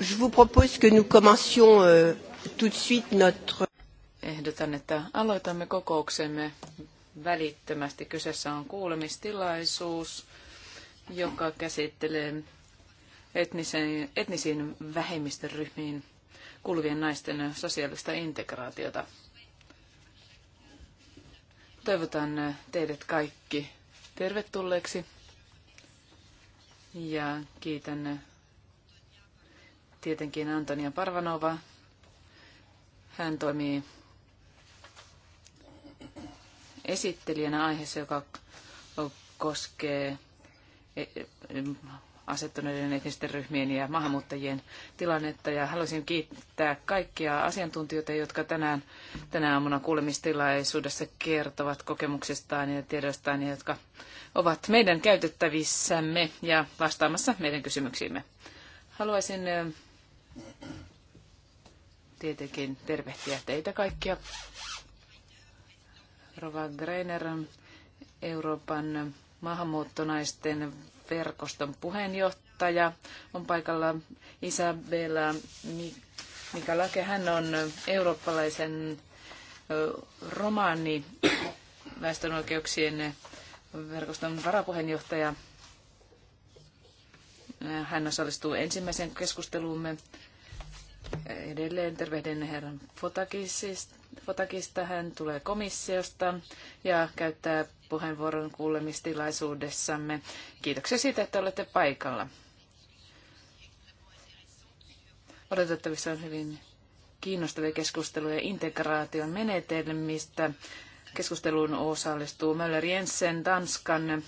Je vous propose que nous commencions euh, tout de suite notre... Ehdotan, että aloitamme kokouksemme välittömästi. Kyseessä on kuulemistilaisuus, joka käsittelee etnisen, etnisiin vähemmistöryhmiin kuuluvien naisten sosiaalista integraatiota. Toivotan äh, teidät kaikki tervetulleeksi ja kiitän äh, tietenkin Antonia Parvanova. Hän toimii esittelijänä aiheessa, joka koskee e, e, asettuneiden etnisten ryhmien ja maahanmuuttajien tilannetta. Ja haluaisin kiittää kaikkia asiantuntijoita, jotka tänään, tänä aamuna kuulemistilaisuudessa kertovat kokemuksistaan ja tiedoistaan, ja jotka ovat meidän käytettävissämme ja vastaamassa meidän kysymyksiimme. Haluaisin tietenkin tervehtiä teitä kaikkia. Rova Greiner, Euroopan maahanmuuttonaisten verkoston puheenjohtaja on paikalla Isabella Mikalake. Hän on eurooppalaisen romaani väestönoikeuksien oikeuksien verkoston varapuheenjohtaja. Hän osallistuu ensimmäiseen keskusteluumme. Edelleen tervehdin herran Fotakista. Hän tulee komissiosta ja käyttää puheenvuoron kuulemistilaisuudessamme. Kiitoksia siitä, että olette paikalla. Odotettavissa on hyvin kiinnostavia keskusteluja integraation menetelmistä. Keskusteluun osallistuu Möller Jensen Tanskan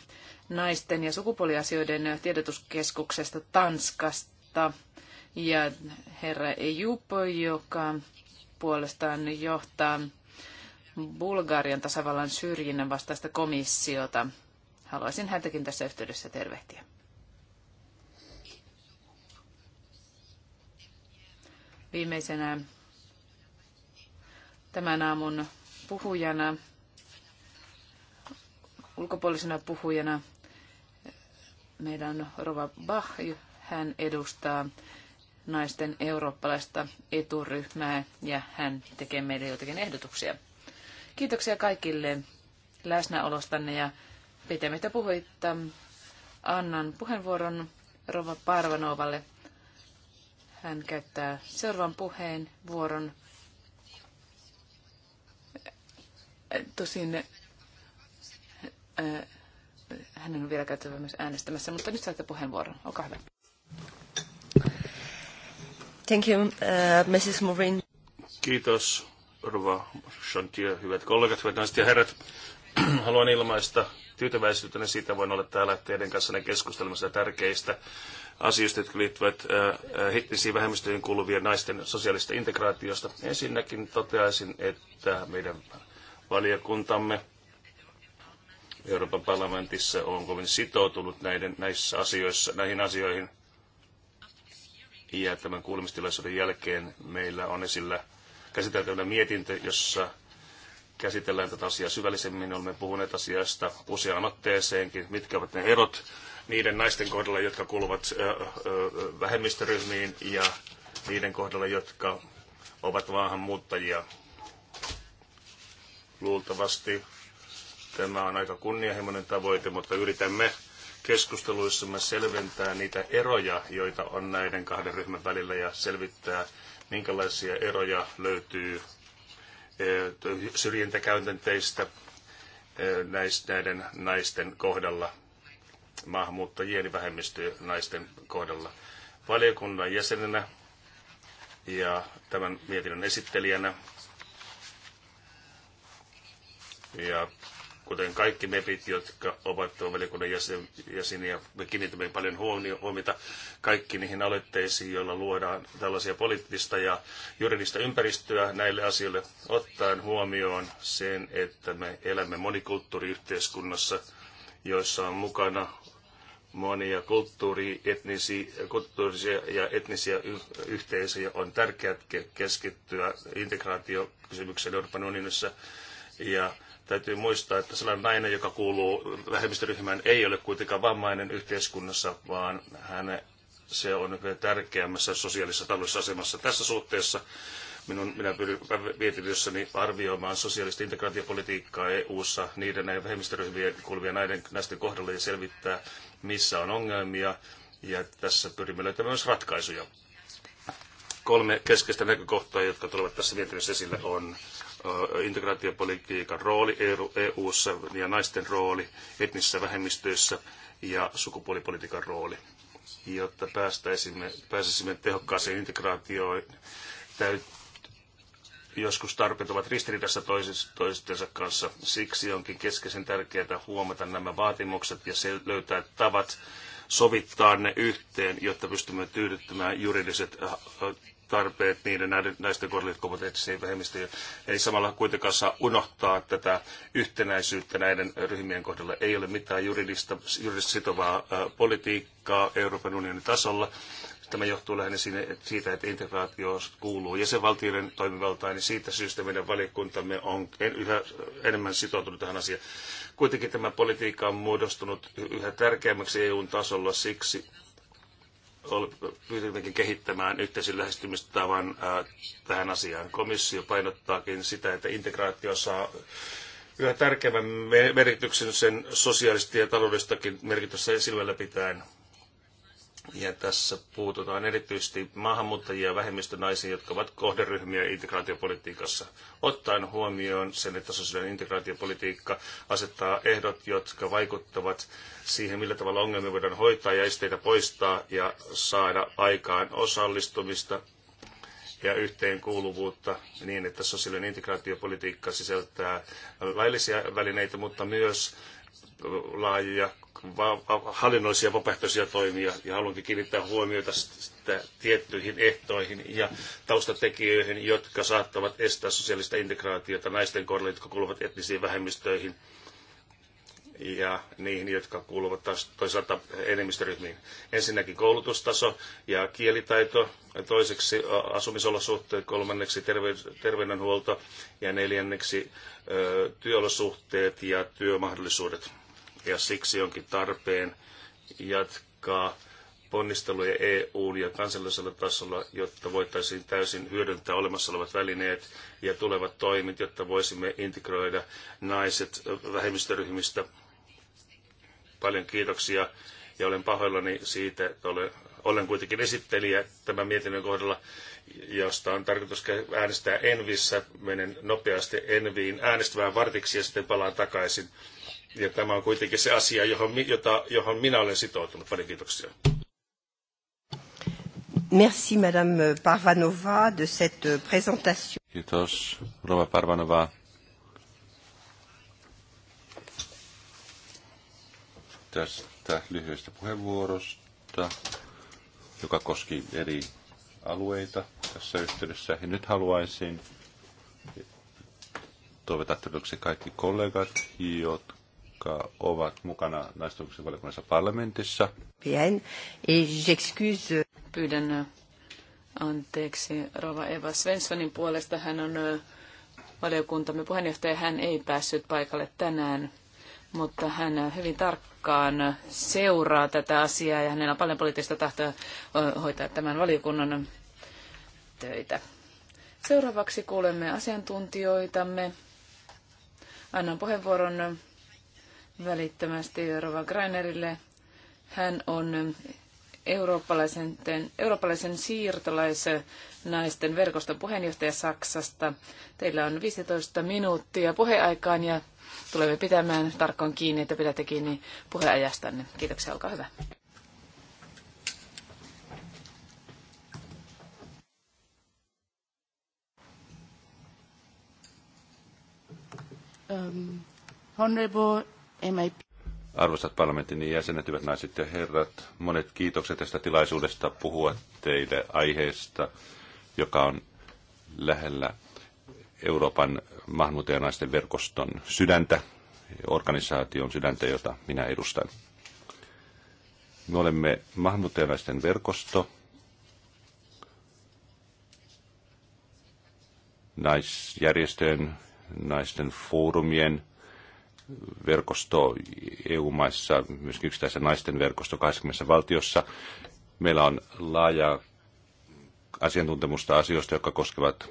naisten ja sukupuoliasioiden tiedotuskeskuksesta Tanskasta ja herra Ejupo, joka puolestaan johtaa Bulgarian tasavallan syrjinnän vastaista komissiota. Haluaisin häntäkin tässä yhteydessä tervehtiä. Viimeisenä tämän aamun puhujana, ulkopuolisena puhujana, meidän Rova Bach, hän edustaa naisten eurooppalaista eturyhmää ja hän tekee meille jotakin ehdotuksia. Kiitoksia kaikille läsnäolostanne ja pitemmittä puhuitta. Annan puheenvuoron Rova Parvanovalle. Hän käyttää seuraavan puheenvuoron. vuoron. Tosin eh, hänen on vielä käytävä myös äänestämässä, mutta nyt saatte puheenvuoron. Olkaa hyvä. Thank you, uh, eh, Mrs. Morin. Kiitos Rova Shontia, hyvät kollegat, hyvät naiset ja herrat. Haluan ilmaista tyytyväisyyteni siitä, voin olla täällä teidän kanssa keskustelemassa tärkeistä asioista, jotka liittyvät hittisiin vähemmistöihin kuuluvien naisten sosiaalista integraatiosta. Ensinnäkin toteaisin, että meidän valiokuntamme Euroopan parlamentissa on kovin sitoutunut näiden, näissä asioissa, näihin asioihin. Ja tämän kuulemistilaisuuden jälkeen meillä on esillä käsiteltävänä mietintö, jossa käsitellään tätä asiaa syvällisemmin. Olemme puhuneet asiasta useaan otteeseenkin, mitkä ovat ne erot niiden naisten kohdalla, jotka kuuluvat vähemmistöryhmiin ja niiden kohdalla, jotka ovat maahanmuuttajia. Luultavasti tämä on aika kunnianhimoinen tavoite, mutta yritämme keskusteluissamme selventää niitä eroja, joita on näiden kahden ryhmän välillä ja selvittää minkälaisia eroja löytyy e, syrjintäkäytänteistä e, näiden naisten kohdalla, maahanmuuttajien vähemmistöjen naisten kohdalla. Valiokunnan jäsenenä ja tämän mietinnön esittelijänä ja kuten kaikki MEPit, jotka ovat tuon valiokunnan jäsen, jäseniä, me kiinnitämme paljon huomiota kaikki niihin aloitteisiin, joilla luodaan tällaisia poliittista ja juridista ympäristöä näille asioille, ottaen huomioon sen, että me elämme monikulttuuriyhteiskunnassa, joissa on mukana monia kulttuuri, etnisiä, kulttuurisia ja etnisiä yhteisöjä. On tärkeää keskittyä integraatiokysymykseen Euroopan unionissa ja Täytyy muistaa, että sellainen nainen, joka kuuluu vähemmistöryhmään, ei ole kuitenkaan vammainen yhteiskunnassa, vaan hän, se on tärkeämmässä sosiaalisessa taloudellisessa asemassa. Tässä suhteessa minun, minä pyrin mietinnössäni arvioimaan sosiaalista integraatiopolitiikkaa EU-ssa niiden näiden vähemmistöryhmien kuuluvien näiden, näisten kohdalla ja selvittää, missä on ongelmia. Ja tässä pyrimme löytämään myös ratkaisuja. Kolme keskeistä näkökohtaa, jotka tulevat tässä mietinnössä esille, on integraatiopolitiikan rooli EU-ssa e ja naisten rooli etnisissä vähemmistöissä ja sukupuolipolitiikan rooli. Jotta päästäisimme, pääsisimme tehokkaaseen integraatioon, täyt, joskus tarpeet ovat ristiriidassa toistensa kanssa. Siksi onkin keskeisen tärkeää huomata nämä vaatimukset ja se löytää tavat sovittaa ne yhteen, jotta pystymme tyydyttämään juridiset tarpeet niiden naisten kohdalla, jotka ovat vähemmistöjä. Ei samalla kuitenkaan saa unohtaa tätä yhtenäisyyttä näiden ryhmien kohdalla. Ei ole mitään juridista, juridista sitovaa politiikkaa Euroopan unionin tasolla. Tämä johtuu lähinnä siitä, että integraatio kuuluu jäsenvaltioiden toimivaltaan, niin siitä syystä meidän valiokuntamme on yhä enemmän sitoutunut tähän asiaan. Kuitenkin tämä politiikka on muodostunut yhä tärkeämmäksi EUn tasolla siksi, pyrimmekin kehittämään yhteisen lähestymistavan tähän asiaan. Komissio painottaakin sitä, että integraatio saa yhä tärkeämmän merkityksen sen sosiaalista ja taloudellistakin merkitystä silmällä pitäen. Ja tässä puututaan erityisesti maahanmuuttajia ja vähemmistönaisiin, jotka ovat kohderyhmiä integraatiopolitiikassa. Ottaen huomioon sen, että sosiaalinen integraatiopolitiikka asettaa ehdot, jotka vaikuttavat siihen, millä tavalla ongelmia voidaan hoitaa ja esteitä poistaa ja saada aikaan osallistumista ja yhteenkuuluvuutta niin, että sosiaalinen integraatiopolitiikka sisältää laillisia välineitä, mutta myös laajoja hallinnollisia vapaaehtoisia toimia ja haluankin kiinnittää huomiota tiettyihin ehtoihin ja taustatekijöihin, jotka saattavat estää sosiaalista integraatiota naisten kohdalla, jotka kuuluvat etnisiin vähemmistöihin ja niihin, jotka kuuluvat taas toisaalta enemmistöryhmiin. Ensinnäkin koulutustaso ja kielitaito, toiseksi asumisolosuhteet, kolmanneksi terveydenhuolto ja neljänneksi työolosuhteet ja työmahdollisuudet ja siksi onkin tarpeen jatkaa ponnisteluja EUn ja kansallisella tasolla, jotta voitaisiin täysin hyödyntää olemassa olevat välineet ja tulevat toimit, jotta voisimme integroida naiset vähemmistöryhmistä. Paljon kiitoksia ja olen pahoillani siitä, että olen, olen kuitenkin esittelijä tämän mietinnön kohdalla, josta on tarkoitus äänestää Envissä. Menen nopeasti Enviin äänestämään vartiksi ja sitten palaan takaisin ja tämä on kuitenkin se asia, johon, jota, johon minä olen sitoutunut. Paljon kiitoksia. Merci Madame Parvanova de cette présentation. Kiitos Rova Parvanova. Tästä lyhyestä puheenvuorosta, joka koski eri alueita tässä yhteydessä. Ja nyt haluaisin toivottaa kaikki kollegat, jotka jotka ovat mukana naisten valiokunnassa parlamentissa. Bien. Et Pyydän anteeksi Rova Eva Svenssonin puolesta. Hän on valiokuntamme puheenjohtaja. Hän ei päässyt paikalle tänään, mutta hän hyvin tarkkaan seuraa tätä asiaa ja hänellä on paljon poliittista tahtoa hoitaa tämän valiokunnan töitä. Seuraavaksi kuulemme asiantuntijoitamme. Annan puheenvuoron välittömästi Rova Grainerille. Hän on eurooppalaisen, eurooppalaisen siirtolaisen naisten verkoston puheenjohtaja Saksasta. Teillä on 15 minuuttia puheaikaan ja tulemme pitämään tarkkaan kiinni, että pidätte kiinni puheajastanne. Kiitoksia, olkaa hyvä. Um, honorable MIP. Arvoisat parlamentin jäsenet, hyvät naiset ja herrat, monet kiitokset tästä tilaisuudesta puhua teille aiheesta, joka on lähellä Euroopan naisten verkoston sydäntä, organisaation sydäntä, jota minä edustan. Me olemme naisten verkosto, naisjärjestöjen, naisten foorumien – verkosto EU-maissa, myös yksittäisen naisten verkosto 20 valtiossa. Meillä on laaja asiantuntemusta asioista, jotka koskevat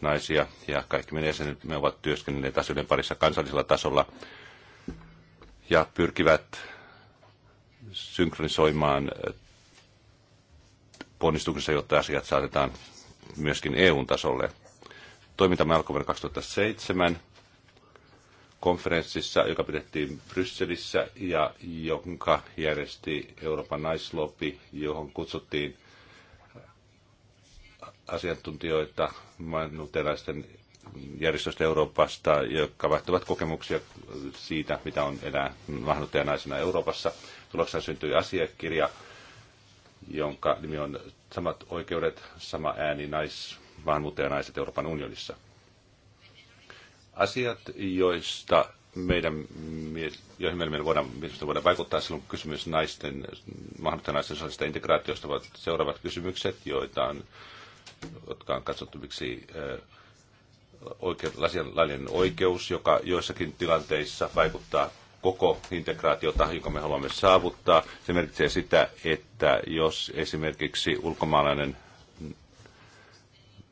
naisia ja kaikki meidän me ovat työskennelleet asioiden parissa kansallisella tasolla ja pyrkivät synkronisoimaan ponnistuksessa, jotta asiat saatetaan myöskin eu tasolle. Toimintamme alkoi vuonna 2007 konferenssissa, joka pidettiin Brysselissä ja jonka järjesti Euroopan naislobby, johon kutsuttiin asiantuntijoita maailmanlaisten järjestöistä Euroopasta, jotka vaihtuvat kokemuksia siitä, mitä on elää naisena Euroopassa. Tuloksena syntyi asiakirja, jonka nimi on Samat oikeudet, sama ääni nais, maahanmuuttajanaiset Euroopan unionissa asiat, joista meidän, joihin meidän voidaan, voidaan vaikuttaa silloin, kysymys naisten, mahdollista naisten sosiaalista integraatiosta ovat seuraavat kysymykset, joita on, jotka on katsottu miksi eh, lasien oikeus, joka joissakin tilanteissa vaikuttaa koko integraatiota, jonka me haluamme saavuttaa. Se merkitsee sitä, että jos esimerkiksi ulkomaalainen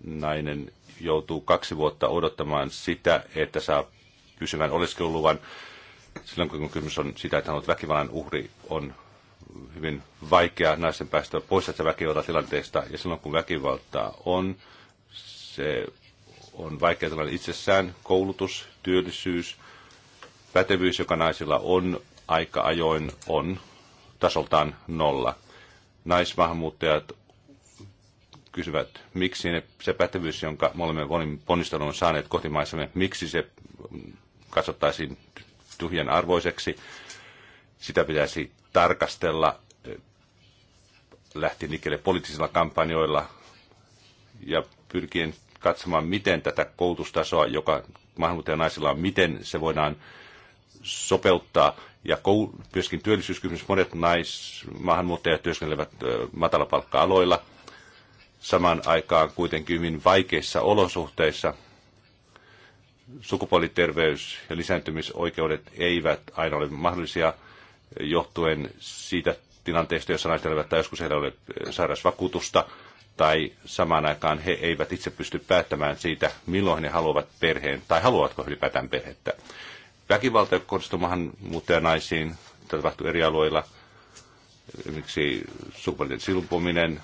nainen joutuu kaksi vuotta odottamaan sitä, että saa pysyvän oleskeluluvan. Silloin kun kysymys on sitä, että hän on väkivallan uhri, on hyvin vaikea naisen päästä pois tästä tilanteesta. Ja silloin kun väkivaltaa on, se on vaikea tilanne itsessään. Koulutus, työllisyys, pätevyys, joka naisilla on aika ajoin, on tasoltaan nolla. Naismaahanmuuttajat kysyvät, miksi ne, se pätevyys, jonka me olemme ponnistelun saaneet kotimaissamme, miksi se katsottaisiin tyhjän arvoiseksi. Sitä pitäisi tarkastella lähti liikkeelle poliittisilla kampanjoilla ja pyrkien katsomaan, miten tätä koulutustasoa, joka naisilla on, miten se voidaan sopeuttaa. Ja myöskin työllisyyskysymys, monet nais, maahanmuuttajat työskentelevät matalapalkka-aloilla – samaan aikaan kuitenkin hyvin vaikeissa olosuhteissa. Sukupuoliterveys ja lisääntymisoikeudet eivät aina ole mahdollisia johtuen siitä tilanteesta, jossa naiset elävät tai joskus heillä ole eh, sairausvakuutusta tai samaan aikaan he eivät itse pysty päättämään siitä, milloin he haluavat perheen tai haluavatko ylipäätään perhettä. Väkivalta kohdistuu naisiin tapahtuu eri alueilla, esimerkiksi sukupuolinen silpuminen,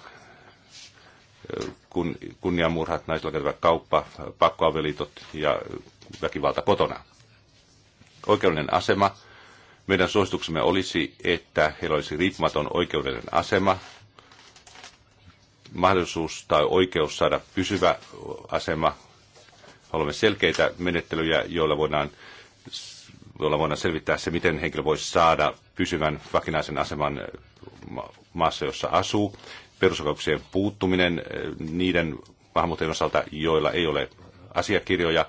kun, kunniamurhat, naisilla käytävä kauppa, pakkoavioliitot ja väkivalta kotona. Oikeudellinen asema. Meidän suosituksemme olisi, että heillä olisi riippumaton oikeudellinen asema, mahdollisuus tai oikeus saada pysyvä asema. Haluamme selkeitä menettelyjä, joilla voidaan, joilla voidaan selvittää se, miten henkilö voisi saada pysyvän vakinaisen aseman maassa, jossa asuu perusoikeuksien puuttuminen eh, niiden maahanmuuttajien osalta, joilla ei ole asiakirjoja,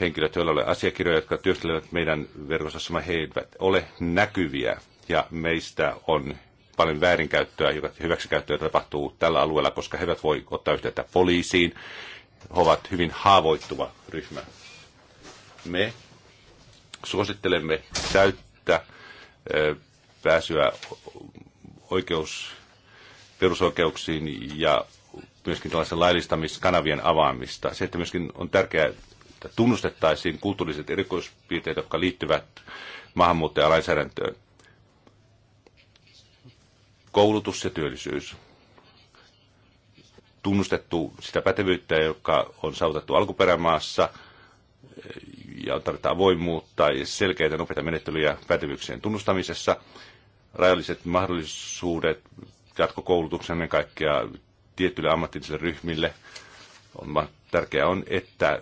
henkilöt, joilla ei ole asiakirjoja, jotka työskentelevät meidän verkostossamme, he eivät ole näkyviä ja meistä on paljon väärinkäyttöä, hyväksikäyttöä tapahtuu tällä alueella, koska he eivät voi ottaa yhteyttä poliisiin. He ovat hyvin haavoittuva ryhmä. Me suosittelemme täyttä eh, pääsyä oikeus perusoikeuksiin ja myöskin tällaisen laillistamiskanavien avaamista. Se, että myöskin on tärkeää, että tunnustettaisiin kulttuuriset erikoispiirteet, jotka liittyvät maahanmuuttajalainsäädäntöön. Koulutus ja työllisyys. Tunnustettu sitä pätevyyttä, joka on saavutettu alkuperämaassa, ja tarvitaan avoimuutta ja selkeitä nopeita menettelyjä pätevyyksien tunnustamisessa rajalliset mahdollisuudet jatkokoulutuksen ja kaikkea tiettyille ammatillisille ryhmille. On, tärkeää on, että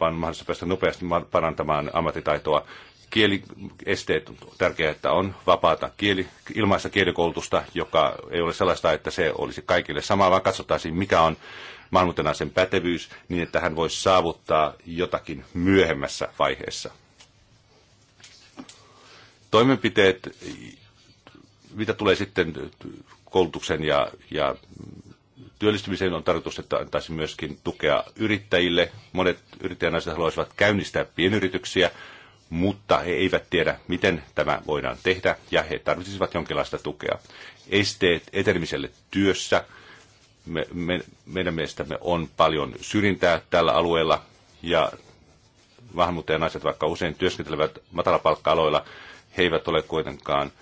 vaan mahdollista päästä nopeasti parantamaan ammattitaitoa. Kieliesteet on tärkeää, että on vapaata kieli, ilmaista kielikoulutusta, joka ei ole sellaista, että se olisi kaikille samaa, vaan katsottaisiin, mikä on maahanmuuttajanaisen pätevyys, niin että hän voisi saavuttaa jotakin myöhemmässä vaiheessa. Toimenpiteet, mitä tulee sitten koulutuksen ja, ja työllistymiseen on tarkoitus, että antaisi myöskin tukea yrittäjille. Monet yrittäjänaiset haluaisivat käynnistää pienyrityksiä, mutta he eivät tiedä, miten tämä voidaan tehdä, ja he tarvitsisivat jonkinlaista tukea. Esteet etenemiselle työssä. Me, me, meidän mielestämme on paljon syrjintää tällä alueella, ja maahanmuuttajanaiset, vaikka usein työskentelevät matalapalkka-aloilla, he eivät ole kuitenkaan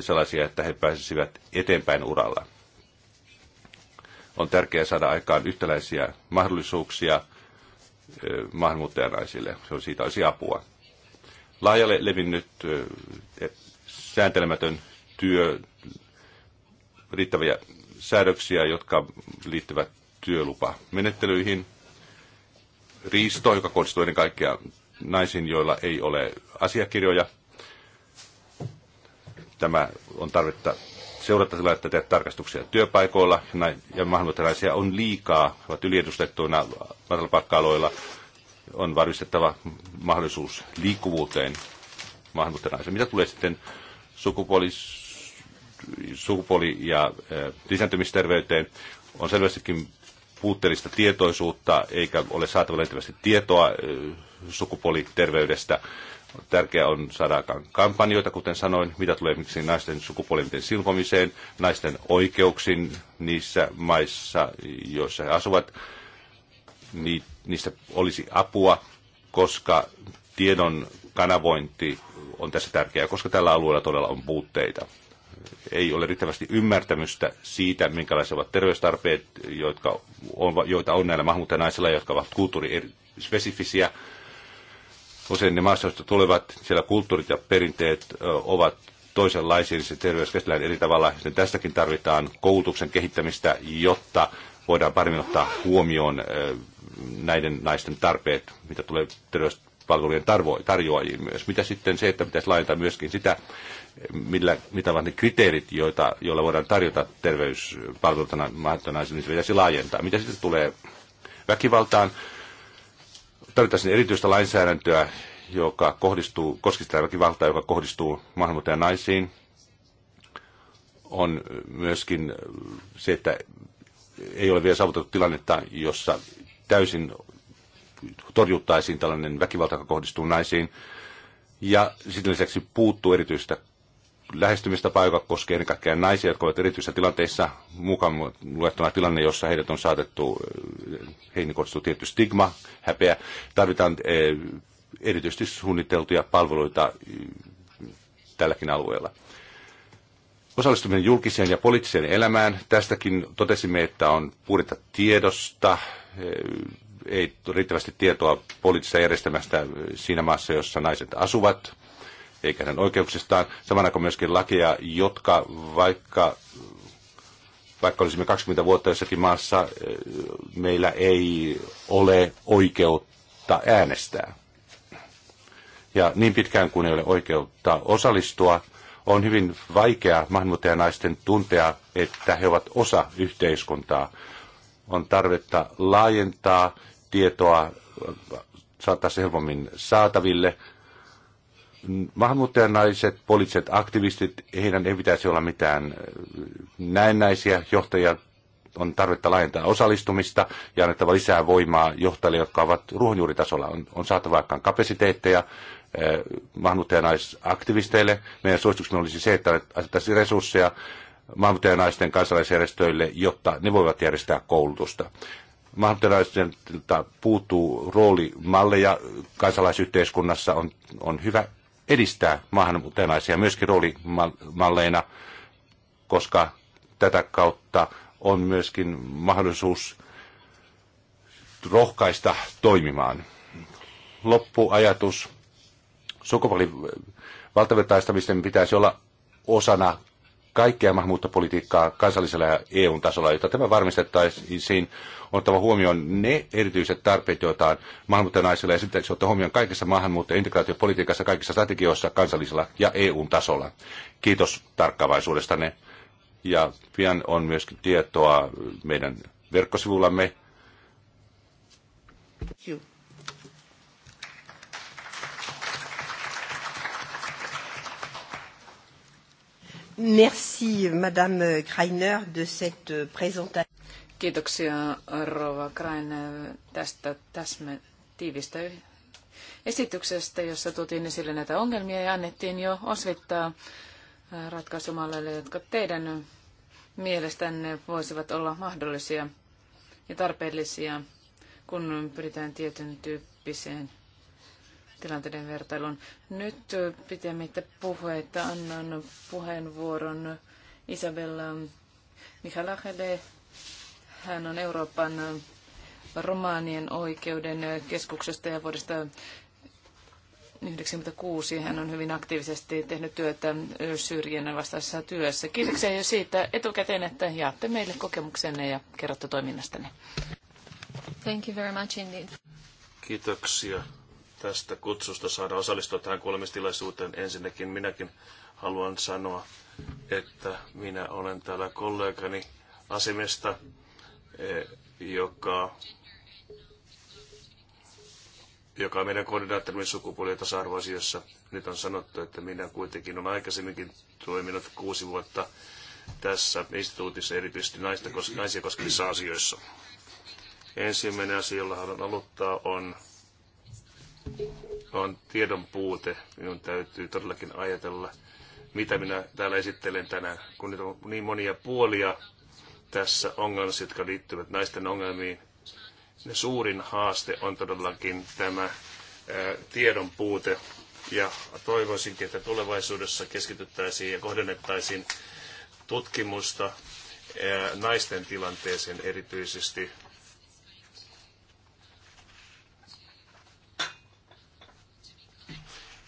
sellaisia, että he pääsisivät eteenpäin uralla. On tärkeää saada aikaan yhtäläisiä mahdollisuuksia maahanmuuttajanaisille. Siitä olisi apua. Laajalle levinnyt e, sääntelemätön työ, riittäviä säädöksiä, jotka liittyvät työlupamenettelyihin. Riisto, joka kohdistuu ennen kaikkea naisiin, joilla ei ole asiakirjoja – Tämä on tarvetta seurata että tehdä tarkastuksia työpaikoilla, ja mahdollisuuksia on liikaa, ovat yliedustettuina matalapalkka-aloilla. On varmistettava mahdollisuus liikkuvuuteen mahdollisuuksia. Mitä tulee sitten sukupuoli, sukupuoli- ja eh, lisääntymisterveyteen, on selvästikin puutteellista tietoisuutta, eikä ole saatavilla riittävästi tietoa eh, sukupuoliterveydestä. Tärkeää on saada kampanjoita, kuten sanoin, mitä tulee miksi naisten sukupuolinten silpomiseen, naisten oikeuksiin niissä maissa, joissa he asuvat. Ni, niistä olisi apua, koska tiedon kanavointi on tässä tärkeää, koska tällä alueella todella on puutteita. Ei ole riittävästi ymmärtämystä siitä, minkälaisia ovat terveystarpeet, jotka on, joita on näillä maahanmuuttajanaisilla, jotka ovat kulttuurispesifisiä. spesifisiä Usein ne maassa, joista tulevat, siellä kulttuurit ja perinteet ovat toisenlaisia, se terveys käsitellään eri tavalla. Sitten tästäkin tarvitaan koulutuksen kehittämistä, jotta voidaan paremmin ottaa huomioon näiden naisten tarpeet, mitä tulee terveyspalvelujen tarjoajiin myös. Mitä sitten se, että pitäisi laajentaa myöskin sitä, millä, mitä ovat ne kriteerit, joita, joilla voidaan tarjota terveyspalveluita mahdollisuutta, niin se pitäisi laajentaa. Mitä sitten tulee väkivaltaan? tarvittaisiin erityistä lainsäädäntöä, joka kohdistuu, koskista väkivaltaa, joka kohdistuu maahanmuuttajan naisiin. On myöskin se, että ei ole vielä saavutettu tilannetta, jossa täysin torjuttaisiin tällainen väkivalta, joka kohdistuu naisiin. Ja sitten lisäksi puuttuu erityistä lähestymistapa, joka koskee ennen kaikkea naisia, jotka ovat erityisissä tilanteissa, mukaan luettuna tilanne, jossa heidät on saatettu, eh, heihin kohdistuu tietty stigma, häpeä. Tarvitaan eh, erityisesti suunniteltuja palveluita eh, tälläkin alueella. Osallistuminen julkiseen ja poliittiseen elämään. Tästäkin totesimme, että on puhdetta tiedosta, ei riittävästi tietoa poliittisesta järjestelmästä siinä maassa, jossa naiset asuvat – eikä hänen oikeuksistaan, samana kuin myöskin lakeja, jotka vaikka, vaikka olisimme 20 vuotta jossakin maassa, eh, meillä ei ole oikeutta äänestää. Ja niin pitkään kuin ei ole oikeutta osallistua, on hyvin vaikea maahanmuuttajanaisten tuntea, että he ovat osa yhteiskuntaa. On tarvetta laajentaa tietoa, saattaa se helpommin saataville – maahanmuuttajanaiset, poliittiset aktivistit, heidän ei pitäisi olla mitään äh, näennäisiä johtajia, on tarvetta laajentaa osallistumista ja annettava lisää voimaa johtajille, jotka ovat ruohonjuuritasolla. On, on saatava vaikka kapasiteetteja eh, äh, maahanmuuttajanaisaktivisteille. Meidän suosituksemme olisi se, että asettaisiin resursseja maahanmuuttajanaisten kansalaisjärjestöille, jotta ne voivat järjestää koulutusta maahanmuuttajalaisilta puuttuu roolimalleja kansalaisyhteiskunnassa, on, on hyvä edistää maahanmuuttajanaisia myöskin roolimalleina, koska tätä kautta on myöskin mahdollisuus rohkaista toimimaan. Loppuajatus. Sukupuolivaltavirtaistamisten pitäisi olla osana kaikkea maahanmuuttopolitiikkaa kansallisella ja EU-tasolla, jotta tämä varmistettaisiin ottava huomioon ne erityiset tarpeet, joita on maahanmuuttajanaisilla ja sitten ottaa huomioon kaikessa maahanmuutto- ja integraatiopolitiikassa, kaikissa strategioissa kansallisella ja EU-tasolla. Kiitos tarkkaavaisuudestanne ja pian on myöskin tietoa meidän verkkosivullamme. Kiitos. Merci, Madame Kreiner, de cette euh, présentation. Kiitoksia, Rova Kreiner, tästä täsmä tiivistä esityksestä, jossa tuotiin esille näitä ongelmia ja annettiin jo osvittaa äh, ratkaisumalleille, jotka teidän mielestänne voisivat olla mahdollisia ja tarpeellisia, kun pyritään tietyn tyyppiseen tilanteiden vertailun. Nyt pitemmittä puheita annan puheenvuoron Isabella Michalachelle. Hän on Euroopan romaanien oikeuden keskuksesta ja vuodesta 1996 hän on hyvin aktiivisesti tehnyt työtä syrjinnän vastaisessa työssä. Kiitoksia jo siitä etukäteen, että jaatte meille kokemuksenne ja kerrotte toiminnastanne. Thank you very much indeed. Kiitoksia tästä kutsusta saada osallistua tähän kuulemistilaisuuteen. Ensinnäkin minäkin haluan sanoa, että minä olen täällä kollegani asemesta, eh, joka, joka on meidän koordinaattorimme sukupuoli- ja tasa Nyt on sanottu, että minä kuitenkin olen aikaisemminkin toiminut kuusi vuotta tässä instituutissa, erityisesti naista, naisia koskevissa asioissa. Ensimmäinen asia, jolla haluan aloittaa, on on tiedon puute. Minun täytyy todellakin ajatella, mitä minä täällä esittelen tänään, kun nyt on niin monia puolia tässä ongelmassa, jotka liittyvät naisten ongelmiin. Ne suurin haaste on todellakin tämä ää, tiedon puute. Ja toivoisinkin, että tulevaisuudessa keskityttäisiin ja kohdennettaisiin tutkimusta ää, naisten tilanteeseen erityisesti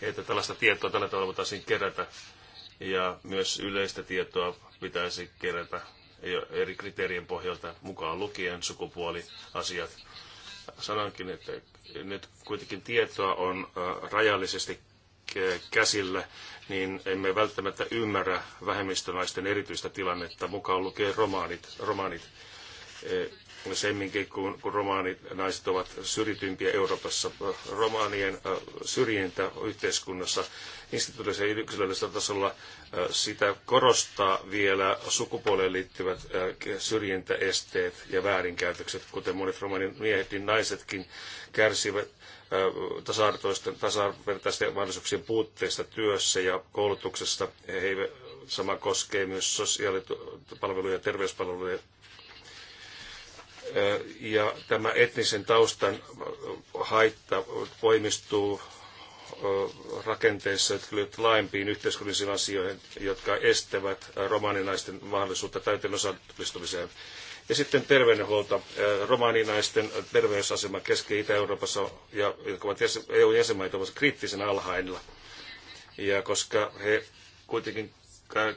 että tällaista tietoa tällä tavalla voitaisiin kerätä ja myös yleistä tietoa pitäisi kerätä eri kriteerien pohjalta mukaan lukien sukupuoliasiat. Sanonkin, että nyt kuitenkin tietoa on äh, rajallisesti käsillä, niin emme välttämättä ymmärrä vähemmistönaisten erityistä tilannetta, mukaan lukien romaanit. romaanit. Äh, semminkin, kun, kun romaanit ovat syrjitympiä Euroopassa. Romaanien syrjintä yhteiskunnassa instituutioissa ja yksilöllisellä tasolla sitä korostaa vielä sukupuoleen liittyvät syrjintäesteet ja väärinkäytökset, kuten monet romaanin miehet, niin naisetkin kärsivät tasa-arvoisten, tasa-arvoisten mahdollisuuksien puutteista työssä ja koulutuksessa. He sama koskee myös sosiaalipalveluja ja terveyspalveluja ja tämä etnisen taustan haitta voimistuu rakenteissa, jotka liittyvät laajempiin yhteiskunnallisiin asioihin, jotka estävät romaaninaisten mahdollisuutta täyteen osallistumiseen. Ja sitten terveydenhuolto. romaaninaisten terveysasema Keski- Itä-Euroopassa, ja, jotka ovat EU-jäsenmaita, ovat kriittisen alhainilla. Ja koska he kuitenkin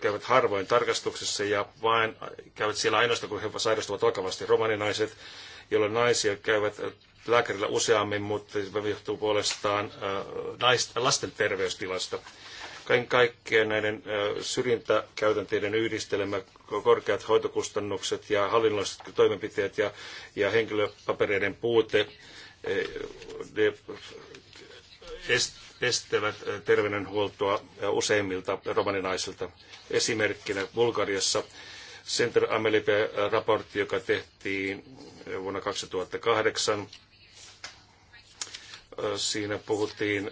käyvät harvoin tarkastuksessa ja vain käyvät siellä ainoastaan, kun he sairastuvat vakavasti. Romaninaiset, jolloin naisia käyvät äh, lääkärillä useammin, mutta se johtuu puolestaan äh, naisten, lasten terveystilasta. Kaiken kaikkiaan näiden äh, syrjintäkäytänteiden yhdistelmä, korkeat hoitokustannukset ja hallinnolliset toimenpiteet ja, ja henkilöpapereiden puute ne estävät terveydenhuoltoa useimmilta romaninaisilta. Esimerkkinä Bulgariassa Center Amelipe-raportti, joka tehtiin vuonna 2008, siinä puhuttiin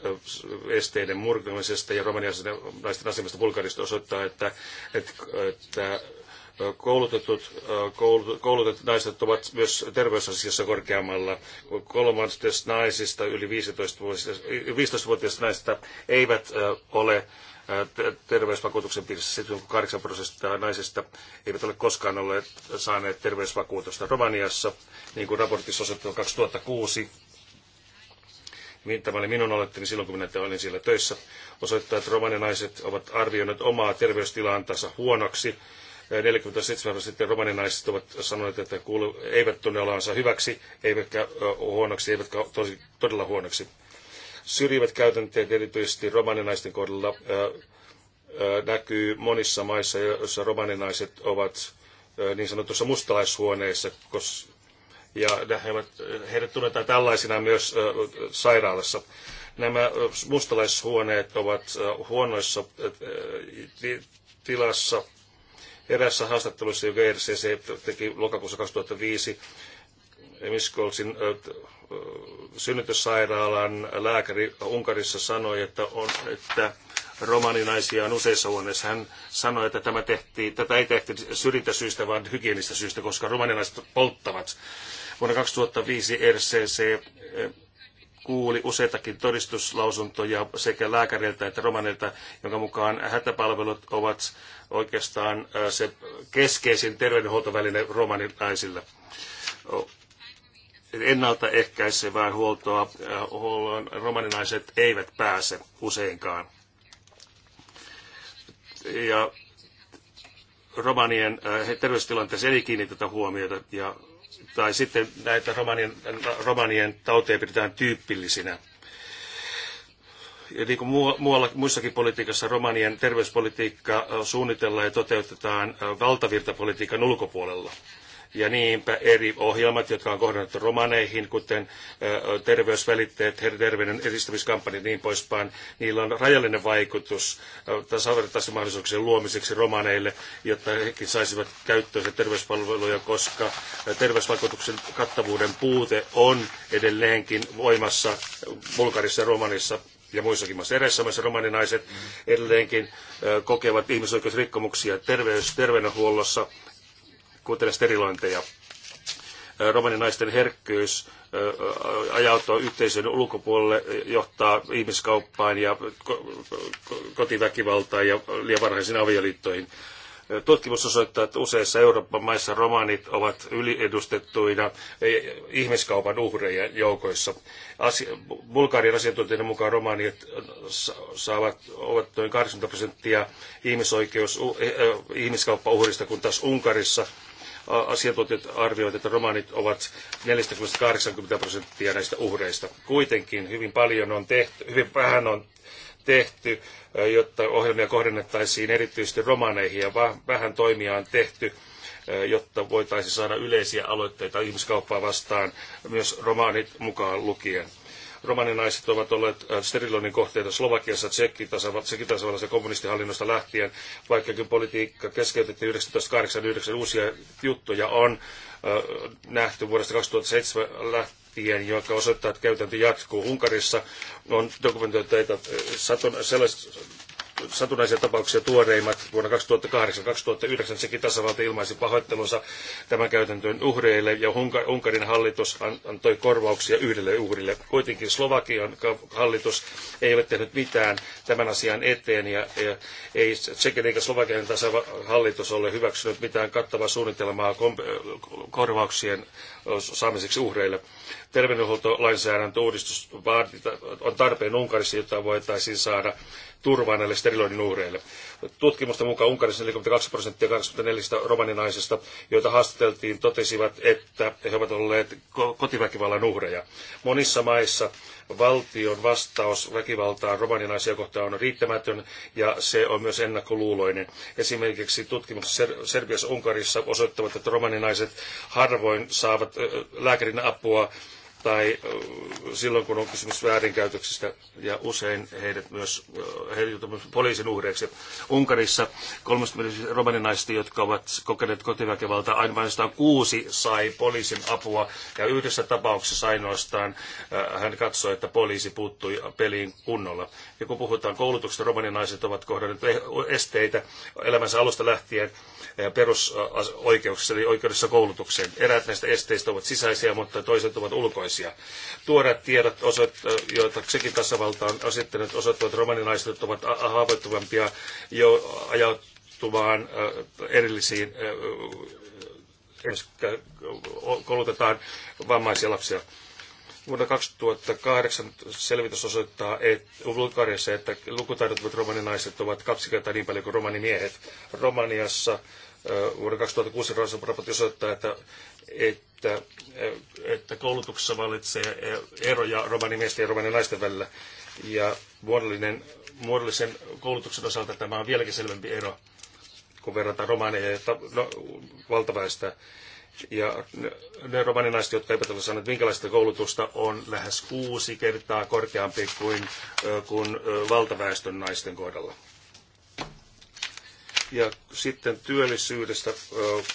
esteiden murkamisesta ja romanialaisten naisten asemasta Bulgarista osoittaa, että, että, että koulutetut, naiset ovat myös terveysasiassa korkeammalla. Kolmannes naisista yli 15-vuotiaista naisista eivät ole terveysvakuutuksen piirissä 78 prosenttia naisista eivät ole koskaan olleet saaneet terveysvakuutusta Romaniassa, niin kuin raportissa osoitettiin 2006. Tämä oli minun aloitteni silloin, kun minä olin siellä töissä. Osoittaa, että romaninaiset ovat arvioineet omaa terveystilantansa huonoksi 47 prosenttia romaninaiset ovat sanoneet, että kuulu, eivät tunne olevansa hyväksi, eivätkä huonoksi, eivätkä tosi, todella huonoksi. Syrjivät käytänteet erityisesti romaninaisten kohdalla näkyy monissa maissa, joissa romaninaiset ovat niin sanotussa mustalaishuoneissa, koska ja heidät, heidät tunnetaan tällaisina myös sairaalassa. Nämä mustalaishuoneet ovat huonoissa tilassa Erässä haastattelussa, joka RCC teki lokakuussa 2005, Miskolsin synnytyssairaalan lääkäri Unkarissa sanoi, että, on, että romaninaisia on useissa huoneissa. Hän sanoi, että tämä tehtiin, tätä ei tehty syrjintäsyistä, vaan hygienistä syistä, koska romaninaiset polttavat. Vuonna 2005 RCC kuuli useitakin todistuslausuntoja sekä lääkäriltä että romanilta, jonka mukaan hätäpalvelut ovat oikeastaan se keskeisin terveydenhuoltoväline romanilaisille ennaltaehkäisevää huoltoa huollon romaninaiset eivät pääse useinkaan. Ja romanien terveystilanteeseen ei kiinnitetä huomiota ja tai sitten näitä romanien, romanien tauteja pidetään tyypillisinä. Ja niin kuin muualla, muissakin politiikassa romanien terveyspolitiikka äh, suunnitellaan ja toteutetaan äh, valtavirtapolitiikan ulkopuolella. Ja niinpä eri ohjelmat, jotka on kohdannettu romaneihin, kuten terveysvälitteet, terveyden edistämiskampanjat ja niin poispäin, niillä on rajallinen vaikutus tasavertaisen mahdollisuuksien luomiseksi romaneille, jotta hekin saisivat käyttöönsä terveyspalveluja, koska terveysvaikutuksen kattavuuden puute on edelleenkin voimassa Bulgarissa ja Romanissa ja muissakin maissa. Eräissä maissa romaninaiset edelleenkin kokevat ihmisoikeusrikkomuksia terveys, terveydenhuollossa kuuntele sterilointeja. Romaninaisten herkkyys ajautua yhteisön ulkopuolelle johtaa ihmiskauppaan ja kotiväkivaltaan ja liian varhaisiin avioliittoihin. Tutkimus osoittaa, että useissa Euroopan maissa romanit ovat yliedustettuina e, ihmiskaupan uhreja joukoissa. Asi- Bulgarian asiantuntijan mukaan romanit saavat, ovat noin 80 prosenttia ihmisoikeus, e, e, ihmiskauppauhrista, kun taas Unkarissa asiantuntijat arvioivat, että romanit ovat 40-80 prosenttia näistä uhreista. Kuitenkin hyvin paljon on tehty, hyvin vähän on tehty, jotta ohjelmia kohdennettaisiin erityisesti romaneihin ja vähän toimia on tehty jotta voitaisiin saada yleisiä aloitteita ihmiskauppaa vastaan, myös romaanit mukaan lukien romaninaiset ovat olleet äh, steriloinnin kohteita Slovakiassa, Tsekin tasavallassa kommunistihallinnosta lähtien, vaikkakin politiikka keskeytettiin 1989 uusia juttuja on äh, nähty vuodesta 2007 lähtien joka osoittaa, että käytäntö jatkuu. Unkarissa on dokumentoitu äh, sellaisia satunnaisia tapauksia tuoreimmat vuonna 2008-2009 sekin tasavalta ilmaisi pahoittelunsa tämän käytäntöön uhreille ja Unkarin hallitus antoi korvauksia yhdelle uhrille. Kuitenkin Slovakian hallitus ei ole tehnyt mitään tämän asian eteen ja, ja ei Tsekin eikä Slovakian hallitus ole hyväksynyt mitään kattavaa suunnitelmaa korvauksien saamiseksi uhreille. Terveydenhuoltolainsäädäntöuudistus on tarpeen Unkarissa, jotta voitaisiin saada turvaa näille steriloidin uhreille. Tutkimusten mukaan Unkarissa 42 prosenttia 24 romaninaisista, joita haastateltiin, totesivat, että he ovat olleet kotiväkivallan uhreja. Monissa maissa valtion vastaus väkivaltaan romaninaisia kohtaan on riittämätön ja se on myös ennakkoluuloinen. Esimerkiksi tutkimukset Ser- Serbiassa Unkarissa osoittavat, että romaninaiset harvoin saavat lääkärin apua tai silloin, kun on kysymys väärinkäytöksistä, ja usein heidät myös, heidät poliisin uhreiksi. Unkarissa 30 romaninaista, jotka ovat kokeneet kotiväkivaltaa, ainoastaan kuusi sai poliisin apua, ja yhdessä tapauksessa ainoastaan hän katsoi, että poliisi puuttui peliin kunnolla. Ja kun puhutaan koulutuksesta, romaninaiset ovat kohdanneet esteitä elämänsä alusta lähtien perusoikeuksissa, eli oikeudessa koulutukseen. Eräät näistä esteistä ovat sisäisiä, mutta toiset ovat ulkoisia romanilaisia. Tuoreet tiedot, joita sekin tasavalta on asettanut, osoittavat, että romaninaiset ovat haavoittuvampia jo ajautumaan erillisiin koulutetaan vammaisia lapsia. Vuonna 2008 selvitys osoittaa että että lukutaidottomat romaninaiset ovat kaksi kertaa niin paljon kuin romanimiehet. Romaniassa vuonna 2006 raportti osoittaa, että, että että, että koulutuksessa vallitsee eroja romanimiesten ja romaninaisten välillä. Ja muodollinen, muodollisen koulutuksen osalta tämä on vieläkin selvempi ero, kun verrataan romaneja ja no, valtaväestöä. Ja ne, ne romaninaiset, jotka eivät ole saaneet minkälaista koulutusta, on lähes kuusi kertaa korkeampi kuin, kuin valtaväestön naisten kohdalla. Ja sitten työllisyydestä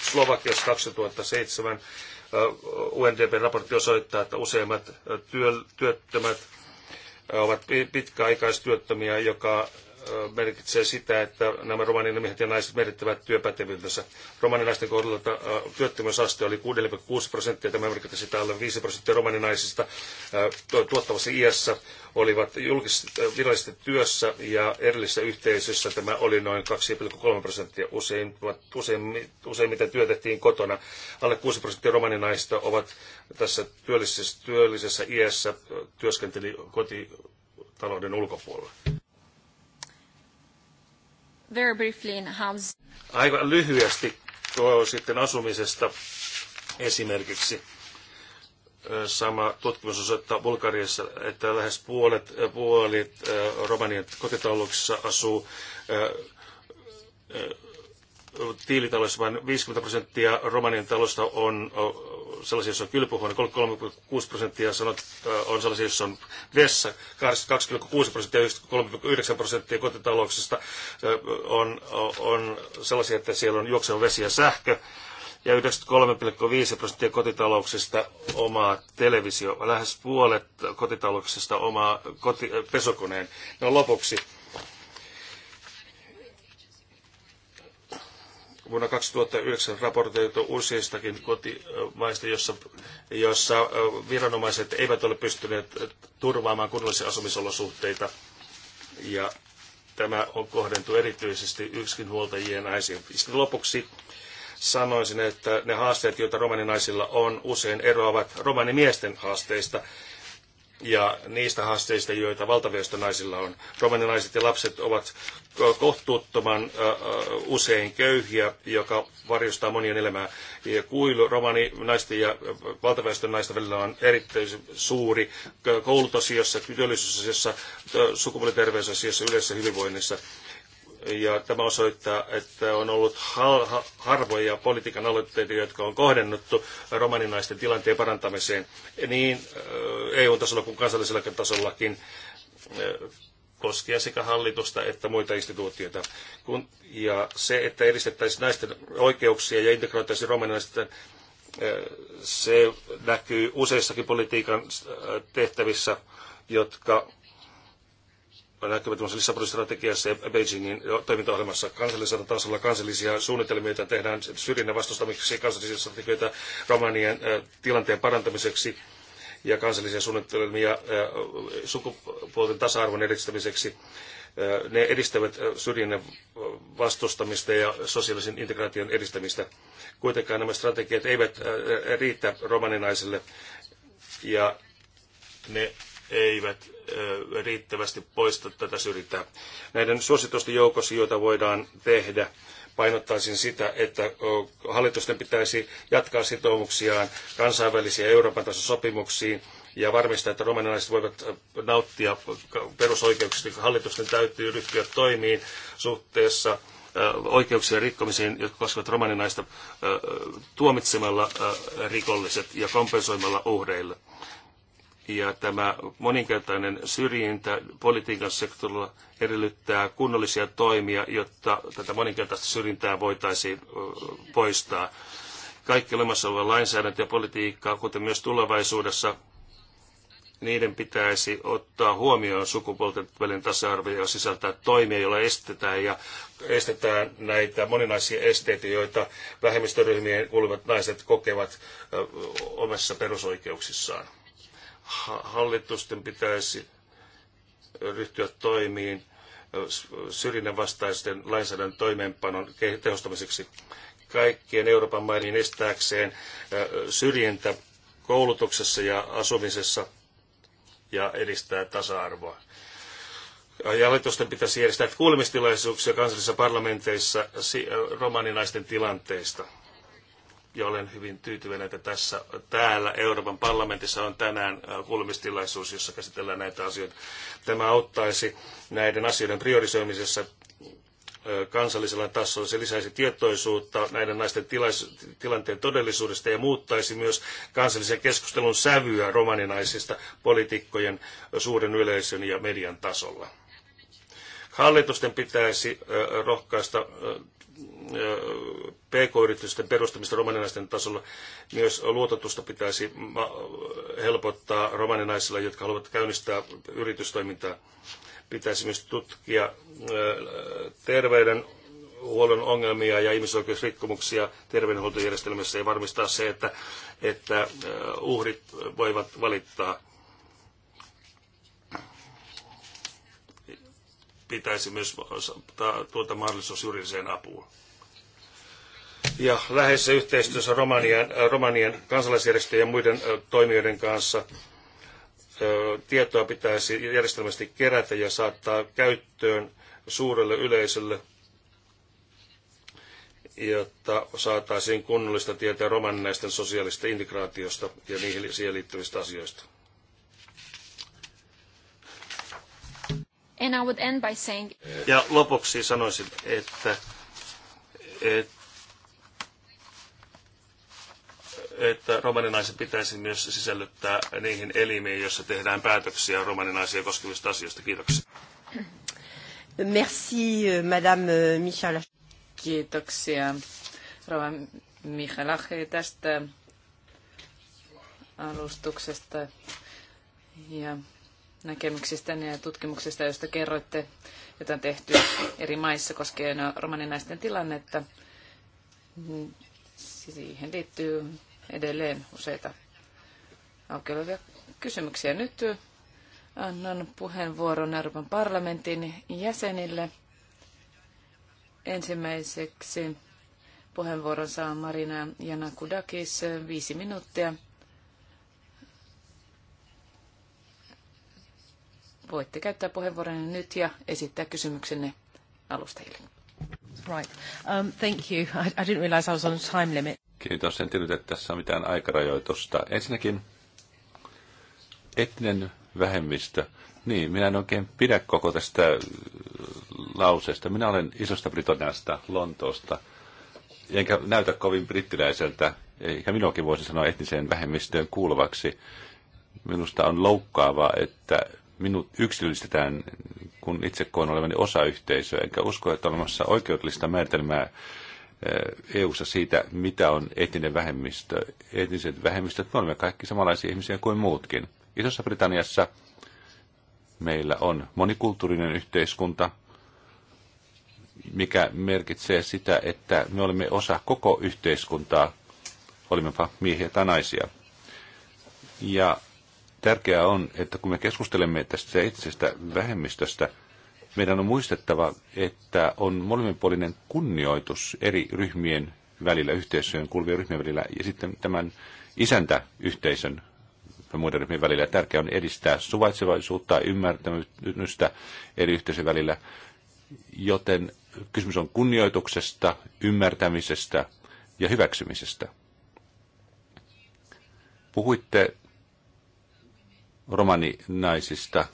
Slovakiassa 2007 UNDP-raportti osoittaa, että useimmat työttömät ovat pitkäaikaistyöttömiä, joka merkitsee sitä, että nämä romanin ja naiset merkittävät työpätevyytensä. Romaninaisten kohdalla työttömyysaste oli 6,6 prosenttia, tämä merkitsee sitä alle 5 prosenttia romaninaisista tuottavassa iässä olivat virallisesti työssä ja erillisessä yhteisössä tämä oli noin 2,3 prosenttia. Usein, usein, useimmiten työtettiin kotona. Alle 6 prosenttia romaninaista ovat tässä työllisessä, työllisessä iässä työskenteli kotitalouden ulkopuolella very briefly in house. Aika lyhyesti sitten asumisesta esimerkiksi. Sama tutkimus osoittaa Bulgariassa, että lähes puolet, puolet romanien kotitalouksissa asuu tiilitaloissa, vain 50 prosenttia romanien talosta on sellaisia, joissa on kylpyhuone, 3,6 prosenttia sanot, äh, on sellaisia, joissa on vessa, 2,6 prosenttia, 3,9 prosenttia kotitalouksista äh, on, on sellaisia, että siellä on juokseva vesi ja sähkö, ja 93,5 prosenttia kotitalouksista omaa televisio, lähes puolet kotitalouksista omaa koti, pesukoneen. No lopuksi Vuonna 2009 raportoitu useistakin kotimaista, jossa, jossa viranomaiset eivät ole pystyneet turvaamaan kunnollisia asumisolosuhteita. Ja tämä on kohdentu erityisesti yksinhuoltajien naisiin. Sitten lopuksi sanoisin, että ne haasteet, joita romaninaisilla on, usein eroavat romanimiesten haasteista ja niistä haasteista, joita valtaväestö naisilla on. Romaninaiset ja lapset ovat kohtuuttoman usein köyhiä, joka varjostaa monien elämää. Ja kuilu naisten ja valtaväestön naisten välillä on erittäin suuri koulutusasioissa, työllisyysasiassa, sukupuoliterveysasiassa, yleisessä hyvinvoinnissa. Ja tämä osoittaa, että on ollut harvoja politiikan aloitteita, jotka on kohdennuttu romaninaisten tilanteen parantamiseen niin EU-tasolla kuin kansallisella tasollakin koskien sekä hallitusta että muita instituutioita. Kun, ja se, että edistettäisiin naisten oikeuksia ja integroitaisiin romaninaisten se näkyy useissakin politiikan tehtävissä, jotka näkyvät myös Lissabonin strategiassa ja Beijingin toimintaohjelmassa kansallisella tasolla kansallisia suunnitelmia, joita tehdään syrjinnän vastustamiseksi, kansallisia strategioita romanien tilanteen parantamiseksi ja kansallisia suunnitelmia sukupuolten tasa-arvon edistämiseksi. Ne edistävät syrjinnän vastustamista ja sosiaalisen integraation edistämistä. Kuitenkaan nämä strategiat eivät riitä romaninaisille ja ne eivät riittävästi poista tätä syrjintää. Näiden suositusten joukossa, joita voidaan tehdä, painottaisin sitä, että hallitusten pitäisi jatkaa sitoumuksiaan kansainvälisiä Euroopan tason sopimuksiin ja varmistaa, että romanilaiset voivat nauttia perusoikeuksista. Hallitusten täytyy ryhtyä toimiin suhteessa oikeuksien rikkomisiin, jotka koskevat romaninaista tuomitsemalla rikolliset ja kompensoimalla uhreille. Ja tämä moninkertainen syrjintä politiikan sektorilla edellyttää kunnollisia toimia, jotta tätä moninkertaista syrjintää voitaisiin poistaa. Kaikki olemassa oleva lainsäädäntö ja politiikka, kuten myös tulevaisuudessa, niiden pitäisi ottaa huomioon sukupuolten välinen tasa-arvo ja sisältää toimia, joilla estetään ja estetään näitä moninaisia esteitä, joita vähemmistöryhmien kuuluvat naiset kokevat omissa perusoikeuksissaan hallitusten pitäisi ryhtyä toimiin syrjinnän vastaisten lainsäädännön toimeenpanon tehostamiseksi kaikkien Euroopan maiden estääkseen syrjintä koulutuksessa ja asumisessa ja edistää tasa-arvoa. Hallitusten pitäisi järjestää kuulemistilaisuuksia kansallisissa parlamenteissa romaninaisten tilanteista ja olen hyvin tyytyväinen, että tässä täällä Euroopan parlamentissa on tänään äh, kuulemistilaisuus, jossa käsitellään näitä asioita. Tämä auttaisi näiden asioiden priorisoimisessa äh, kansallisella tasolla. Se lisäisi tietoisuutta näiden naisten tilais- tilanteen todellisuudesta ja muuttaisi myös kansallisen keskustelun sävyä romaninaisista poliitikkojen, äh, suuren yleisön ja median tasolla. Hallitusten pitäisi rohkaista pk-yritysten perustamista romaninaisten tasolla. Myös luototusta pitäisi helpottaa romaninaisilla, jotka haluavat käynnistää yritystoimintaa. Pitäisi myös tutkia terveydenhuollon ongelmia ja ihmisoikeusrikkomuksia terveydenhuoltojärjestelmässä ja varmistaa se, että, että uhrit voivat valittaa. Pitäisi myös tuota mahdollisuus juridiseen apuun ja läheisessä yhteistyössä Romanian, äh, Romanian kansalaisjärjestöjen ja muiden äh, toimijoiden kanssa äh, tietoa pitäisi järjestelmästi kerätä ja saattaa käyttöön suurelle yleisölle, jotta saataisiin kunnollista tietoa romanneisten sosiaalista integraatiosta ja niihin siihen liittyvistä asioista. And I would end by saying... Ja lopuksi sanoisin, että, että että romaninaiset pitäisi myös sisällyttää niihin elimiin, joissa tehdään päätöksiä romaninaisia koskevista asioista. Kiitoksia. Merci, euh, Madame euh, Michal. Kiitoksia, Rova Michalache, tästä alustuksesta ja näkemyksistä ja tutkimuksista, joista kerroitte, jota on tehty eri maissa koskien romaninaisten tilannetta siihen liittyy edelleen useita auki olevia kysymyksiä. Nyt annan puheenvuoron Euroopan parlamentin jäsenille. Ensimmäiseksi puheenvuoron saa Marina Janakudakis, viisi minuuttia. Voitte käyttää puheenvuoron nyt ja esittää kysymyksenne alustajille. Right. Um, thank you. I, I didn't realize I was on a time limit. Kiitos sen tietysti, että tässä on mitään aikarajoitusta. Ensinnäkin etninen vähemmistö. Niin, minä en oikein pidä koko tästä äh, lauseesta. Minä olen isosta Britanniasta, Lontoosta, enkä näytä kovin brittiläiseltä, eikä minuakin voisi sanoa etniseen vähemmistöön kuuluvaksi. Minusta on loukkaavaa, että minut yksilöllistetään, kun itse koen olevani osa yhteisöä, enkä usko, että olemassa oikeudellista määritelmää Eh, EU-ssa siitä, mitä on etinen vähemmistö. Etniset vähemmistöt, me olemme kaikki samanlaisia ihmisiä kuin muutkin. Isossa Britanniassa meillä on monikulttuurinen yhteiskunta, mikä merkitsee sitä, että me olemme osa koko yhteiskuntaa, olimmepa miehiä tai naisia. Ja tärkeää on, että kun me keskustelemme tästä itsestä vähemmistöstä, meidän on muistettava, että on molemminpuolinen kunnioitus eri ryhmien välillä, yhteisöön kuuluvien ryhmien välillä ja sitten tämän isäntäyhteisön ja muiden ryhmien välillä. Tärkeää on edistää suvaitsevaisuutta, ymmärtämystä eri yhteisöjen välillä, joten kysymys on kunnioituksesta, ymmärtämisestä ja hyväksymisestä. Puhuitte romaninaisista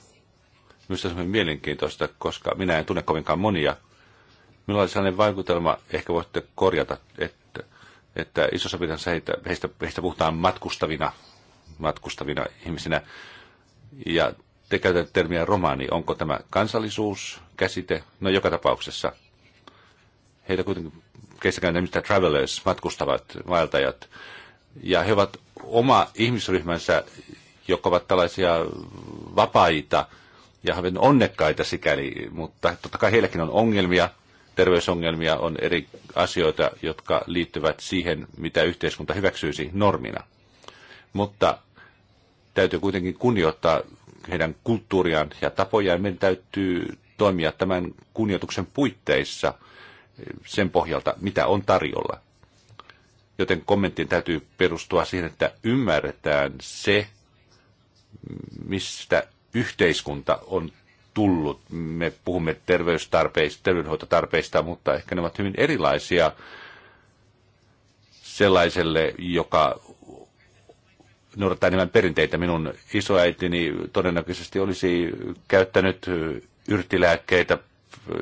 Minusta se on mielenkiintoista, koska minä en tunne kovinkaan monia. Minulla oli sellainen vaikutelma, ehkä voitte korjata, että, että isossa pitänsä heitä, heistä, heistä puhutaan matkustavina, matkustavina ihmisinä. Ja te käytätte termiä romaani. Onko tämä kansallisuus, käsite? No joka tapauksessa. Heitä kuitenkin kestäkään nimistä travelers, matkustavat vaeltajat. Ja he ovat oma ihmisryhmänsä, jotka ovat tällaisia vapaita – ja ovat onnekkaita sikäli, mutta totta kai heilläkin on ongelmia, terveysongelmia, on eri asioita, jotka liittyvät siihen, mitä yhteiskunta hyväksyisi normina. Mutta täytyy kuitenkin kunnioittaa heidän kulttuuriaan ja tapojaan. Meidän täytyy toimia tämän kunnioituksen puitteissa sen pohjalta, mitä on tarjolla. Joten kommenttien täytyy perustua siihen, että ymmärretään se, mistä yhteiskunta on tullut. Me puhumme terveystarpeista, terveydenhoitotarpeista, mutta ehkä ne ovat hyvin erilaisia sellaiselle, joka noudattaa enemmän perinteitä. Minun isoäitini todennäköisesti olisi käyttänyt yrtilääkkeitä,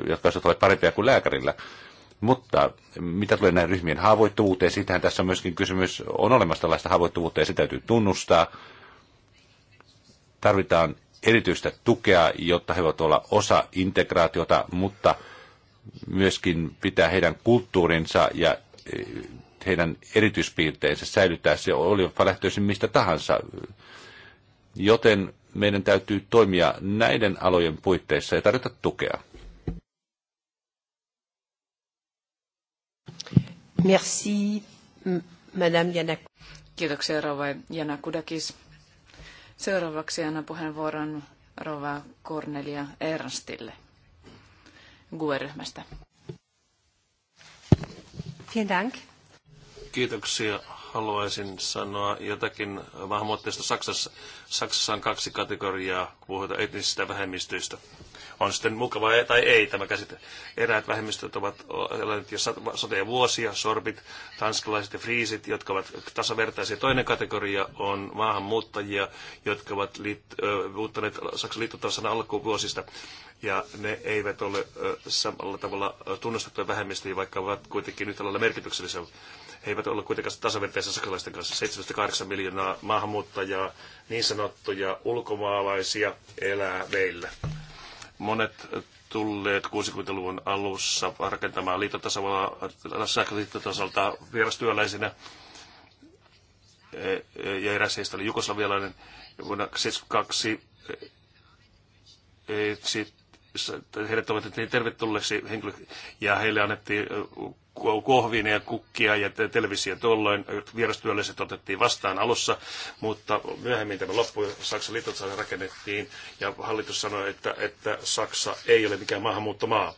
jotka olisivat olleet parempia kuin lääkärillä. Mutta mitä tulee näiden ryhmien haavoittuvuuteen, siitähän tässä on myöskin kysymys, on olemassa tällaista haavoittuvuutta ja se täytyy tunnustaa. Tarvitaan erityistä tukea, jotta he voivat olla osa integraatiota, mutta myöskin pitää heidän kulttuurinsa ja eh, heidän erityispiirteensä säilyttää se, oli lähtöisin mistä tahansa. Joten meidän täytyy toimia näiden alojen puitteissa ja tarjota tukea. Merci, Madame Janak. Kiitoksia, Rova Janakudakis. Seuraavaksi annan puheenvuoron Rova Cornelia Ernstille GUE-ryhmästä. Kiitoksia. Haluaisin sanoa jotakin maahanmuuttajista Saksassa. Saksassa on kaksi kategoriaa, kun puhutaan etnisistä vähemmistöistä on sitten mukava tai ei tämä käsite. Eräät vähemmistöt ovat olleet jo satoja vuosia, sorbit, tanskalaiset ja friisit, jotka ovat tasavertaisia. Toinen kategoria on maahanmuuttajia, jotka ovat liitt- muuttaneet Saksan liittotasan alkuvuosista ja ne eivät ole samalla tavalla tunnustettuja vähemmistöjä, vaikka ovat kuitenkin nyt lailla merkityksellisiä. He eivät ole kuitenkaan tasavertaisia saksalaisten kanssa. 7-8 miljoonaa maahanmuuttajaa, niin sanottuja ulkomaalaisia elää meillä monet tulleet 60-luvun alussa rakentamaan liittotasavallan sähköliittotasolta vierastyöläisinä e, e, ja eräs heistä oli jugoslavialainen vuonna 1972. E, heidät toivotettiin tervetulleeksi henkilö, ja heille annettiin kohvina ja kukkia ja televisio tuolloin. Vierastyölliset otettiin vastaan alussa, mutta myöhemmin tämä loppui. Saksan liittotasainen rakennettiin ja hallitus sanoi, että, että Saksa ei ole mikään maahanmuuttomaa.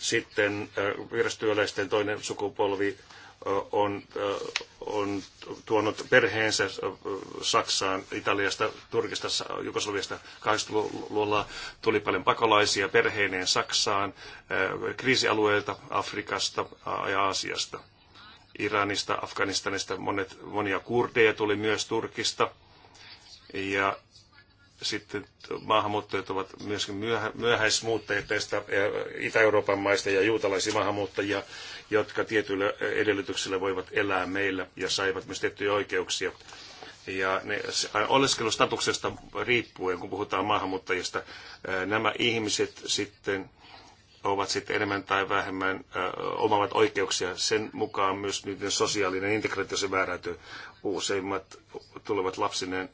Sitten äh, vierastyöläisten toinen sukupolvi on, on tuonut perheensä Saksaan, Italiasta, Turkista, Jugoslaviasta 80-luvulla. Tuli paljon pakolaisia perheineen Saksaan, eh, kriisialueilta, Afrikasta ja Aasiasta. Iranista, Afganistanista monet, monia kurdeja tuli myös Turkista. Ja sitten maahanmuuttajat ovat myöskin myöhä, myöhäismuuttajia tästä Itä-Euroopan maista ja juutalaisia maahanmuuttajia, jotka tietyillä edellytyksillä voivat elää meillä ja saivat myös tiettyjä oikeuksia. Ja ne, oleskelustatuksesta riippuen, kun puhutaan maahanmuuttajista, nämä ihmiset sitten ovat sitten enemmän tai vähemmän ö, omavat oikeuksia. Sen mukaan myös niiden sosiaalinen integraatio se määräytyy. Useimmat tulevat lapsineen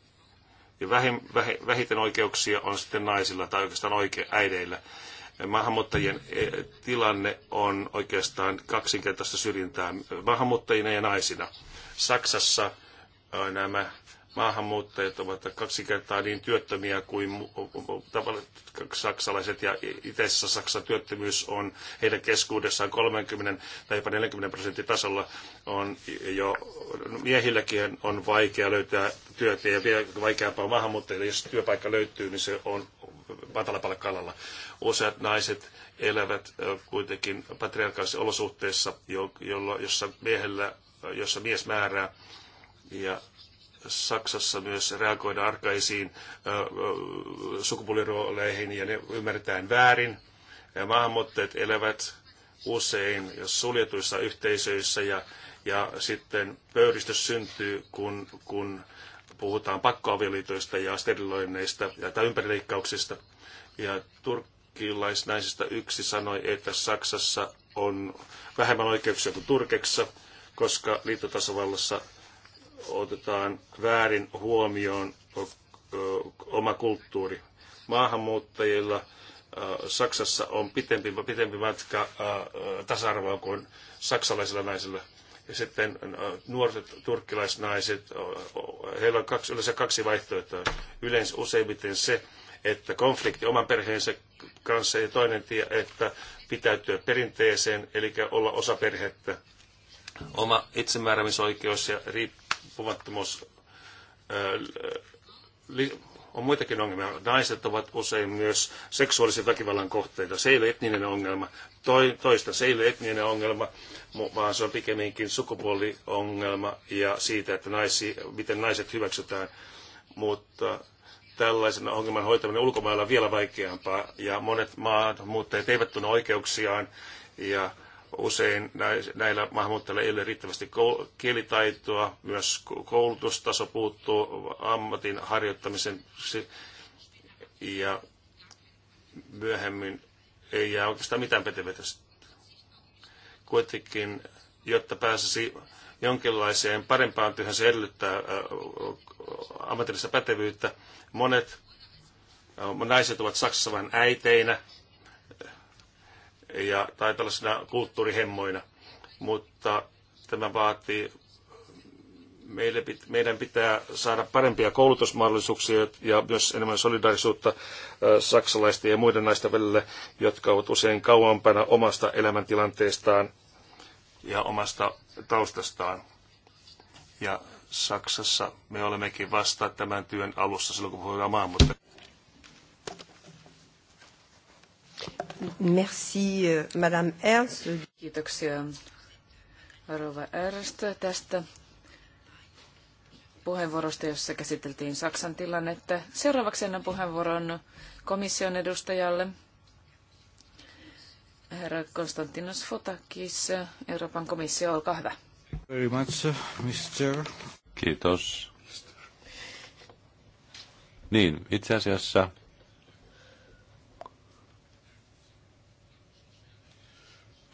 ja vähin, vähiten oikeuksia on sitten naisilla tai oikeastaan oikein äideillä. Maahanmuuttajien e, tilanne on oikeastaan kaksinkertaista syrjintää maahanmuuttajina ja naisina. Saksassa nämä maahanmuuttajat ovat kaksi kertaa niin työttömiä kuin saksalaiset ja itäisessä Saksan työttömyys on heidän keskuudessaan 30 tai jopa 40 prosentin tasolla on jo miehilläkin on vaikea löytää työtä ja vielä vaikeampaa maahanmuuttajille, jos työpaikka löytyy, niin se on matalapalkka-alalla. Useat naiset elävät kuitenkin patriarkaalisissa olosuhteissa, jossa miehellä jossa mies määrää ja Saksassa myös reagoida arkaisiin sukupuolirooleihin ja ne ymmärretään väärin. Ja maahanmuuttajat elävät usein suljetuissa yhteisöissä ja, ja sitten pöyristys syntyy, kun, kun puhutaan pakkoavioliitoista ja steriloinneista ja, tai ympärileikkauksista. Ja turkkilaisnaisista yksi sanoi, että Saksassa on vähemmän oikeuksia kuin Turkeksa, koska liittotasavallassa otetaan väärin huomioon oma kulttuuri. Maahanmuuttajilla Saksassa on pitempi, pitempi matka tasa-arvoa kuin saksalaisilla naisilla. Ja sitten nuoret turkkilaisnaiset, heillä on kaksi, yleensä kaksi vaihtoehtoa. Yleensä useimmiten se, että konflikti oman perheensä kanssa ja toinen tie, että pitäytyä perinteeseen, eli olla osa perhettä. Oma itsemääräämisoikeus ja riippuu riippumattomuus on muitakin ongelmia. Naiset ovat usein myös seksuaalisen väkivallan kohteita. Se ei ole etninen ongelma. toista se ei ole etninen ongelma, vaan se on pikemminkin sukupuoliongelma ja siitä, että naisi, miten naiset hyväksytään. Mutta tällaisen ongelman hoitaminen ulkomailla on vielä vaikeampaa. Ja monet maat muuttajat eivät tunne oikeuksiaan ja Usein näillä maahanmuuttajilla ei ole riittävästi kielitaitoa, myös koulutustaso puuttuu ammatin harjoittamisen ja myöhemmin ei jää oikeastaan mitään pätevyydestä. Kuitenkin, jotta pääsisi jonkinlaiseen parempaan työhön, se edellyttää ammatillista pätevyyttä. Monet naiset ovat Saksassa vain äiteinä, ja, tai tällaisina kulttuurihemmoina. Mutta tämä vaatii, meille, meidän pitää saada parempia koulutusmahdollisuuksia ja myös enemmän solidaarisuutta saksalaisten ja muiden naisten välillä, jotka ovat usein kauampana omasta elämäntilanteestaan ja omasta taustastaan. Ja Saksassa me olemmekin vasta tämän työn alussa silloin, kun puhutaan maahanmuuttajista. Merci, euh, Madame Ernst. Kiitoksia, Rova Ernst, tästä puheenvuorosta, jossa käsiteltiin Saksan tilannetta. Seuraavaksi annan puheenvuoron komission edustajalle, herra Konstantinos Fotakis, Euroopan komissio, olkaa hyvä. Very much, Mr. Kiitos. Niin, itse asiassa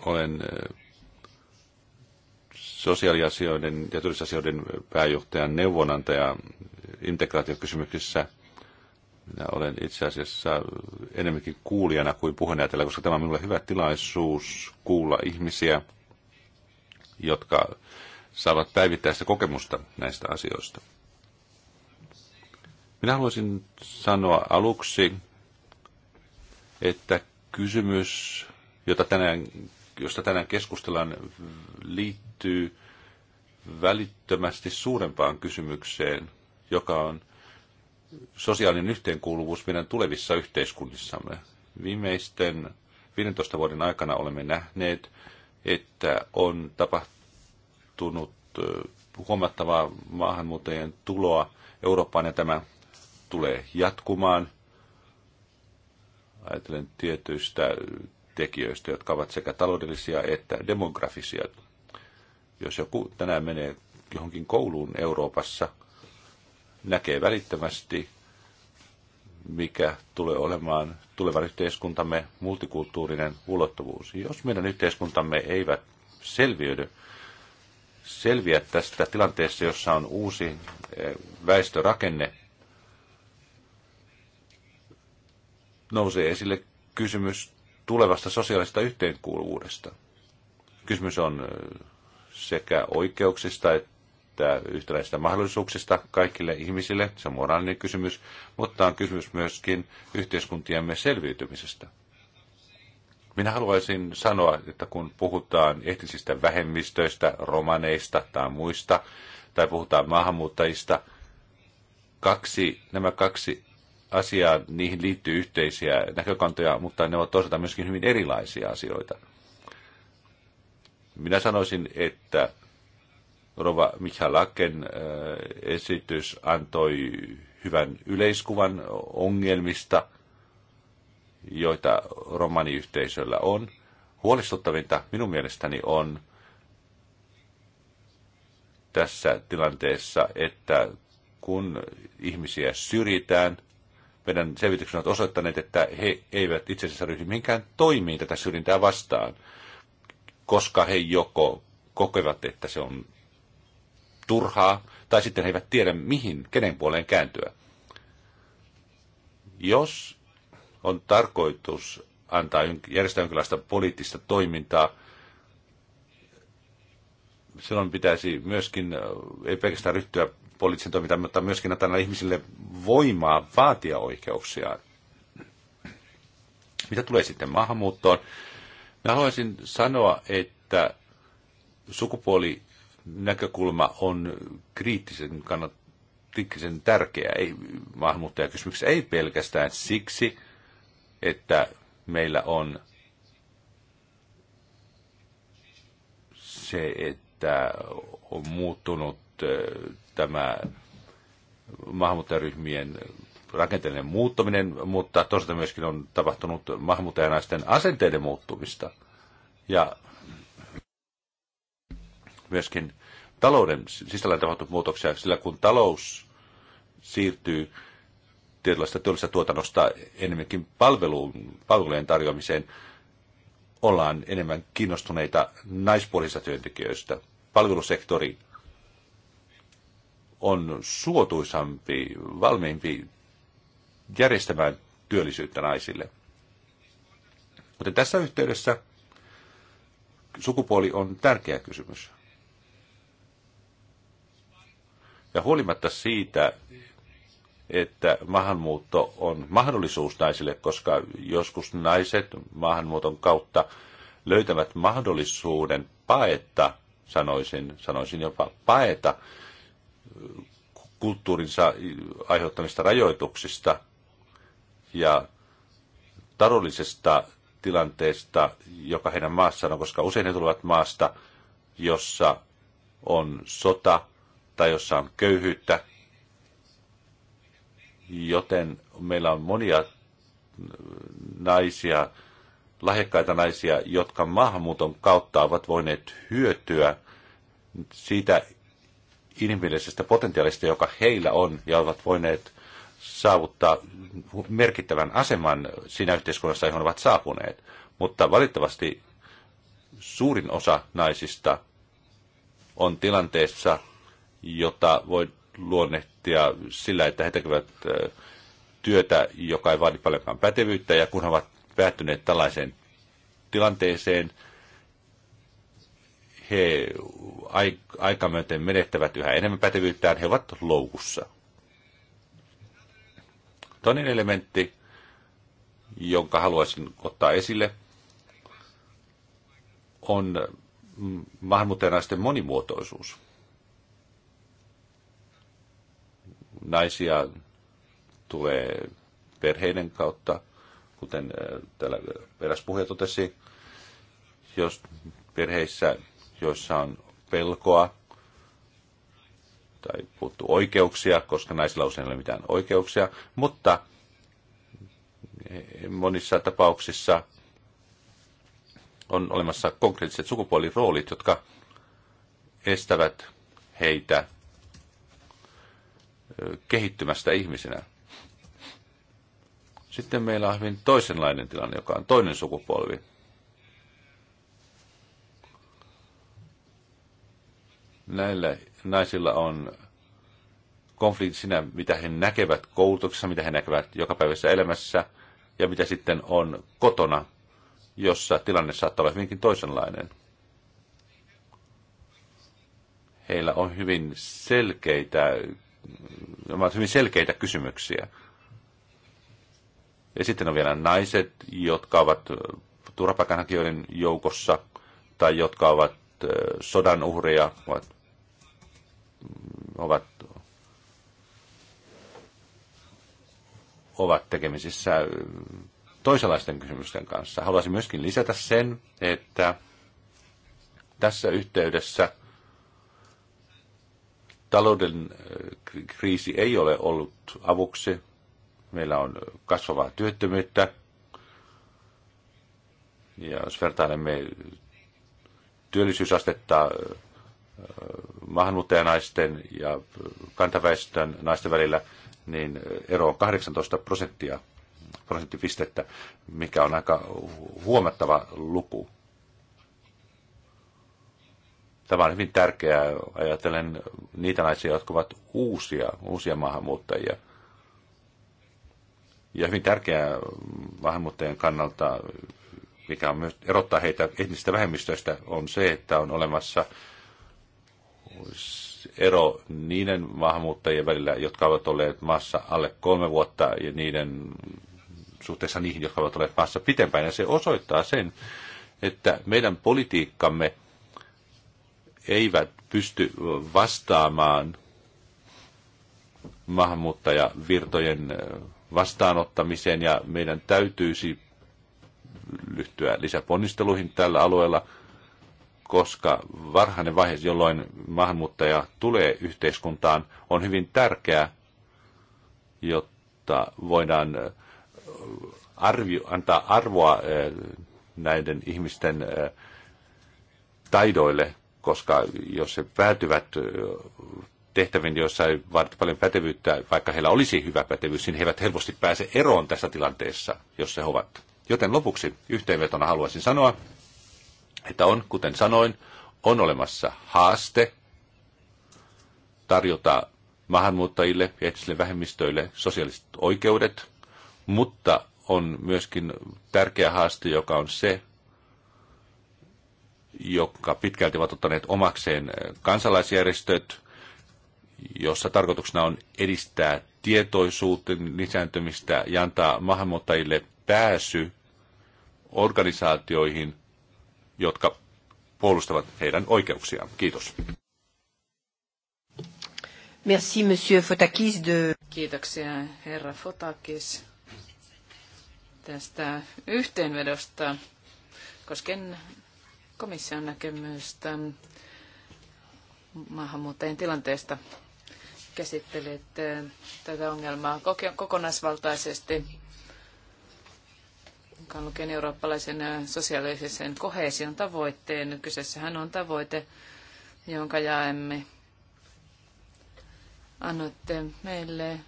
Olen sosiaaliasioiden ja turistasioiden pääjohtajan neuvonantaja integraatiokysymyksissä. Minä olen itse asiassa enemmänkin kuulijana kuin puheenjohtajalla, koska tämä on minulle hyvä tilaisuus kuulla ihmisiä, jotka saavat päivittäistä kokemusta näistä asioista. Minä haluaisin sanoa aluksi, että kysymys, jota tänään josta tänään keskustellaan, liittyy välittömästi suurempaan kysymykseen, joka on sosiaalinen yhteenkuuluvuus meidän tulevissa yhteiskunnissamme. Viimeisten 15 vuoden aikana olemme nähneet, että on tapahtunut huomattavaa maahanmuuttajien tuloa Eurooppaan ja tämä tulee jatkumaan. Ajattelen tietyistä tekijöistä, jotka ovat sekä taloudellisia että demografisia. Jos joku tänään menee johonkin kouluun Euroopassa, näkee välittömästi, mikä tulee olemaan tulevan yhteiskuntamme multikulttuurinen ulottuvuus. Jos meidän yhteiskuntamme eivät selviydy, selviä tästä tilanteessa, jossa on uusi eh, väestörakenne, nousee esille kysymys tulevasta sosiaalista yhteenkuuluvuudesta. Kysymys on sekä oikeuksista että yhtäläisistä mahdollisuuksista kaikille ihmisille, se on moraalinen kysymys, mutta on kysymys myöskin yhteiskuntiemme selviytymisestä. Minä haluaisin sanoa, että kun puhutaan etnisistä vähemmistöistä, romaneista tai muista, tai puhutaan maahanmuuttajista, kaksi, nämä kaksi asiaa, niihin liittyy yhteisiä näkökantoja, mutta ne ovat toisaalta myöskin hyvin erilaisia asioita. Minä sanoisin, että Rova Michalaken äh, esitys antoi hyvän yleiskuvan ongelmista, joita romaniyhteisöllä on. Huolestuttavinta minun mielestäni on tässä tilanteessa, että kun ihmisiä syrjitään, meidän selvityksemme ovat osoittaneet, että he eivät itse asiassa ryhdy minkään toimiin tätä syrjintää vastaan, koska he joko kokevat, että se on turhaa, tai sitten he eivät tiedä, mihin, kenen puoleen kääntyä. Jos on tarkoitus antaa järjestää jonkinlaista poliittista toimintaa, silloin pitäisi myöskin, ei pelkästään ryhtyä poliittisen toimintaan, mutta myöskin antaa ihmisille voimaa vaatia oikeuksia. Mitä tulee sitten maahanmuuttoon? Mä haluaisin sanoa, että näkökulma on kriittisen kannat, kriittisen tärkeä ei, maahanmuuttajakysymyksessä, ei pelkästään siksi, että meillä on se, että on muuttunut tämä maahanmuuttajaryhmien rakenteellinen muuttuminen, mutta toisaalta myöskin on tapahtunut maahanmuuttajanaisten asenteiden muuttumista. Ja myöskin talouden sisällä tapahtunut muutoksia, sillä kun talous siirtyy tietynlaista työllisestä tuotannosta enemmänkin palveluun, palvelujen tarjoamiseen, ollaan enemmän kiinnostuneita naispuolisista työntekijöistä. Palvelusektori on suotuisampi, valmiimpi järjestämään työllisyyttä naisille. Mutta tässä yhteydessä sukupuoli on tärkeä kysymys. Ja huolimatta siitä, että maahanmuutto on mahdollisuus naisille, koska joskus naiset maahanmuuton kautta löytävät mahdollisuuden paetta, sanoisin, sanoisin jopa paeta kulttuurinsa aiheuttamista rajoituksista ja taloudellisesta tilanteesta, joka heidän maassaan on, koska usein he tulevat maasta, jossa on sota tai jossa on köyhyyttä, joten meillä on monia naisia, lahjakkaita naisia, jotka maahanmuuton kautta ovat voineet hyötyä siitä inhimillisestä potentiaalista, joka heillä on ja ovat voineet saavuttaa merkittävän aseman siinä yhteiskunnassa, johon ovat saapuneet. Mutta valitettavasti suurin osa naisista on tilanteessa, jota voi luonnehtia sillä, että he tekevät työtä, joka ei vaadi paljonkaan pätevyyttä, ja kun he ovat päättyneet tällaiseen tilanteeseen, he aika myöten menettävät yhä enemmän pätevyyttään, he ovat loukussa. Toinen elementti, jonka haluaisin ottaa esille, on maahanmuuttajanaisten monimuotoisuus. Naisia tulee perheiden kautta, kuten äh, täällä eräs puhuja totesi, jos perheissä joissa on pelkoa tai puuttuu oikeuksia, koska naisilla usein ei ole mitään oikeuksia, mutta monissa tapauksissa on olemassa konkreettiset sukupuoliroolit, jotka estävät heitä kehittymästä ihmisenä. Sitten meillä on hyvin toisenlainen tilanne, joka on toinen sukupolvi, näillä naisilla on konflikti siinä, mitä he näkevät koulutuksessa, mitä he näkevät joka päivässä elämässä ja mitä sitten on kotona, jossa tilanne saattaa olla hyvinkin toisenlainen. Heillä on hyvin selkeitä, ovat hyvin selkeitä kysymyksiä. Ja sitten on vielä naiset, jotka ovat turvapaikanhakijoiden joukossa tai jotka ovat sodan uhreja, ovat ovat, ovat tekemisissä toisenlaisten kysymysten kanssa. Haluaisin myöskin lisätä sen, että tässä yhteydessä talouden äh, kriisi ei ole ollut avuksi. Meillä on kasvavaa työttömyyttä. Ja jos vertailemme työllisyysastetta äh, maahanmuuttajanaisten ja kantaväestön naisten välillä, niin ero on 18 prosenttia, prosenttipistettä, mikä on aika huomattava luku. Tämä on hyvin tärkeää, ajatellen niitä naisia, jotka ovat uusia, uusia maahanmuuttajia. Ja hyvin tärkeää maahanmuuttajien kannalta, mikä on myös erottaa heitä etnistä vähemmistöistä, on se, että on olemassa ero niiden maahanmuuttajien välillä, jotka ovat olleet maassa alle kolme vuotta ja niiden suhteessa niihin, jotka ovat olleet maassa pitempään. Ja se osoittaa sen, että meidän politiikkamme eivät pysty vastaamaan maahanmuuttajavirtojen vastaanottamiseen ja meidän täytyisi lyhtyä lisäponnisteluihin tällä alueella – koska varhainen vaihe, jolloin maahanmuuttaja tulee yhteiskuntaan, on hyvin tärkeä, jotta voidaan arvio, antaa arvoa näiden ihmisten taidoille, koska jos he päätyvät tehtäviin, joissa ei vaadita paljon pätevyyttä, vaikka heillä olisi hyvä pätevyys, niin he eivät helposti pääse eroon tässä tilanteessa, jos he ovat. Joten lopuksi yhteenvetona haluaisin sanoa, että on, kuten sanoin, on olemassa haaste tarjota maahanmuuttajille ja etnisille vähemmistöille sosiaaliset oikeudet, mutta on myöskin tärkeä haaste, joka on se, joka pitkälti ovat ottaneet omakseen eh, kansalaisjärjestöt, jossa tarkoituksena on edistää tietoisuuden lisääntymistä ja antaa maahanmuuttajille pääsy organisaatioihin, jotka puolustavat heidän oikeuksiaan. Kiitos. Merci, monsieur Fotakis de... Kiitoksia, herra Fotakis, tästä yhteenvedosta koskien komission näkemystä maahanmuuttajien tilanteesta käsittelit eh, tätä ongelmaa kokonaisvaltaisesti mukaan lukien eurooppalaisen sosiaalisen kohesion tavoitteen. Kyseessähän on tavoite, jonka jaemme. Annoitte meille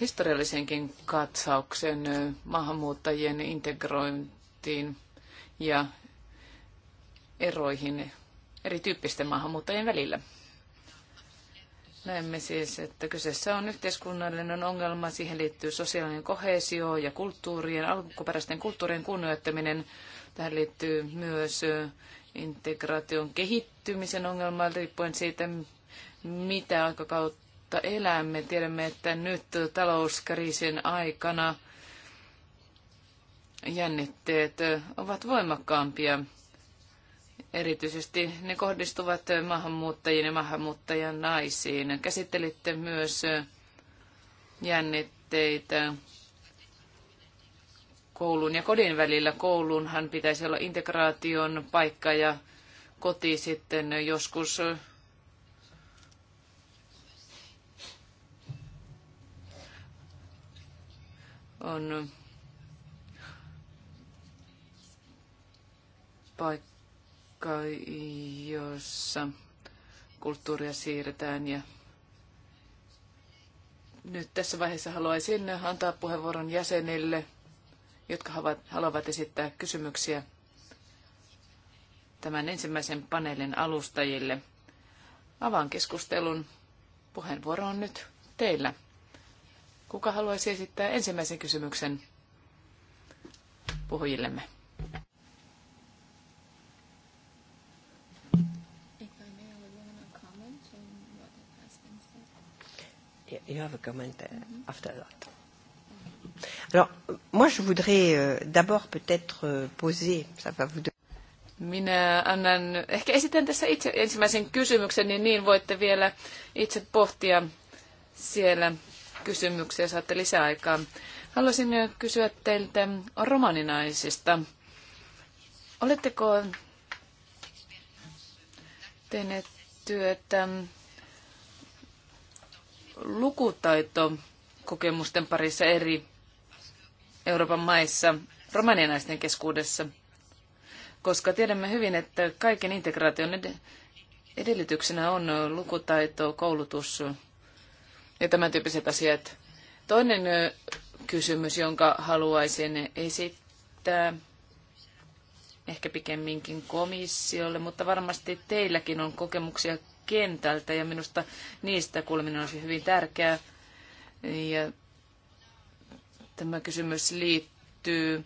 historiallisenkin katsauksen maahanmuuttajien integrointiin ja eroihin erityyppisten maahanmuuttajien välillä. Näemme siis, että kyseessä on yhteiskunnallinen ongelma, siihen liittyy sosiaalinen kohesio ja kulttuurien, alkuperäisten kulttuurien kunnioittaminen. Tähän liittyy myös integraation kehittymisen ongelma, riippuen siitä, mitä aikakautta elämme. Tiedämme, että nyt talouskriisin aikana jännitteet ovat voimakkaampia Erityisesti ne kohdistuvat maahanmuuttajiin ja maahanmuuttajan naisiin. Käsittelitte myös jännitteitä koulun ja kodin välillä. Koulunhan pitäisi olla integraation paikka ja koti sitten joskus on paikka paikka, jossa kulttuuria siirretään ja nyt tässä vaiheessa haluaisin antaa puheenvuoron jäsenille, jotka haluavat esittää kysymyksiä tämän ensimmäisen paneelin alustajille. Avaan keskustelun. Puheenvuoro on nyt teillä. Kuka haluaisi esittää ensimmäisen kysymyksen puhujillemme? you have a comment uh, after that. Alors, moi, je voudrais uh, d'abord peut-être uh, poser, ça va vous donner... Minä annan, ehkä esitän tässä itse ensimmäisen kysymyksen, niin, niin voitte vielä itse pohtia siellä kysymyksiä, saatte lisäaikaa. Haluaisin kysyä teiltä romaninaisista. Oletteko tehneet työtä lukutaito kokemusten parissa eri Euroopan maissa, romanianaisten keskuudessa, koska tiedämme hyvin, että kaiken integraation edellytyksenä on lukutaito, koulutus ja tämän tyyppiset asiat. Toinen kysymys, jonka haluaisin esittää, ehkä pikemminkin komissiolle, mutta varmasti teilläkin on kokemuksia kentältä ja minusta niistä kuuleminen olisi hyvin tärkeää. Ja tämä kysymys liittyy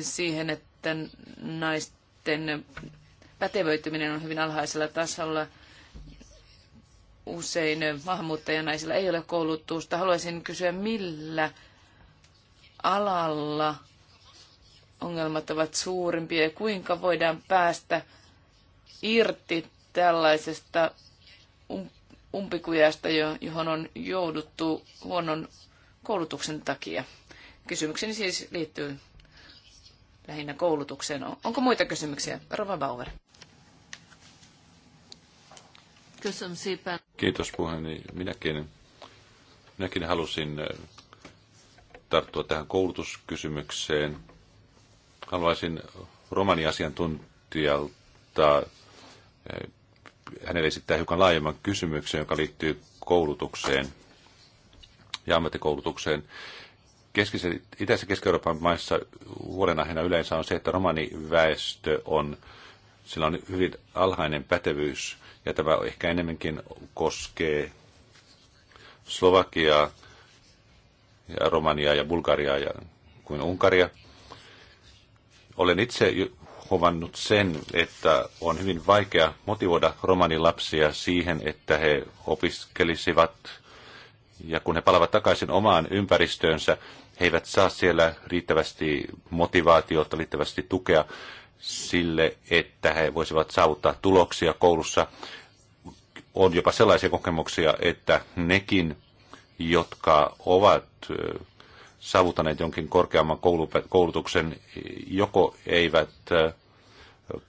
siihen, että naisten pätevöityminen on hyvin alhaisella tasolla. Usein maahanmuuttajanaisilla ei ole koulutusta. Haluaisin kysyä, millä alalla ongelmat ovat suurimpia ja kuinka voidaan päästä irti tällaisesta um, umpikujasta, johon on jouduttu huonon koulutuksen takia. Kysymykseni siis liittyy lähinnä koulutukseen. Onko muita kysymyksiä? Rova Bauer. Kiitos puheeni. Minäkin, minäkin halusin tarttua tähän koulutuskysymykseen. Haluaisin romaniasiantuntijalta hänelle esittää hiukan laajemman kysymyksen, joka liittyy koulutukseen ja ammattikoulutukseen. Keskisen, Itäisessä Keski-Euroopan maissa huolenaiheena yleensä on se, että romaniväestö on, sillä on hyvin alhainen pätevyys, ja tämä ehkä enemmänkin koskee Slovakiaa, ja Romaniaa ja Bulgariaa ja, kuin Unkaria. Olen itse huomannut sen, että on hyvin vaikea motivoida romanilapsia siihen, että he opiskelisivat ja kun he palavat takaisin omaan ympäristöönsä, he eivät saa siellä riittävästi motivaatiota, riittävästi tukea sille, että he voisivat saavuttaa tuloksia koulussa. On jopa sellaisia kokemuksia, että nekin, jotka ovat saavutaneet jonkin korkeamman koulutuksen, joko eivät äh,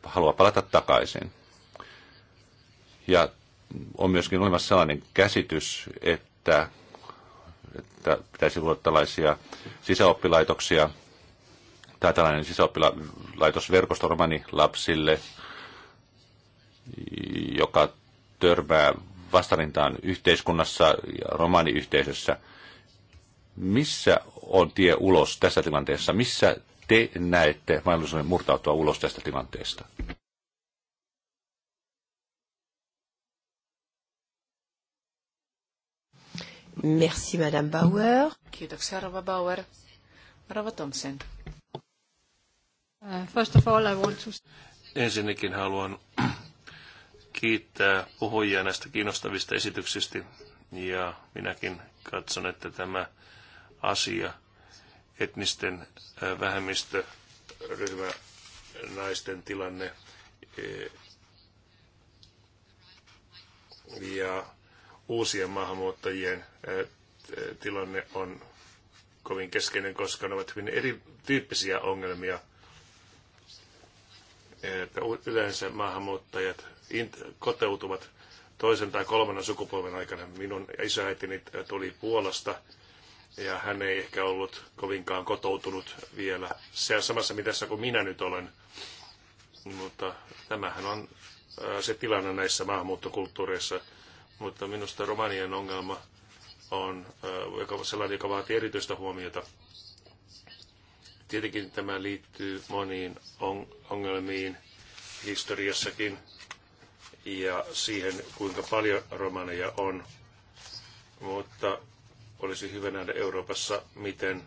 halua palata takaisin. Ja on myöskin olemassa sellainen käsitys, että, että pitäisi luoda tällaisia sisäoppilaitoksia tai tällainen sisäoppilaitosverkosto lapsille, joka törmää vastarintaan yhteiskunnassa ja romaniyhteisössä. Missä on tie ulos tässä tilanteessa? Missä te näette mahdollisuuden murtautua ulos tästä tilanteesta? Merci, Madame Bauer. Kiitoksia, Rova Bauer. Rova Thompson. Uh, first of all, I want to... Ensinnäkin haluan kiittää puhujia näistä kiinnostavista esityksistä. Ja minäkin katson, että tämä asia etnisten vähemmistöryhmä naisten tilanne e, ja uusien maahanmuuttajien tilanne on kovin keskeinen, koska ne ovat hyvin erityyppisiä ongelmia. E, että yleensä maahanmuuttajat koteutuvat toisen tai kolmannen sukupolven aikana. Minun isäitini tuli Puolasta ja hän ei ehkä ollut kovinkaan kotoutunut vielä. Se samassa mitassa kuin minä nyt olen, mutta tämähän on äh, se tilanne näissä maahanmuuttokulttuureissa. Mutta minusta romanien ongelma on äh, sellainen, joka vaatii erityistä huomiota. Tietenkin tämä liittyy moniin ongelmiin historiassakin ja siihen, kuinka paljon romaneja on. Mutta olisi hyvä nähdä Euroopassa, miten,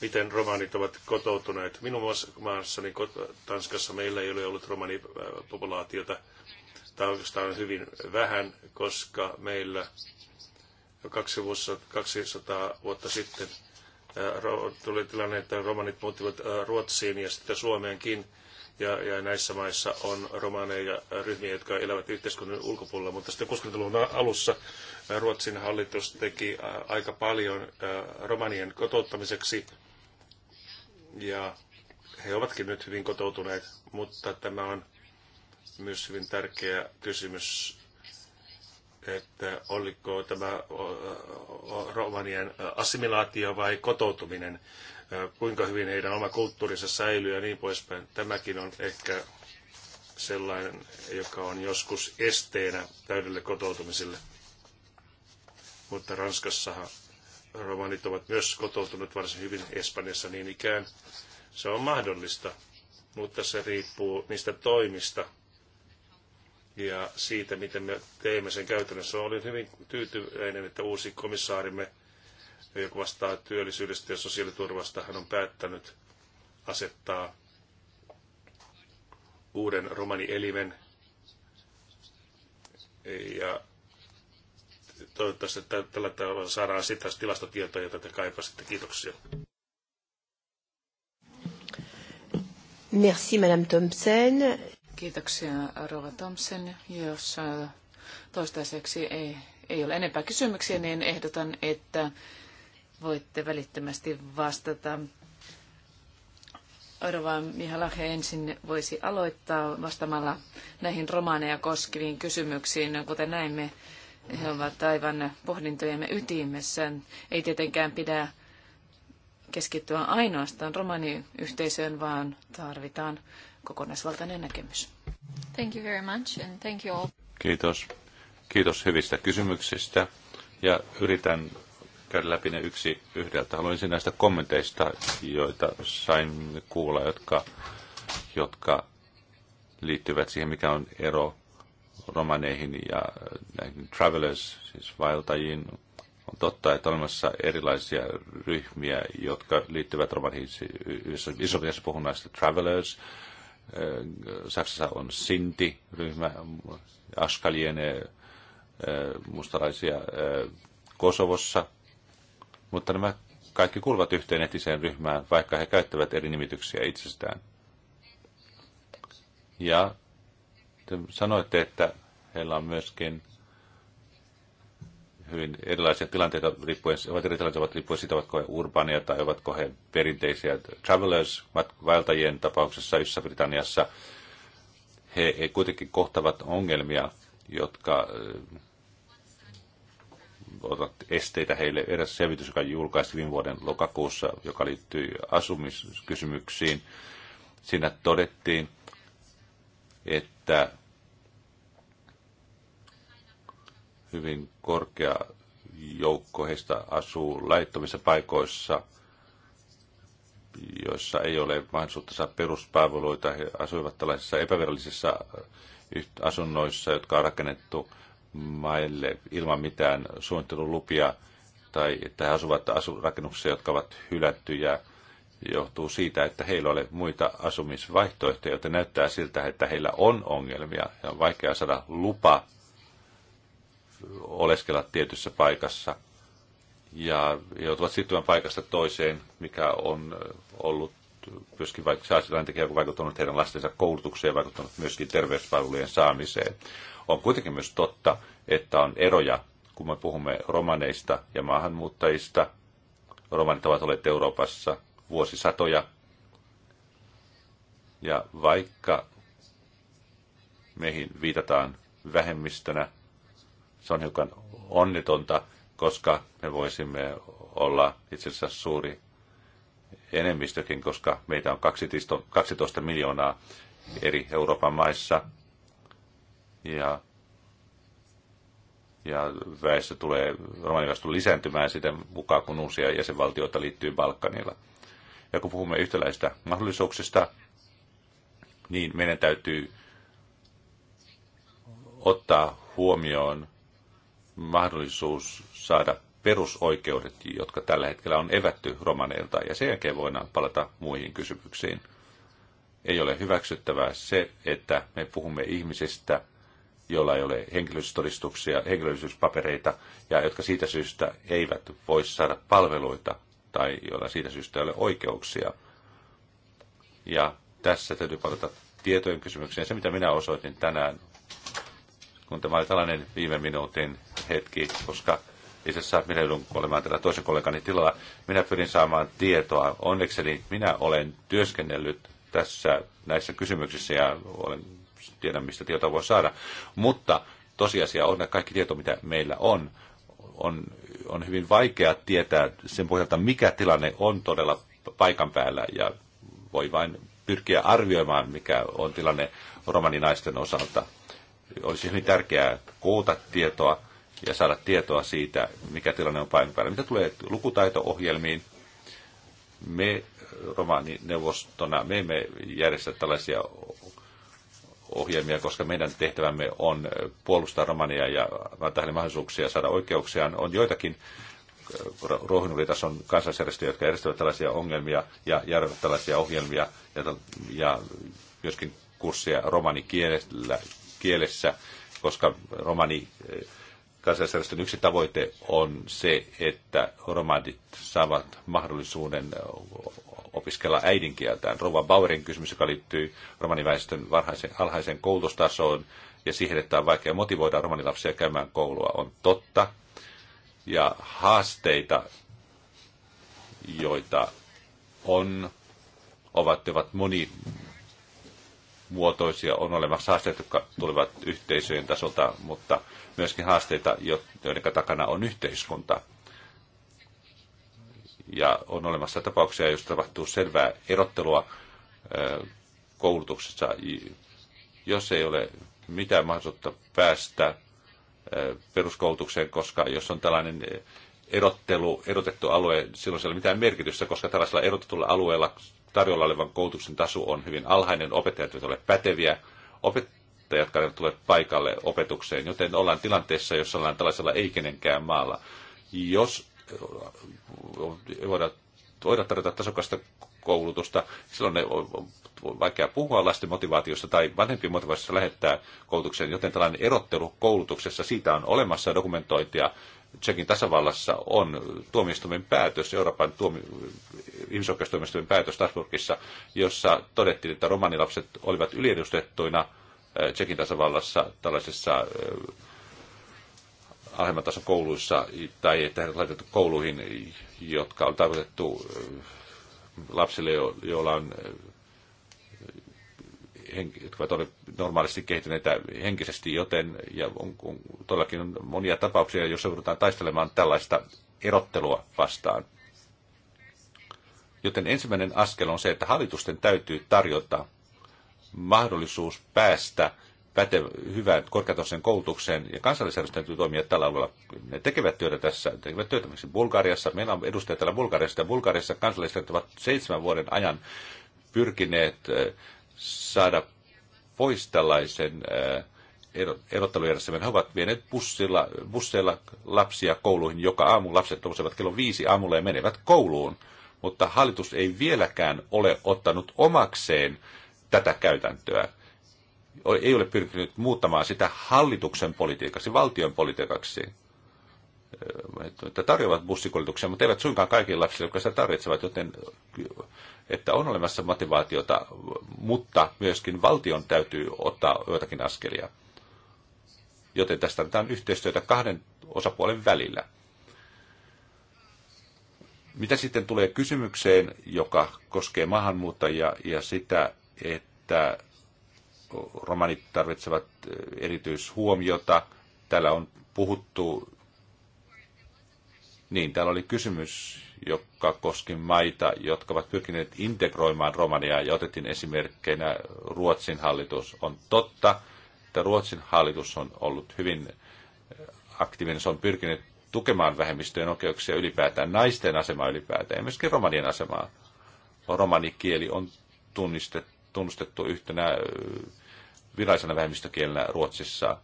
miten romanit ovat kotoutuneet. Minun niin Tanskassa meillä ei ole ollut romanipopulaatiota, Tämä oikeastaan hyvin vähän, koska meillä jo 200 vuotta sitten tuli tilanne, että romanit muuttivat Ruotsiin ja sitten Suomeenkin. Ja, ja näissä maissa on romaneja ryhmiä, jotka elävät yhteiskunnan ulkopuolella, mutta sitten 60-luvun alussa Ruotsin hallitus teki aika paljon romanien kotouttamiseksi ja he ovatkin nyt hyvin kotoutuneet, mutta tämä on myös hyvin tärkeä kysymys, että oliko tämä romanien assimilaatio vai kotoutuminen, kuinka hyvin heidän oma kulttuurinsa säilyy ja niin poispäin. Tämäkin on ehkä sellainen, joka on joskus esteenä täydelle kotoutumiselle mutta Ranskassahan romanit ovat myös kotoutuneet varsin hyvin Espanjassa niin ikään. Se on mahdollista, mutta se riippuu niistä toimista ja siitä, miten me teemme sen käytännössä. Olin hyvin tyytyväinen, että uusi komissaarimme, joka vastaa työllisyydestä ja sosiaaliturvasta, hän on päättänyt asettaa uuden romanielimen ja toivottavasti että tällä tavalla saadaan sitä tilastotietoa, jota te kaipasitte. Kiitoksia. Merci, Madame Thompson. Kiitoksia, Rova Thompson. Jos äh, toistaiseksi ei, ei ole enempää kysymyksiä, niin ehdotan, että voitte välittömästi vastata. Rova Mihalahe ensin voisi aloittaa vastaamalla näihin romaaneja koskeviin kysymyksiin. Kuten näimme, he ovat aivan pohdintojemme ytimessä. Ei tietenkään pidä keskittyä ainoastaan romaniyhteisöön, vaan tarvitaan kokonaisvaltainen näkemys. Thank you very much and thank you all. Kiitos. Kiitos hyvistä kysymyksistä ja yritän käydä läpi ne yksi yhdeltä. Haluan näistä kommenteista, joita sain kuulla, jotka, jotka liittyvät siihen, mikä on ero romaneihin ja äh, näihin travelers, siis vaeltajiin. On totta, että on olemassa erilaisia ryhmiä, jotka liittyvät romaneihin. Iso-Britanniassa puhun näistä travelers. Äh, Saksassa on Sinti-ryhmä, Askaliene, äh, mustalaisia Kosovossa. Mutta nämä kaikki kuuluvat yhteen etiseen ryhmään, vaikka he käyttävät eri nimityksiä itsestään. Ja te sanoitte, että heillä on myöskin hyvin erilaisia tilanteita riippuen, ovat erilaisia ovat riippuen siitä, ovatko he urbania tai ovatko he perinteisiä travelers, vaeltajien tapauksessa yssä Britanniassa. He, he kuitenkin kohtavat ongelmia, jotka eh, ovat esteitä heille. Eräs selvitys, joka julkaistiin viime vuoden lokakuussa, joka liittyy asumiskysymyksiin, siinä todettiin, että hyvin korkea joukko heistä asuu laittomissa paikoissa, joissa ei ole mahdollisuutta saada peruspalveluita. He asuivat tällaisissa epävirallisissa äh, asunnoissa, jotka on rakennettu maille ilman mitään suunnittelulupia, tai että he asuvat rakennuksissa, jotka ovat hylättyjä, johtuu siitä, että heillä ole muita asumisvaihtoehtoja, joten näyttää siltä, että heillä on ongelmia ja on vaikea saada lupa oleskella tietyssä paikassa ja joutuvat siirtymään paikasta toiseen, mikä on ollut myöskin vaikka on vaikuttanut heidän lastensa koulutukseen ja vaikuttanut myöskin terveyspalvelujen saamiseen. On kuitenkin myös totta, että on eroja, kun me puhumme romaneista ja maahanmuuttajista. Romanit ovat olleet Euroopassa vuosisatoja. Ja vaikka meihin viitataan vähemmistönä, se on hiukan onnetonta, koska me voisimme olla itse asiassa suuri enemmistökin, koska meitä on 12, 12 miljoonaa eri Euroopan maissa. Ja, ja väestö tulee, romaniväestö lisääntymään sitä mukaan, kun uusia jäsenvaltioita liittyy Balkanilla. Ja kun puhumme yhtäläistä mahdollisuuksista, niin meidän täytyy ottaa huomioon mahdollisuus saada perusoikeudet, jotka tällä hetkellä on evätty romaneilta, ja sen jälkeen voidaan palata muihin kysymyksiin. Ei ole hyväksyttävää se, että me puhumme ihmisistä, joilla ei ole henkilöllisyystodistuksia, henkilöllisyyspapereita, ja jotka siitä syystä eivät voi saada palveluita tai joilla siitä syystä ei ole oikeuksia. Ja tässä täytyy palata tietojen kysymykseen. Se, mitä minä osoitin tänään, kun tämä oli tällainen viime minuutin hetki, koska itse asiassa minä joudun olemaan tällä toisen kollegani tilalla. Minä pyrin saamaan tietoa. Onnekseni minä olen työskennellyt tässä näissä kysymyksissä ja olen, tiedän, mistä tietoa voi saada. Mutta tosiasia on, että kaikki tieto, mitä meillä on, on, on hyvin vaikea tietää sen pohjalta, mikä tilanne on todella paikan päällä ja voi vain pyrkiä arvioimaan, mikä on tilanne romaninaisten osalta. Olisi hyvin tärkeää koota tietoa ja saada tietoa siitä, mikä tilanne on paikan päällä. Mitä tulee lukutaito-ohjelmiin, me romaanineuvostona me emme järjestä tällaisia ohjelmia, koska meidän tehtävämme on puolustaa romania ja antaa heille mahdollisuuksia saada oikeuksiaan. On joitakin ruohonjuuritason kansallisjärjestöjä, jotka järjestävät tällaisia ongelmia ja järjestävät tällaisia ohjelmia ja, ja myöskin kursseja romanikielessä, kielessä, koska romani kansalaisjärjestön yksi tavoite on se, että romanit saavat mahdollisuuden opiskella äidinkieltään. Rova Bauerin kysymys, joka liittyy romaniväestön varhaisen, alhaisen koulutustasoon ja siihen, että on vaikea motivoida romanilapsia käymään koulua, on totta. Ja haasteita, joita on, ovat, ovat moni, muotoisia on olemassa haasteita, jotka tulevat yhteisöjen tasolta, mutta myöskin haasteita, joiden takana on yhteiskunta. Ja on olemassa tapauksia, joissa tapahtuu selvää erottelua koulutuksessa, jos ei ole mitään mahdollisuutta päästä peruskoulutukseen, koska jos on tällainen erottelu, erotettu alue, silloin ei ole mitään merkitystä, koska tällaisella erotetulla alueella tarjolla olevan koulutuksen taso on hyvin alhainen, opettajat eivät ole päteviä, opet- opettajat, jotka eivät tule paikalle opetukseen, joten ollaan tilanteessa, jossa ollaan tällaisella ei kenenkään maalla. Jos voidaan, äh, voidaan tarjota tasokasta koulutusta, silloin ne on vaikea puhua lasten motivaatiosta tai vanhempien motivaatiosta lähettää koulutukseen, joten tällainen erottelu koulutuksessa, siitä on olemassa dokumentointia. Tsekin tasavallassa on tuomioistuimen päätös, Euroopan tuomi, ihmisoikeustuomioistuimen päätös Strasbourgissa, jossa todettiin, että romanilapset olivat yliedustettuina – Äh, Tsekin tasavallassa tällaisessa äh, alemman tason kouluissa, tai että heidät laitettu kouluihin, jotka on tarkoitettu äh, lapsille, joilla on jotka ovat normaalisti kehittyneitä henkisesti, joten ja on, on, todellakin on monia tapauksia, joissa joudutaan taistelemaan tällaista erottelua vastaan. Joten ensimmäinen askel on se, että hallitusten täytyy tarjota mahdollisuus päästä päte- hyvään korkeatasoisen koulutukseen, ja kansallisjärjestö täytyy toimia tällä alueella. Ne tekevät työtä tässä, tekevät työtä Bulgariassa. Meillä on edustaja täällä Bulgariassa, ja Bulgariassa kansallisjärjestöt ovat seitsemän vuoden ajan pyrkineet saada pois tällaisen erottelujärjestelmän. He ovat vieneet bussilla, busseilla lapsia kouluihin. Joka aamu lapset nousevat kello viisi aamulla ja menevät kouluun. Mutta hallitus ei vieläkään ole ottanut omakseen tätä käytäntöä. Ei ole pyrkinyt muuttamaan sitä hallituksen politiikaksi, valtion politiikaksi. Että tarjoavat bussikuljetuksia, mutta eivät suinkaan kaikille lapsille, jotka sitä tarvitsevat, joten että on olemassa motivaatiota, mutta myöskin valtion täytyy ottaa joitakin askelia. Joten tästä tarvitaan yhteistyötä kahden osapuolen välillä. Mitä sitten tulee kysymykseen, joka koskee maahanmuuttajia ja sitä, että romanit tarvitsevat erityishuomiota. Täällä on puhuttu, niin täällä oli kysymys, joka koski maita, jotka ovat pyrkineet integroimaan romania ja otettiin esimerkkeinä Ruotsin hallitus. On totta, että Ruotsin hallitus on ollut hyvin aktiivinen, se on pyrkinyt tukemaan vähemmistöjen oikeuksia ylipäätään, naisten asemaa ylipäätään ja myöskin romanien asemaa. Romanikieli on tunnistettu tunnustettu yhtenä virallisena vähemmistökielenä Ruotsissa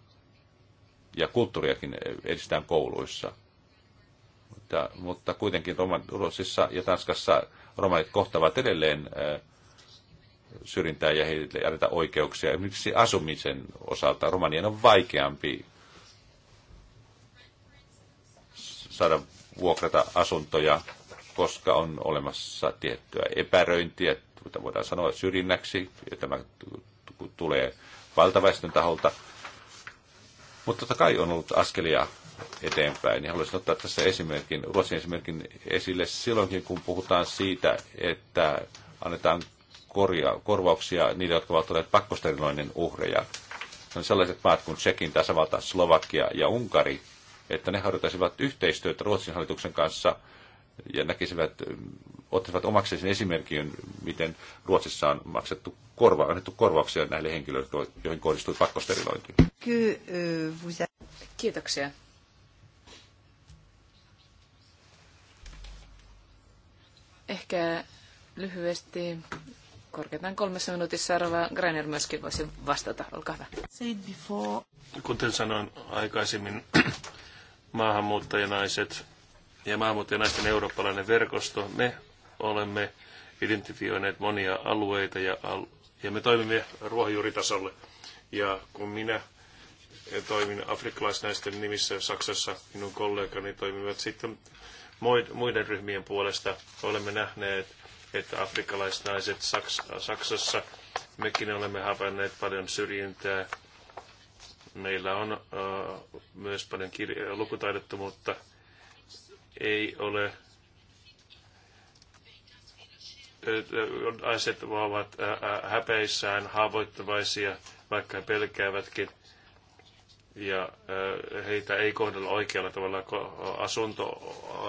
ja kulttuuriakin edistetään kouluissa. Mutta, mutta kuitenkin Roman, Ruotsissa ja Tanskassa romanit kohtavat edelleen syrjintää ja heille jätetään oikeuksia. Esimerkiksi asumisen osalta romanien on vaikeampi saada vuokrata asuntoja, koska on olemassa tiettyä epäröintiä, mitä voidaan sanoa syrjinnäksi, ja tämä tulee valtaväestön taholta. Mutta totta kai on ollut askelia eteenpäin. Niin haluaisin ottaa tässä esimerkin, Ruotsin esimerkin esille silloinkin, kun puhutaan siitä, että annetaan korja, korvauksia niille, jotka ovat olleet pakkosteriloinen uhreja. Ne on sellaiset maat kuin Tsekin, tasavalta, Slovakia ja Unkari, että ne harjoittaisivat yhteistyötä Ruotsin hallituksen kanssa – ja näkisivät, ottaisivat omakseen sen esimerkin, miten Ruotsissa on maksettu korva, annettu korvauksia näille henkilöille, joihin kohdistui pakkosterilointi. Kiitoksia. Ehkä lyhyesti korkeintaan kolmessa minuutissa Arva Greiner myöskin voisi vastata. Olkaa hyvä. Kuten sanoin aikaisemmin, maahanmuuttajanaiset ja naisten eurooppalainen verkosto, me olemme identifioineet monia alueita ja, al- ja me toimimme ruohonjuuritasolle. Ja kun minä toimin afrikkalaisnaisten nimissä Saksassa, minun kollegani toimivat sitten muiden ryhmien puolesta. Olemme nähneet, että afrikkalaisnaiset Saks- Saksassa, mekin olemme havainneet paljon syrjintää. Meillä on myös paljon kir- lukutaidottomuutta ei ole naiset ovat häpeissään haavoittavaisia, vaikka he pelkäävätkin, ja heitä ei kohdella oikealla tavalla. Asunto,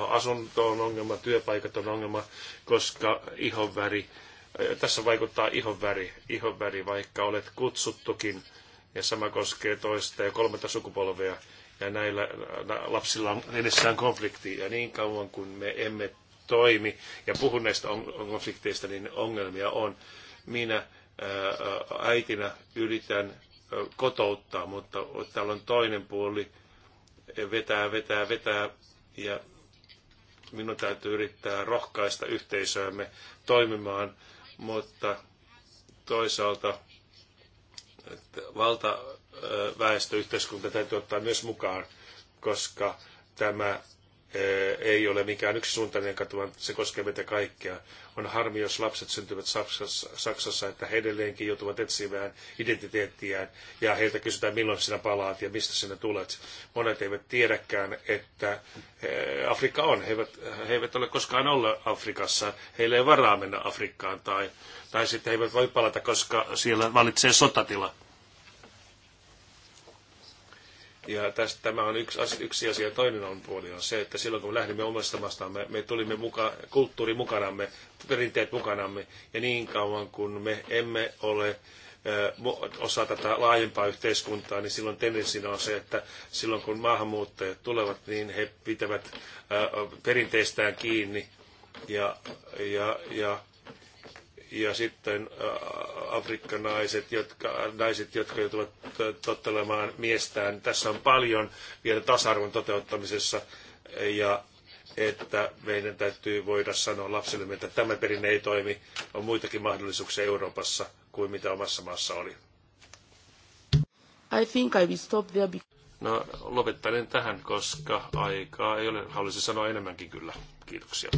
asunto on ongelma, työpaikat on ongelma, koska ihonväri, tässä vaikuttaa ihonväri, ihonväri vaikka olet kutsuttukin, ja sama koskee toista ja kolmatta sukupolvea ja näillä lapsilla on edessään konflikti. Ja niin kauan kuin me emme toimi ja puhu näistä konflikteista, niin ongelmia on. Minä äitinä yritän kotouttaa, mutta täällä on toinen puoli, vetää, vetää, vetää, ja minun täytyy yrittää rohkaista yhteisöämme toimimaan, mutta toisaalta että valta väestöyhteiskunta täytyy ottaa myös mukaan, koska tämä ei ole mikään yksisuuntainen katu, vaan se koskee meitä kaikkia. On harmi, jos lapset syntyvät Saksassa, Saksassa, että he edelleenkin joutuvat etsimään identiteettiään ja heiltä kysytään, milloin sinä palaat ja mistä sinä tulet. Monet eivät tiedäkään, että Afrikka on. He eivät, he eivät ole koskaan olleet Afrikassa. Heillä ei varaa mennä Afrikkaan tai, tai sitten he eivät voi palata, koska siellä valitsee sotatila ja tästä, tämä on yksi, yksi asia. Toinen on puoli on se, että silloin kun lähdimme omasta maastamme, me tulimme muka, kulttuuri mukanamme, perinteet mukanamme. Ja niin kauan kun me emme ole osa tätä laajempaa yhteiskuntaa, niin silloin tendenssinä on se, että silloin kun maahanmuuttajat tulevat, niin he pitävät perinteistään kiinni ja, ja, ja ja sitten äh, afrikkanaiset, jotka, naiset, jotka joutuvat äh, tottelemaan miestään. Tässä on paljon vielä tasa-arvon toteuttamisessa ja että meidän täytyy voida sanoa lapsille, että tämä perinne ei toimi. On muitakin mahdollisuuksia Euroopassa kuin mitä omassa maassa oli. I think I will stop there because... No lopettelen tähän, koska aikaa ei ole. Haluaisin sanoa enemmänkin kyllä. Kiitoksia.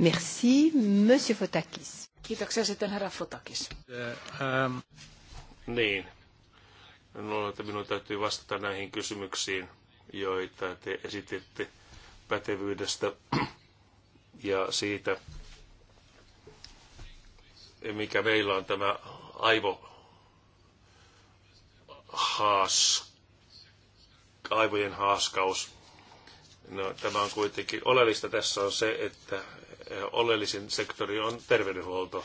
Merci, Monsieur Fotakis. Kiitoksia sitten herra Fotakis. Eh, ähm. Niin. No, että minun täytyy vastata näihin kysymyksiin, joita te esititte pätevyydestä ja siitä, mikä meillä on tämä aivo haas, aivojen haaskaus. No, tämä on kuitenkin oleellista tässä on se, että oleellisin sektori on terveydenhuolto.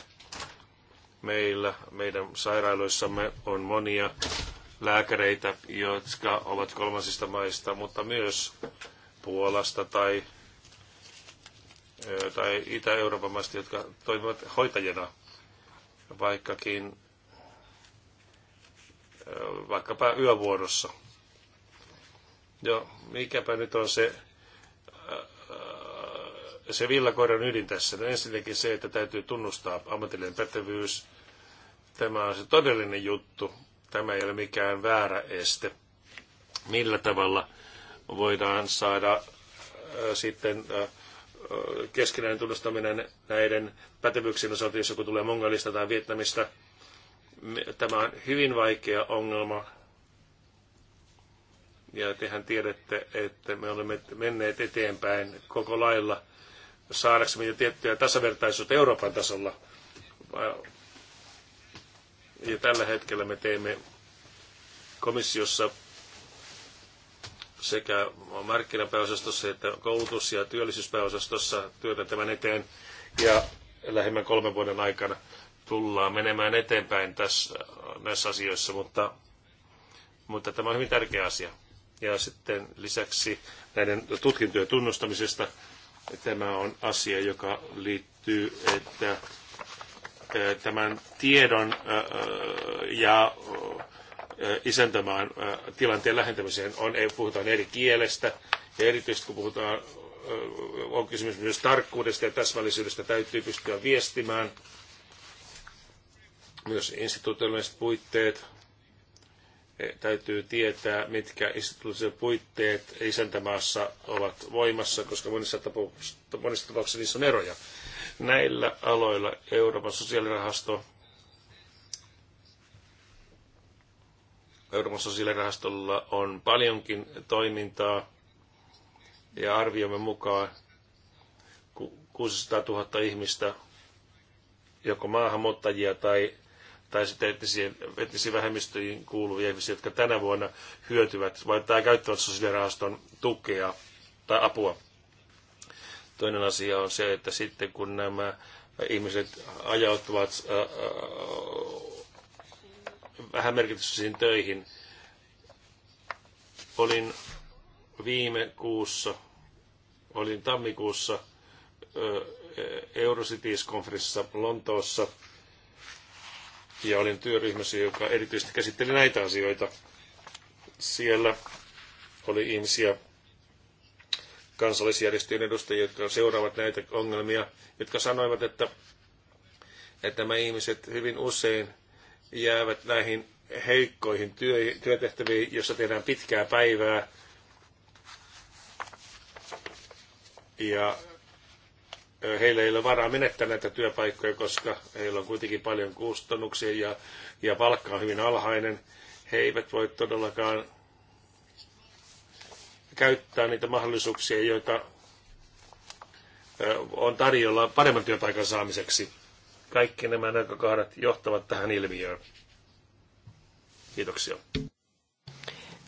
Meillä, meidän sairaaloissamme on monia lääkäreitä, jotka ovat kolmansista maista, mutta myös Puolasta tai, tai Itä-Euroopan maista, jotka toimivat hoitajina, vaikkakin vaikkapa yövuorossa. Ja mikäpä nyt on se se villakoiran ydin tässä on ensinnäkin se, että täytyy tunnustaa ammatillinen pätevyys. Tämä on se todellinen juttu. Tämä ei ole mikään väärä este. Millä tavalla voidaan saada äh, sitten äh, keskinäinen tunnustaminen näiden pätevyyksien osalta, jos joku tulee Mongolista tai Vietnamista. Tämä on hyvin vaikea ongelma. Ja tehän tiedätte, että me olemme menneet eteenpäin koko lailla – saadaksemme jo tiettyjä tasavertaisuutta Euroopan tasolla. Ja tällä hetkellä me teemme komissiossa sekä markkinapääosastossa että koulutus- ja työllisyyspääosastossa työtä tämän eteen. Ja lähimmän kolmen vuoden aikana tullaan menemään eteenpäin tässä, näissä asioissa, mutta, mutta tämä on hyvin tärkeä asia. Ja sitten lisäksi näiden tutkintojen tunnustamisesta Tämä on asia, joka liittyy, että tämän tiedon ja isäntämaan tilanteen lähentämiseen on, puhutaan eri kielestä ja erityisesti kun puhutaan, on kysymys myös tarkkuudesta ja täsmällisyydestä, täytyy pystyä viestimään myös institutionaaliset puitteet, Eh, täytyy tietää, mitkä instituutioiden puitteet isäntämaassa ovat voimassa, koska monissa tapauksissa, monissa tapauksissa niissä on eroja. Näillä aloilla Euroopan sosiaalirahasto Euroopan sosiaalirahastolla on paljonkin toimintaa ja arviomme mukaan 600 000 ihmistä, joko maahanmuuttajia tai tai sitten etnisiin, etnisiin vähemmistöihin kuuluvia ihmisiä, jotka tänä vuonna hyötyvät vai tai käyttävät sosiaalirahaston tukea tai apua. Toinen asia on se, että sitten kun nämä ihmiset ajautuvat äh, äh, vähän merkityksellisiin töihin, olin viime kuussa, olin tammikuussa äh, Eurocities-konferenssissa Lontoossa – ja olin työryhmässä, joka erityisesti käsitteli näitä asioita. Siellä oli ihmisiä, kansallisjärjestöjen edustajia, jotka seuraavat näitä ongelmia, jotka sanoivat, että, että nämä ihmiset hyvin usein jäävät näihin heikkoihin työ, työtehtäviin, jossa tehdään pitkää päivää. Ja heillä ei ole varaa menettää näitä työpaikkoja, koska heillä on kuitenkin paljon kustannuksia ja, ja palkka on hyvin alhainen. He eivät voi todellakaan käyttää niitä mahdollisuuksia, joita on tarjolla paremman työpaikan saamiseksi. Kaikki nämä näkökohdat johtavat tähän ilmiöön. Kiitoksia.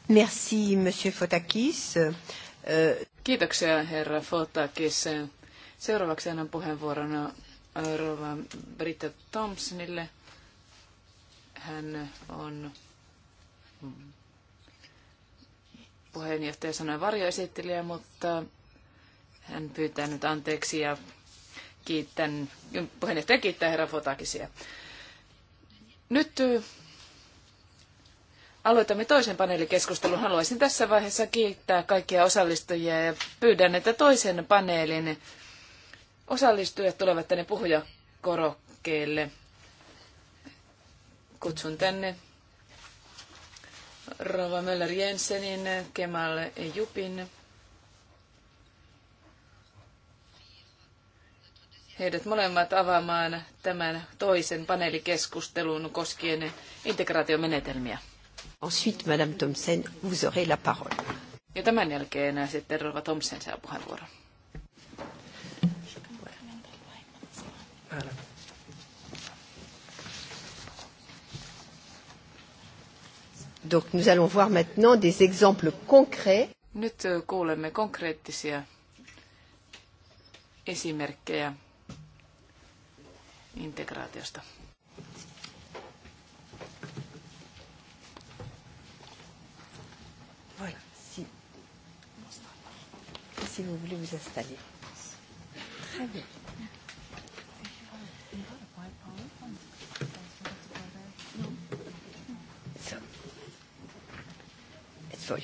Merci, monsieur Fotakis. Kiitoksia, herra Fotakis. Seuraavaksi annan puheenvuoron äh, rouva Britta Thompsonille. Hän on puheenjohtaja sanoi varjoesittelijä, mutta hän pyytää nyt anteeksi ja kiittän, puheenjohtaja kiittää herra Fotakisia. Nyt äh, aloitamme toisen paneelikeskustelun. Haluaisin tässä vaiheessa kiittää kaikkia osallistujia ja pyydän, että toisen paneelin osallistujat tulevat tänne puhujakorokkeelle. Kutsun tänne Rova Möller Jensenin, Kemal Jupin. Heidät molemmat avaamaan tämän toisen paneelikeskustelun koskien integraatiomenetelmiä. Ensuite, Madame Thomsen, vous aurez la parole. Ja tämän jälkeen sitten Rova Thomsen saa puheenvuoron. Päällä. Donc nous allons voir maintenant des exemples concrets. Nyt kuulemme konkreettisia esimerkkejä integraatiosta. Voilà. Si, si vous voulez vous installer. Très bien. soy.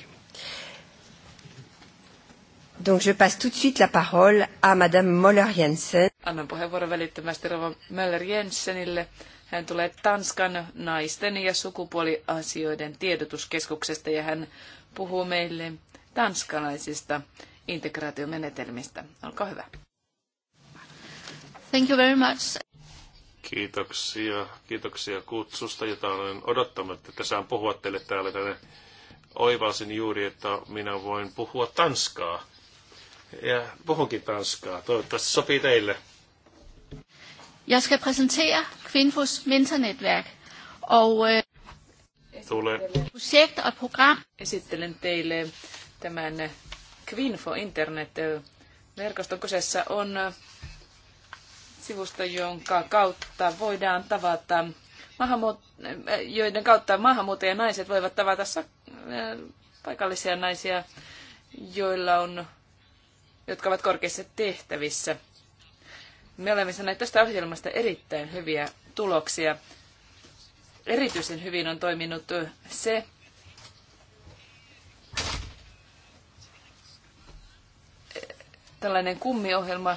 Donc je passe tout de suite la parole à Madame Moller-Jensen. Annan puheenvuoron välittömästi Rova Möller-Jensenille. Hän tulee Tanskan naisten ja sukupuoliasioiden tiedotuskeskuksesta ja hän puhuu meille tanskalaisista integraatiomenetelmistä. Olkaa hyvä. Thank you very much. Kiitoksia, kiitoksia kutsusta, jota olen odottanut, että saan puhua teille täällä tänne oivalsin juuri, että minä voin puhua tanskaa. Ja puhunkin tanskaa. Toivottavasti sopii teille. Jeg skal præsentere Kvinfos mentornetværk, og øh, Tule. projekt og program. Esittelen teille tämän Kvinfo Internet-verkoston äh, kyseessä on äh, sivusto, jonka kautta voidaan tavata maahanmuut- äh, joiden kautta maahanmuuttajanaiset voivat tavata Äh, paikallisia naisia, joilla on, jotka ovat korkeissa tehtävissä. Me olemme saaneet tästä ohjelmasta erittäin hyviä tuloksia. Erityisen hyvin on toiminut se, tällainen kummiohjelma,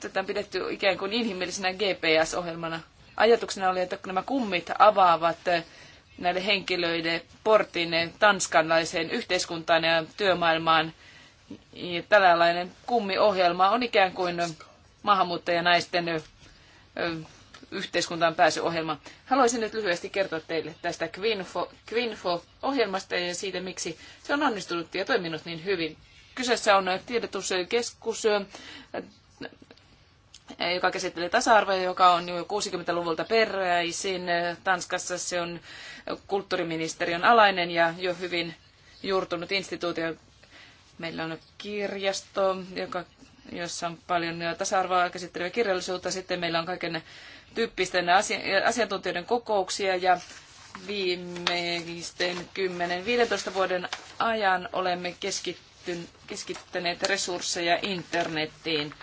tätä on pidetty ikään kuin inhimillisenä GPS-ohjelmana. Ajatuksena oli, että nämä kummit avaavat näille henkilöille portin tanskanlaiseen yhteiskuntaan ja työmaailmaan. Ja tällainen ohjelma on ikään kuin maahanmuuttajanaisten yhteiskuntaan pääsyohjelma. Haluaisin nyt lyhyesti kertoa teille tästä Quinfo-ohjelmasta ja siitä, miksi se on onnistunut ja toiminut niin hyvin. Kyseessä on tiedotuskeskus joka käsitteli tasa-arvoa, joka on jo 60-luvulta peräisin. Tanskassa se on kulttuuriministeriön alainen ja jo hyvin juurtunut instituutio. Meillä on kirjasto, joka, jossa on paljon tasa-arvoa käsitteleviä kirjallisuutta. Sitten meillä on kaiken tyyppisten asiantuntijoiden kokouksia ja viimeisten 10-15 vuoden ajan olemme keskittyneet resursseja internettiin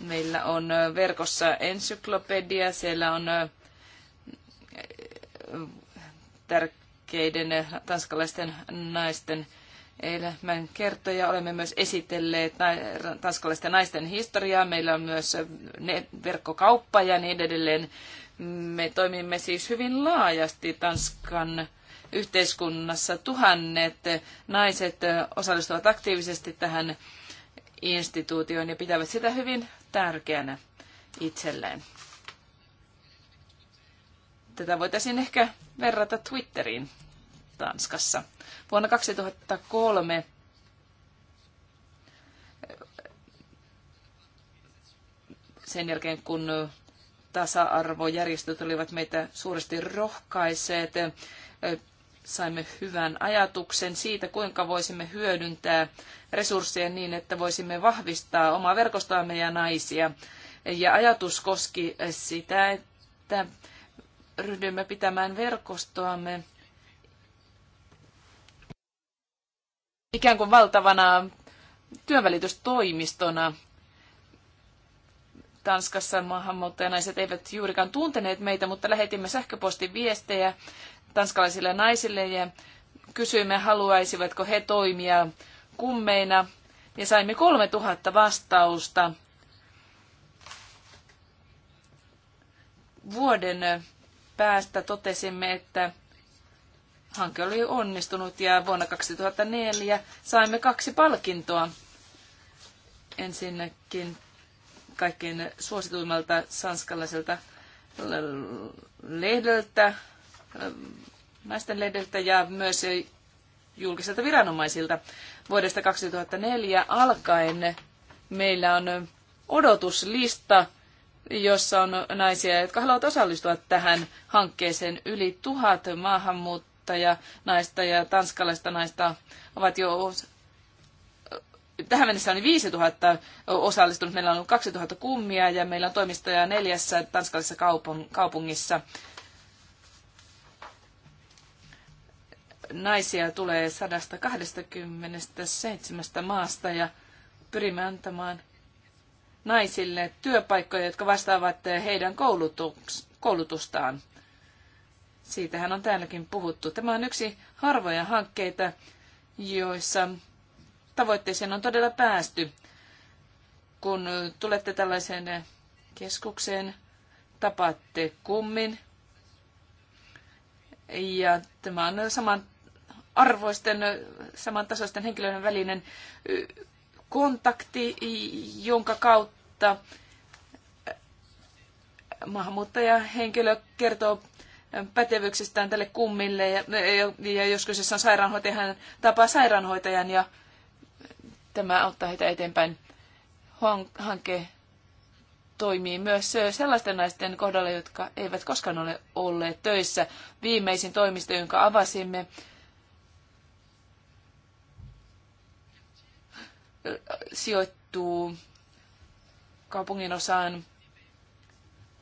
Meillä on verkossa ensyklopedia, siellä on tärkeiden tanskalaisten naisten elämän kertoja. Olemme myös esitelleet tanskalaisten naisten historiaa. Meillä on myös verkkokauppa ja niin edelleen. Me toimimme siis hyvin laajasti Tanskan yhteiskunnassa. Tuhannet naiset osallistuvat aktiivisesti tähän instituutioon ja pitävät sitä hyvin tärkeänä itselleen. Tätä voitaisiin ehkä verrata Twitteriin Tanskassa. Vuonna 2003 sen jälkeen, kun tasa-arvojärjestöt olivat meitä suuresti rohkaiseet, saimme hyvän ajatuksen siitä, kuinka voisimme hyödyntää resursseja niin, että voisimme vahvistaa omaa verkostoamme ja naisia. Ja ajatus koski sitä, että ryhdymme pitämään verkostoamme ikään kuin valtavana työnvälitystoimistona. Tanskassa maahanmuuttajanaiset eivät juurikaan tunteneet meitä, mutta lähetimme sähköpostiviestejä tanskalaisille naisille ja kysyimme, haluaisivatko he toimia kummeina. Ja saimme 3000 vastausta vuoden päästä totesimme, että hanke oli onnistunut ja vuonna 2004 saimme kaksi palkintoa. Ensinnäkin kaikkein suosituimmalta sanskalaiselta lehdeltä naisten lehdeltä ja myös julkisilta viranomaisilta. Vuodesta 2004 alkaen meillä on odotuslista, jossa on naisia, jotka haluavat osallistua tähän hankkeeseen. Yli tuhat maahanmuuttajaa, naista ja tanskalaista naista ovat jo tähän mennessä on 5000 osallistunut, meillä on ollut 2000 kummia ja meillä on toimistoja neljässä tanskalaisessa kaupungissa. naisia tulee 127 maasta ja pyrimme antamaan naisille työpaikkoja, jotka vastaavat heidän koulutustaan. Siitähän on täälläkin puhuttu. Tämä on yksi harvoja hankkeita, joissa tavoitteeseen on todella päästy. Kun tulette tällaiseen keskukseen, tapaatte kummin. Ja tämä on saman arvoisten samantasoisten henkilöiden välinen kontakti, jonka kautta henkilö kertoo pätevyyksistään tälle kummille ja, ja, ja jos kyseessä on sairaanhoitaja, hän tapaa sairaanhoitajan ja tämä auttaa heitä eteenpäin. Hanke toimii myös sellaisten naisten kohdalla, jotka eivät koskaan ole olleet töissä. Viimeisin toimisto, jonka avasimme, sijoittuu kaupungin osaan,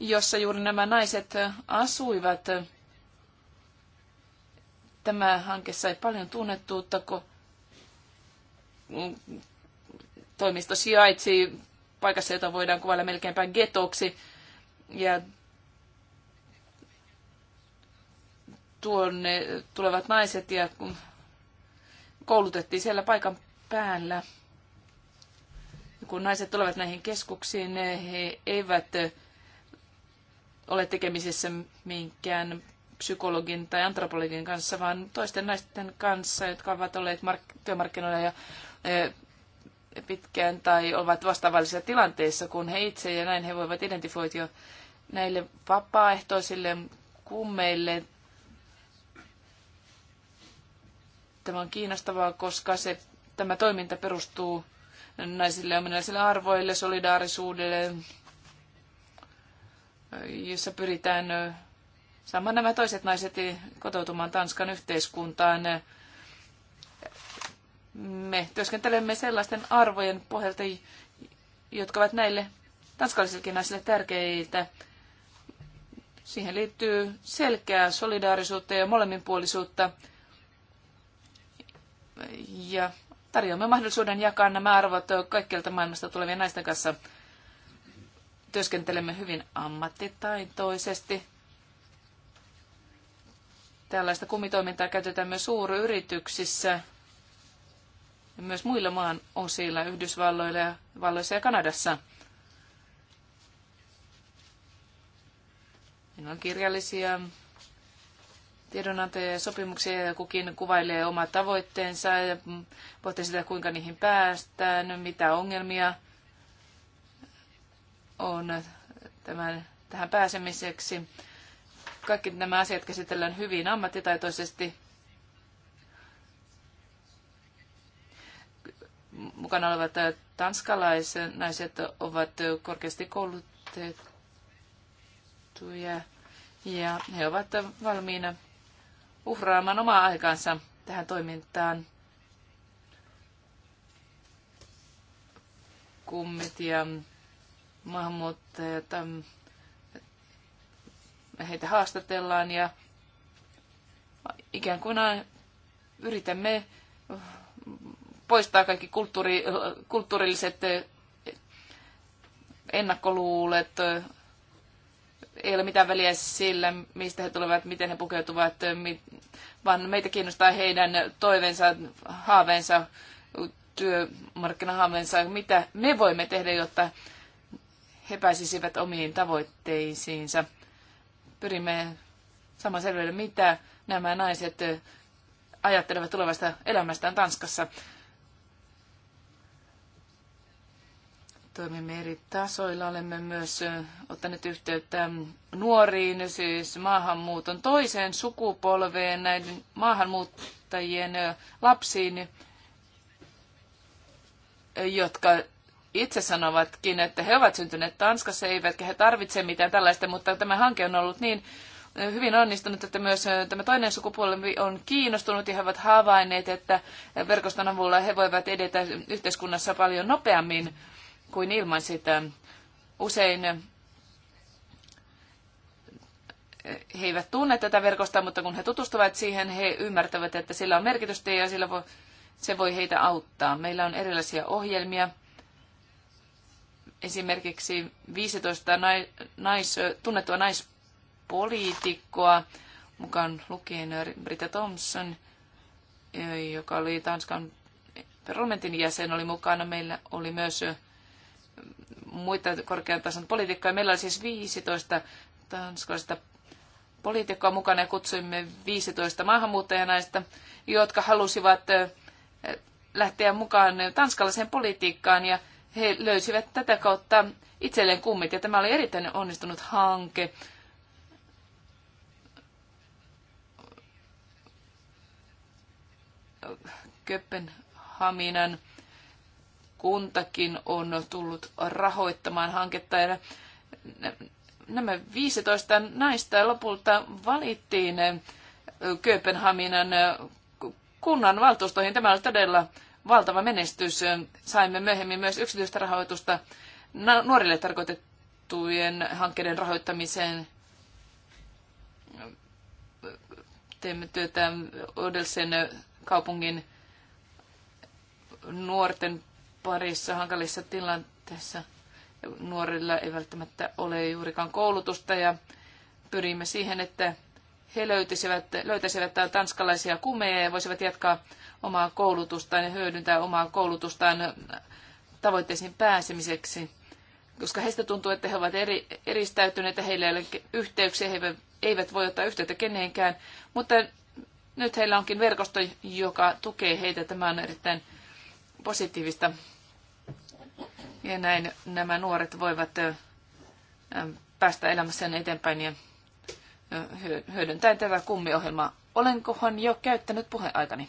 jossa juuri nämä naiset asuivat. Tämä hanke sai paljon tunnettuutta, kun toimisto sijaitsi paikassa, jota voidaan kuvailla melkeinpä getoksi. Ja tuonne tulevat naiset ja koulutettiin siellä paikan päällä kun naiset tulevat näihin keskuksiin, he eivät ole tekemisissä minkään psykologin tai antropologin kanssa, vaan toisten naisten kanssa, jotka ovat olleet mark- työmarkkinoilla ja e, pitkään tai ovat vastaavallisissa tilanteissa kuin he itse, ja näin he voivat identifioitua näille vapaaehtoisille kummeille. Tämä on kiinnostavaa, koska se, tämä toiminta perustuu naisille ominaisille arvoille, solidaarisuudelle, jossa pyritään saamaan nämä toiset naiset kotoutumaan Tanskan yhteiskuntaan. Me työskentelemme sellaisten arvojen pohjalta, jotka ovat näille tanskalaisillekin naisille tärkeitä. Siihen liittyy selkeää solidaarisuutta ja molemminpuolisuutta. Ja tarjoamme mahdollisuuden jakaa nämä arvot kaikkialta maailmasta tulevien naisten kanssa. Työskentelemme hyvin ammattitaitoisesti. Tällaista kumitoimintaa käytetään myös suuryrityksissä ja myös muilla maan osilla, Yhdysvalloilla ja Valloissa ja Kanadassa. Meillä on kirjallisia tiedonantoja ja sopimuksia ja kukin kuvailee omat tavoitteensa ja pohtii sitä, kuinka niihin päästään, mitä ongelmia on tämän, tähän pääsemiseksi. Kaikki nämä asiat käsitellään hyvin ammattitaitoisesti. Mukana olevat tanskalaiset naiset ovat korkeasti koulutettuja ja he ovat valmiina uhraamaan omaa aikansa tähän toimintaan. Kummit ja maahanmuuttajat, heitä haastatellaan ja ikään kuin yritämme poistaa kaikki kulttuuri, kulttuurilliset ennakkoluulet, ei ole mitään väliä sillä, mistä he tulevat, miten he pukeutuvat, vaan meitä kiinnostaa heidän toiveensa, haaveensa, työmarkkinahaaveensa, mitä me voimme tehdä, jotta he pääsisivät omiin tavoitteisiinsa. Pyrimme saamaan selville, mitä nämä naiset ajattelevat tulevasta elämästään Tanskassa. Toimimme eri tasoilla. Olemme myös ottaneet yhteyttä nuoriin, siis maahanmuuton toiseen sukupolveen, näiden maahanmuuttajien lapsiin, jotka itse sanovatkin, että he ovat syntyneet Tanskassa, eivätkä he tarvitse mitään tällaista, mutta tämä hanke on ollut niin hyvin onnistunut, että myös tämä toinen sukupolvi on kiinnostunut ja he ovat havainneet, että verkoston avulla he voivat edetä yhteiskunnassa paljon nopeammin kuin ilman sitä. Äh, usein äh, he eivät tunne tätä verkosta, mutta kun he tutustuvat siihen, he ymmärtävät, että sillä on merkitystä ja sillä voi, se voi heitä auttaa. Meillä on erilaisia ohjelmia. Esimerkiksi 15 nais, tunnettua naispoliitikkoa, mukaan lukien Brita Thompson, joka oli Tanskan parlamentin jäsen, oli mukana. Meillä oli myös muita korkean tason poliitikkoja. Meillä oli siis 15 tanskalaista poliitikkoa mukana ja kutsuimme 15 maahanmuuttajanaista, jotka halusivat lähteä mukaan tanskalaiseen politiikkaan ja he löysivät tätä kautta itselleen kummit ja tämä oli erittäin onnistunut hanke. Köppenhaminan kuntakin on tullut rahoittamaan hanketta. Ja nämä 15 naista lopulta valittiin Kööpenhaminan kunnan valtuustoihin. Tämä oli todella valtava menestys. Saimme myöhemmin myös yksityistä rahoitusta nuorille tarkoitettujen hankkeiden rahoittamiseen. Teemme työtä Odelsen kaupungin nuorten parissa hankalissa tilanteissa. Nuorilla ei välttämättä ole juurikaan koulutusta ja pyrimme siihen, että he löytäisivät, löytäisivät tanskalaisia kumeja ja voisivat jatkaa omaa koulutustaan ja hyödyntää omaa koulutustaan tavoitteisiin pääsemiseksi. Koska heistä tuntuu, että he ovat eri, eristäytyneitä, heillä ei ole yhteyksiä, he eivät voi ottaa yhteyttä kenenkään, mutta nyt heillä onkin verkosto, joka tukee heitä. Tämä on erittäin positiivista. Ja näin nämä nuoret voivat päästä elämässään eteenpäin ja hyödyntäen tätä kummiohjelmaa. Olenkohan jo käyttänyt puheaikani?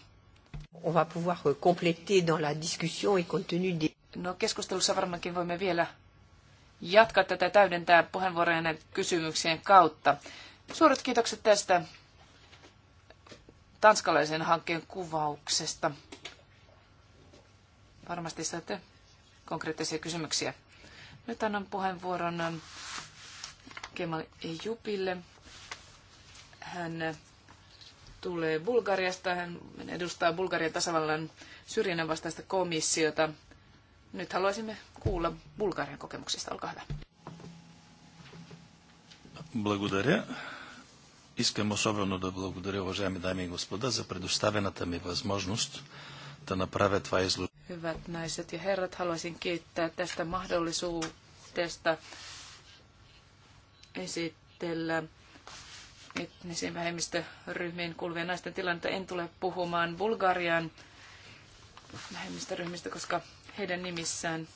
On va pouvoir compléter dans la discussion et des... No keskustelussa varmaankin voimme vielä jatkaa tätä täydentää puheenvuoroja ja kysymyksien kautta. Suuret kiitokset tästä tanskalaisen hankkeen kuvauksesta. Varmasti saatte konkreettisia kysymyksiä. Nyt annan puheenvuoron Kemal Jupille. Hän tulee Bulgariasta. Hän edustaa Bulgarian tasavallan syrjinnän vastaista komissiota. Nyt haluaisimme kuulla Bulgarian kokemuksista. Olkaa hyvä. Благодаря. Искам особено да благодаря, уважаеми дами и господа, за предоставената ми възможност да направя това изложение. Hyvät naiset ja herrat, haluaisin kiittää tästä mahdollisuudesta esitellä etnisiin vähemmistöryhmiin kuuluvien naisten tilannetta. En tule puhumaan Bulgarian vähemmistöryhmistä, koska heidän nimissään,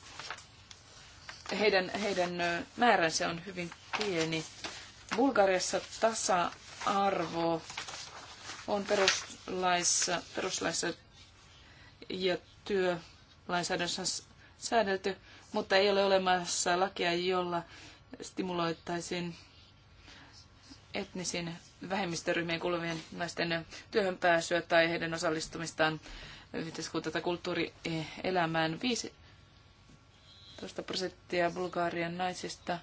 heidän, heidän määränsä on hyvin pieni. Bulgariassa tasa-arvo on peruslaissa, peruslaissa ja työ lainsäädännössä säädelty, mutta ei ole olemassa lakia, jolla stimuloittaisiin etnisin vähemmistöryhmien kuuluvien naisten työhön pääsyä tai heidän osallistumistaan yhteiskunta- tai kulttuurielämään. 15 prosenttia Bulgarian naisista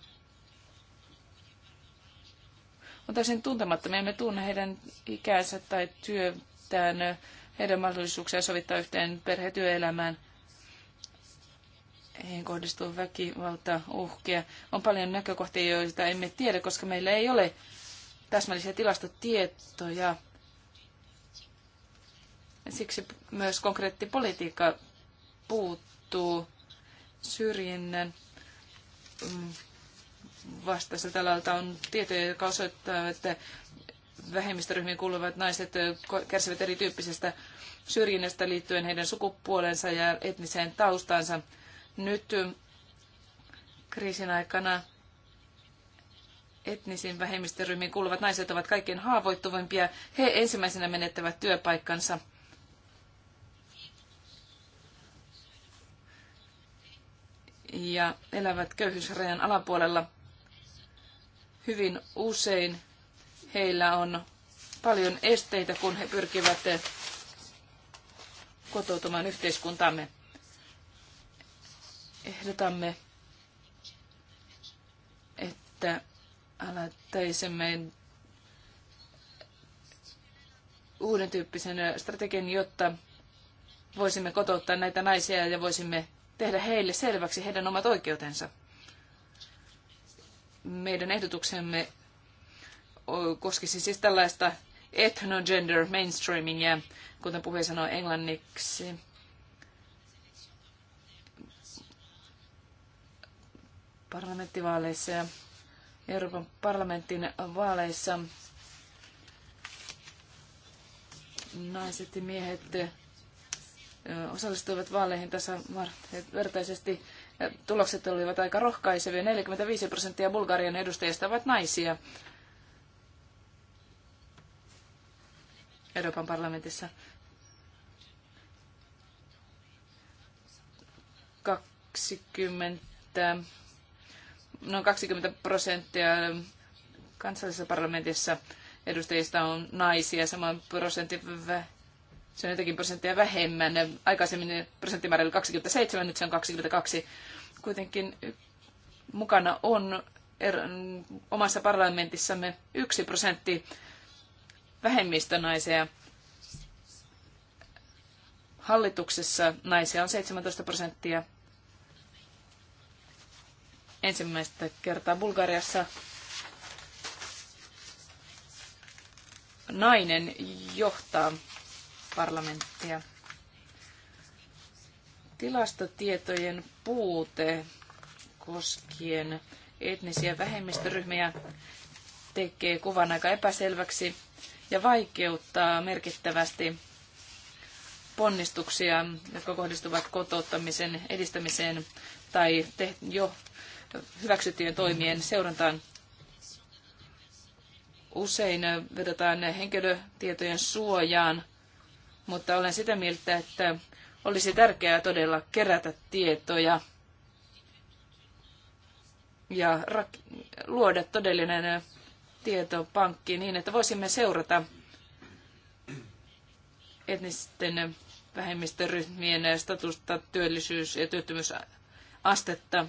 on täysin tuntemattomia. Me tunne heidän ikänsä tai työtään heidän mahdollisuuksia sovittaa yhteen perhetyöelämään heihin kohdistuu väkivalta, uhkia. On paljon näkökohtia, joita emme tiedä, koska meillä ei ole täsmällisiä tilastotietoja. Siksi myös konkreetti politiikka puuttuu syrjinnän mm, vastaiselta alalta on tietoja, jotka osoittavat, että vähemmistöryhmiin kuuluvat naiset kärsivät erityyppisestä syrjinnästä liittyen heidän sukupuolensa ja etniseen taustansa. Nyt kriisin aikana etnisiin vähemmistöryhmiin kuuluvat naiset ovat kaikkein haavoittuvimpia. He ensimmäisenä menettävät työpaikkansa. ja elävät köyhyysrajan alapuolella. Hyvin usein heillä on paljon esteitä, kun he pyrkivät kotoutumaan yhteiskuntamme. Ehdotamme, että aloittaisimme uuden tyyppisen strategian, jotta voisimme kotouttaa näitä naisia ja voisimme tehdä heille selväksi heidän omat oikeutensa. Meidän ehdotuksemme koskisi siis tällaista ethnogender mainstreamingia, kuten puhe sanoi englanniksi. Parlamenttivaaleissa ja Euroopan parlamentin vaaleissa naiset ja miehet osallistuivat vaaleihin tässä vertaisesti. Tulokset olivat aika rohkaisevia. 45 prosenttia Bulgarian edustajista ovat naisia. Euroopan parlamentissa. Kaksikymmentä, noin 20 prosenttia kansallisessa parlamentissa edustajista on naisia, saman prosentin se on jotenkin prosenttia vähemmän. Aikaisemmin prosenttimäärä oli 27, nyt se on 22. Kuitenkin mukana on er- omassa parlamentissamme yksi prosentti vähemmistönaisia. Hallituksessa naisia on 17 prosenttia. Ensimmäistä kertaa Bulgariassa nainen johtaa parlamenttia. Tilastotietojen puute koskien etnisiä vähemmistöryhmiä tekee kuvan aika epäselväksi ja vaikeuttaa merkittävästi ponnistuksia, jotka kohdistuvat kotouttamisen edistämiseen tai jo hyväksyttyjen toimien seurantaan. Usein vedotaan henkilötietojen suojaan, mutta olen sitä mieltä, että olisi tärkeää todella kerätä tietoja ja luoda todellinen tietopankki niin, että voisimme seurata etnisten vähemmistöryhmien statusta, työllisyys- ja työttömyysastetta.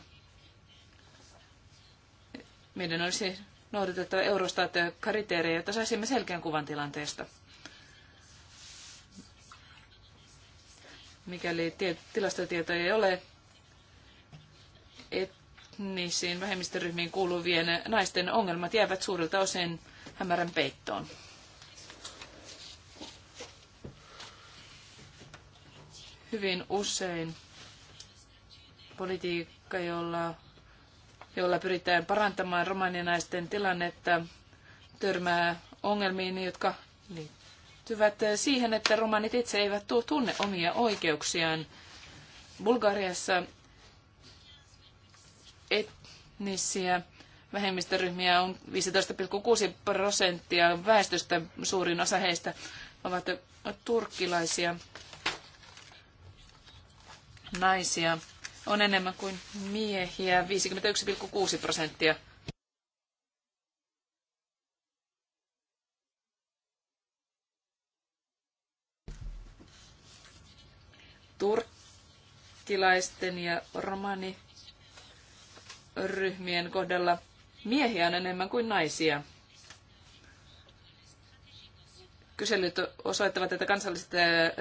Meidän olisi noudatettava eurostaatteja kriteerejä, jotta saisimme selkeän kuvan tilanteesta. Mikäli tilastotietoja ei ole, etnisiin vähemmistöryhmiin kuuluvien naisten ongelmat jäävät suurilta osin hämärän peittoon. Hyvin usein politiikka, jolla, jolla pyritään parantamaan romaninaisten tilannetta, törmää ongelmiin, jotka liittyvät siihen, että romanit itse eivät tunne omia oikeuksiaan. Bulgariassa etnisiä vähemmistöryhmiä on 15,6 prosenttia väestöstä. Suurin osa heistä ovat turkkilaisia naisia. On enemmän kuin miehiä, 51,6 prosenttia. Turkkilaisten ja romani ryhmien kohdalla miehiä on enemmän kuin naisia. Kyselyt osoittavat, että kansalliset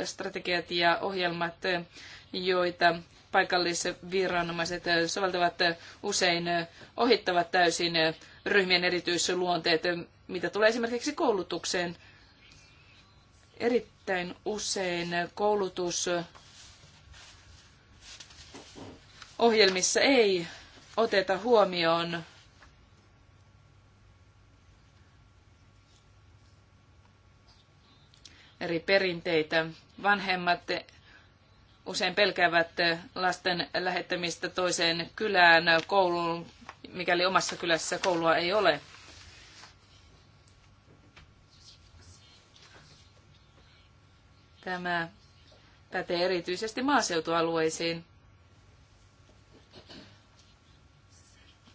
strategiat ja ohjelmat, joita paikallisviranomaiset soveltavat usein ohittavat täysin ryhmien erityisluonteet, mitä tulee esimerkiksi koulutukseen. Erittäin usein koulutus ohjelmissa ei oteta huomioon eri perinteitä. Vanhemmat usein pelkäävät lasten lähettämistä toiseen kylään kouluun, mikäli omassa kylässä koulua ei ole. Tämä pätee erityisesti maaseutualueisiin.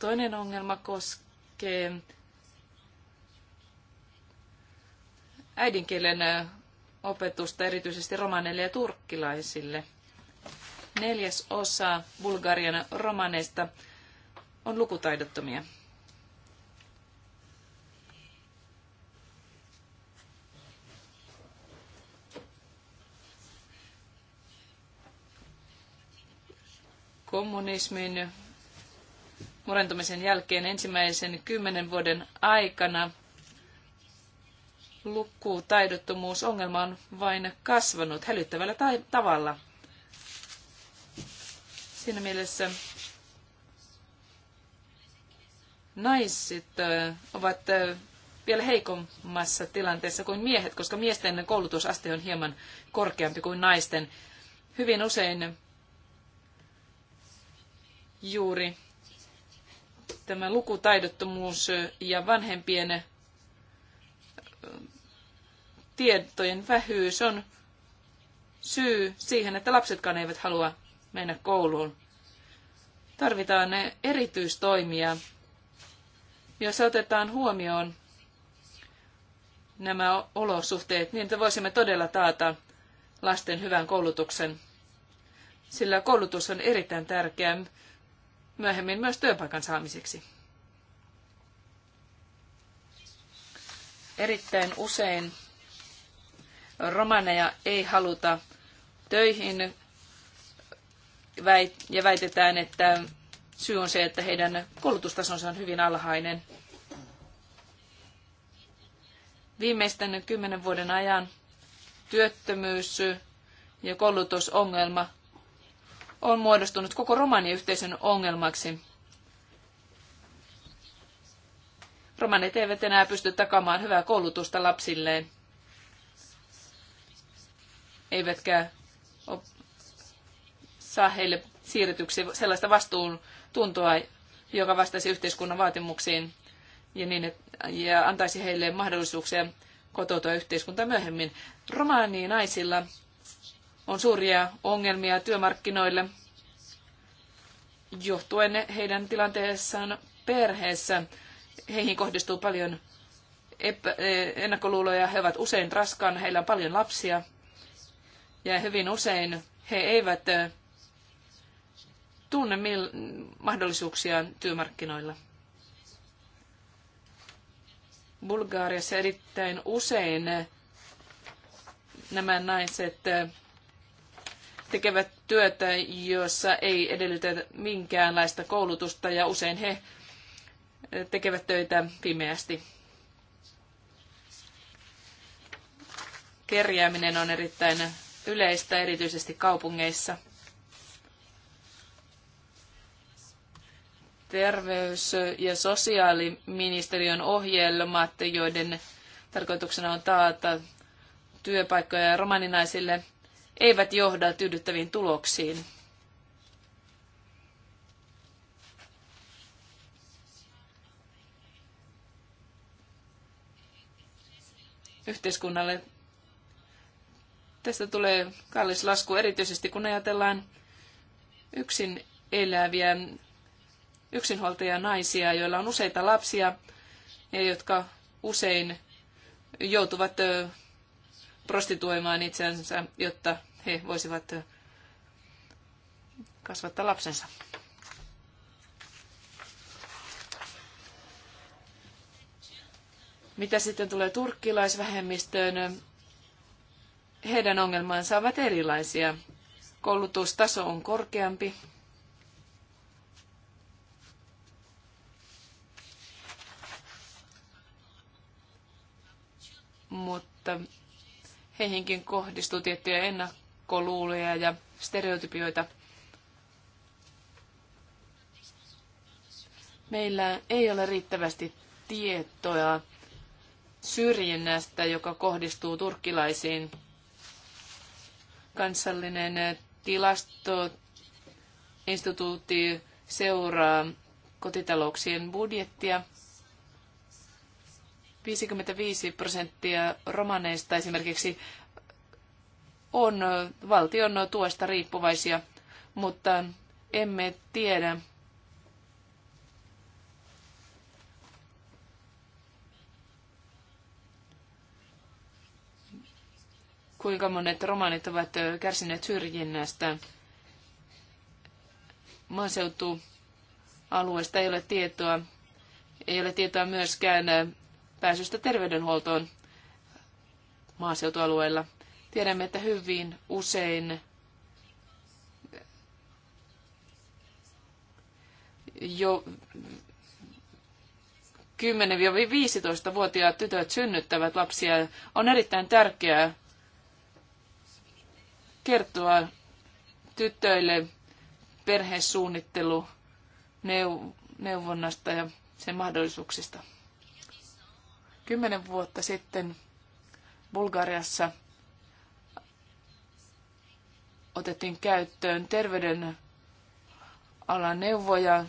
Toinen ongelma koskee äidinkielen opetusta erityisesti romaneille ja turkkilaisille. Neljäs osa Bulgarian romaneista on lukutaidottomia. kommunismin murentumisen jälkeen ensimmäisen kymmenen vuoden aikana lukutaidottomuusongelma on vain kasvanut hälyttävällä tavalla. Siinä mielessä naiset ovat vielä heikommassa tilanteessa kuin miehet, koska miesten koulutusaste on hieman korkeampi kuin naisten. Hyvin usein juuri tämä lukutaidottomuus ja vanhempien tietojen vähyys on syy siihen, että lapsetkaan eivät halua mennä kouluun. Tarvitaan ne erityistoimia, joissa otetaan huomioon nämä olosuhteet, niin että voisimme todella taata lasten hyvän koulutuksen. Sillä koulutus on erittäin tärkeää myöhemmin myös työpaikan saamiseksi. Erittäin usein romaneja ei haluta töihin ja väitetään, että syy on se, että heidän koulutustasonsa on hyvin alhainen. Viimeisten kymmenen vuoden ajan työttömyys ja koulutusongelma on muodostunut koko romaniyhteisön ongelmaksi. Romanit eivät enää pysty takamaan hyvää koulutusta lapsilleen, eivätkä saa heille siirretyksi sellaista vastuun tuntoa, joka vastaisi yhteiskunnan vaatimuksiin ja, niin, et, ja antaisi heille mahdollisuuksia kotoutua yhteiskunta myöhemmin. Romaani naisilla on suuria ongelmia työmarkkinoille johtuen heidän tilanteessaan perheessä. Heihin kohdistuu paljon epä, e, ennakkoluuloja, he ovat usein raskaan, heillä on paljon lapsia ja hyvin usein he eivät e, tunne mil- mahdollisuuksiaan työmarkkinoilla. Bulgaariassa erittäin usein nämä naiset e, tekevät työtä, jossa ei edellytetä minkäänlaista koulutusta ja usein he eh, tekevät töitä pimeästi. Kerjääminen on erittäin yleistä, erityisesti kaupungeissa. Terveys- ja sosiaaliministeriön ohjelmat, joiden tarkoituksena on taata työpaikkoja romaninaisille – eivät johda tyydyttäviin tuloksiin. Yhteiskunnalle tästä tulee kallis lasku, erityisesti kun ajatellaan yksin eläviä yksinhuoltajia naisia, joilla on useita lapsia ja jotka usein joutuvat prostituoimaan itsensä, jotta he voisivat kasvattaa lapsensa. Mitä sitten tulee turkkilaisvähemmistöön, heidän ongelmansa ovat erilaisia. Koulutustaso on korkeampi. Mutta heihinkin kohdistuu tiettyjä ennakkoja ennakkoluuloja ja stereotypioita. Meillä ei ole riittävästi tietoa syrjinnästä, joka kohdistuu turkkilaisiin. Kansallinen tilastoinstituutti seuraa kotitalouksien budjettia. 55 prosenttia romaneista esimerkiksi on valtion tuesta riippuvaisia, mutta emme tiedä, kuinka monet romanit ovat kärsineet syrjinnästä. Maaseutualueesta ei ole tietoa. Ei ole tietoa myöskään pääsystä terveydenhuoltoon maaseutualueella. Tiedämme, että hyvin usein jo 10-15-vuotiaat tytöt synnyttävät lapsia. On erittäin tärkeää kertoa tytöille perhesuunnittelu neuvonnasta ja sen mahdollisuuksista. Kymmenen vuotta sitten Bulgariassa otettiin käyttöön terveydenalan neuvoja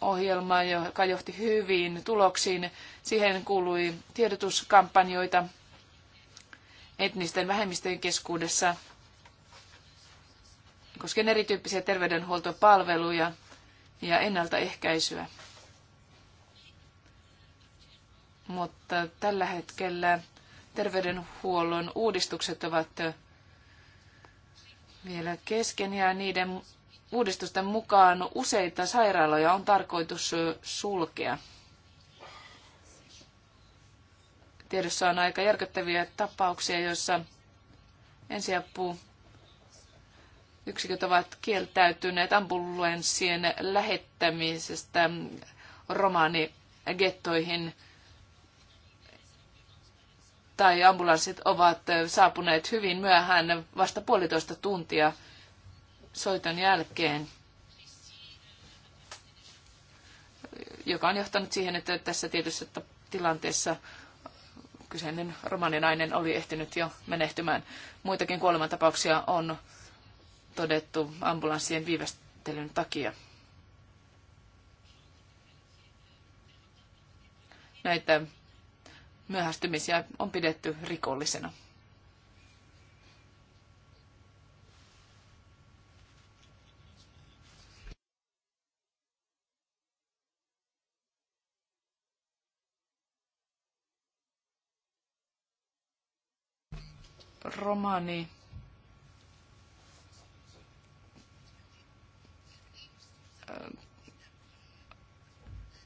ohjelma, joka johti hyviin tuloksiin. Siihen kuului tiedotuskampanjoita etnisten vähemmistöjen keskuudessa koskien erityyppisiä terveydenhuoltopalveluja ja ennaltaehkäisyä. Mutta tällä hetkellä terveydenhuollon uudistukset ovat vielä kesken ja niiden uudistusten mukaan useita sairaaloja on tarkoitus sulkea. Tiedossa on aika järkyttäviä tapauksia, joissa ensiapu yksiköt ovat kieltäytyneet ambulanssien lähettämisestä romaanigettoihin gettoihin tai ambulanssit ovat saapuneet hyvin myöhään vasta puolitoista tuntia soiton jälkeen, joka on johtanut siihen, että tässä tietyssä tilanteessa kyseinen romaninainen oli ehtinyt jo menehtymään. Muitakin kuolemantapauksia on todettu ambulanssien viivästelyn takia. Näitä myöhästymisiä on pidetty rikollisena. romani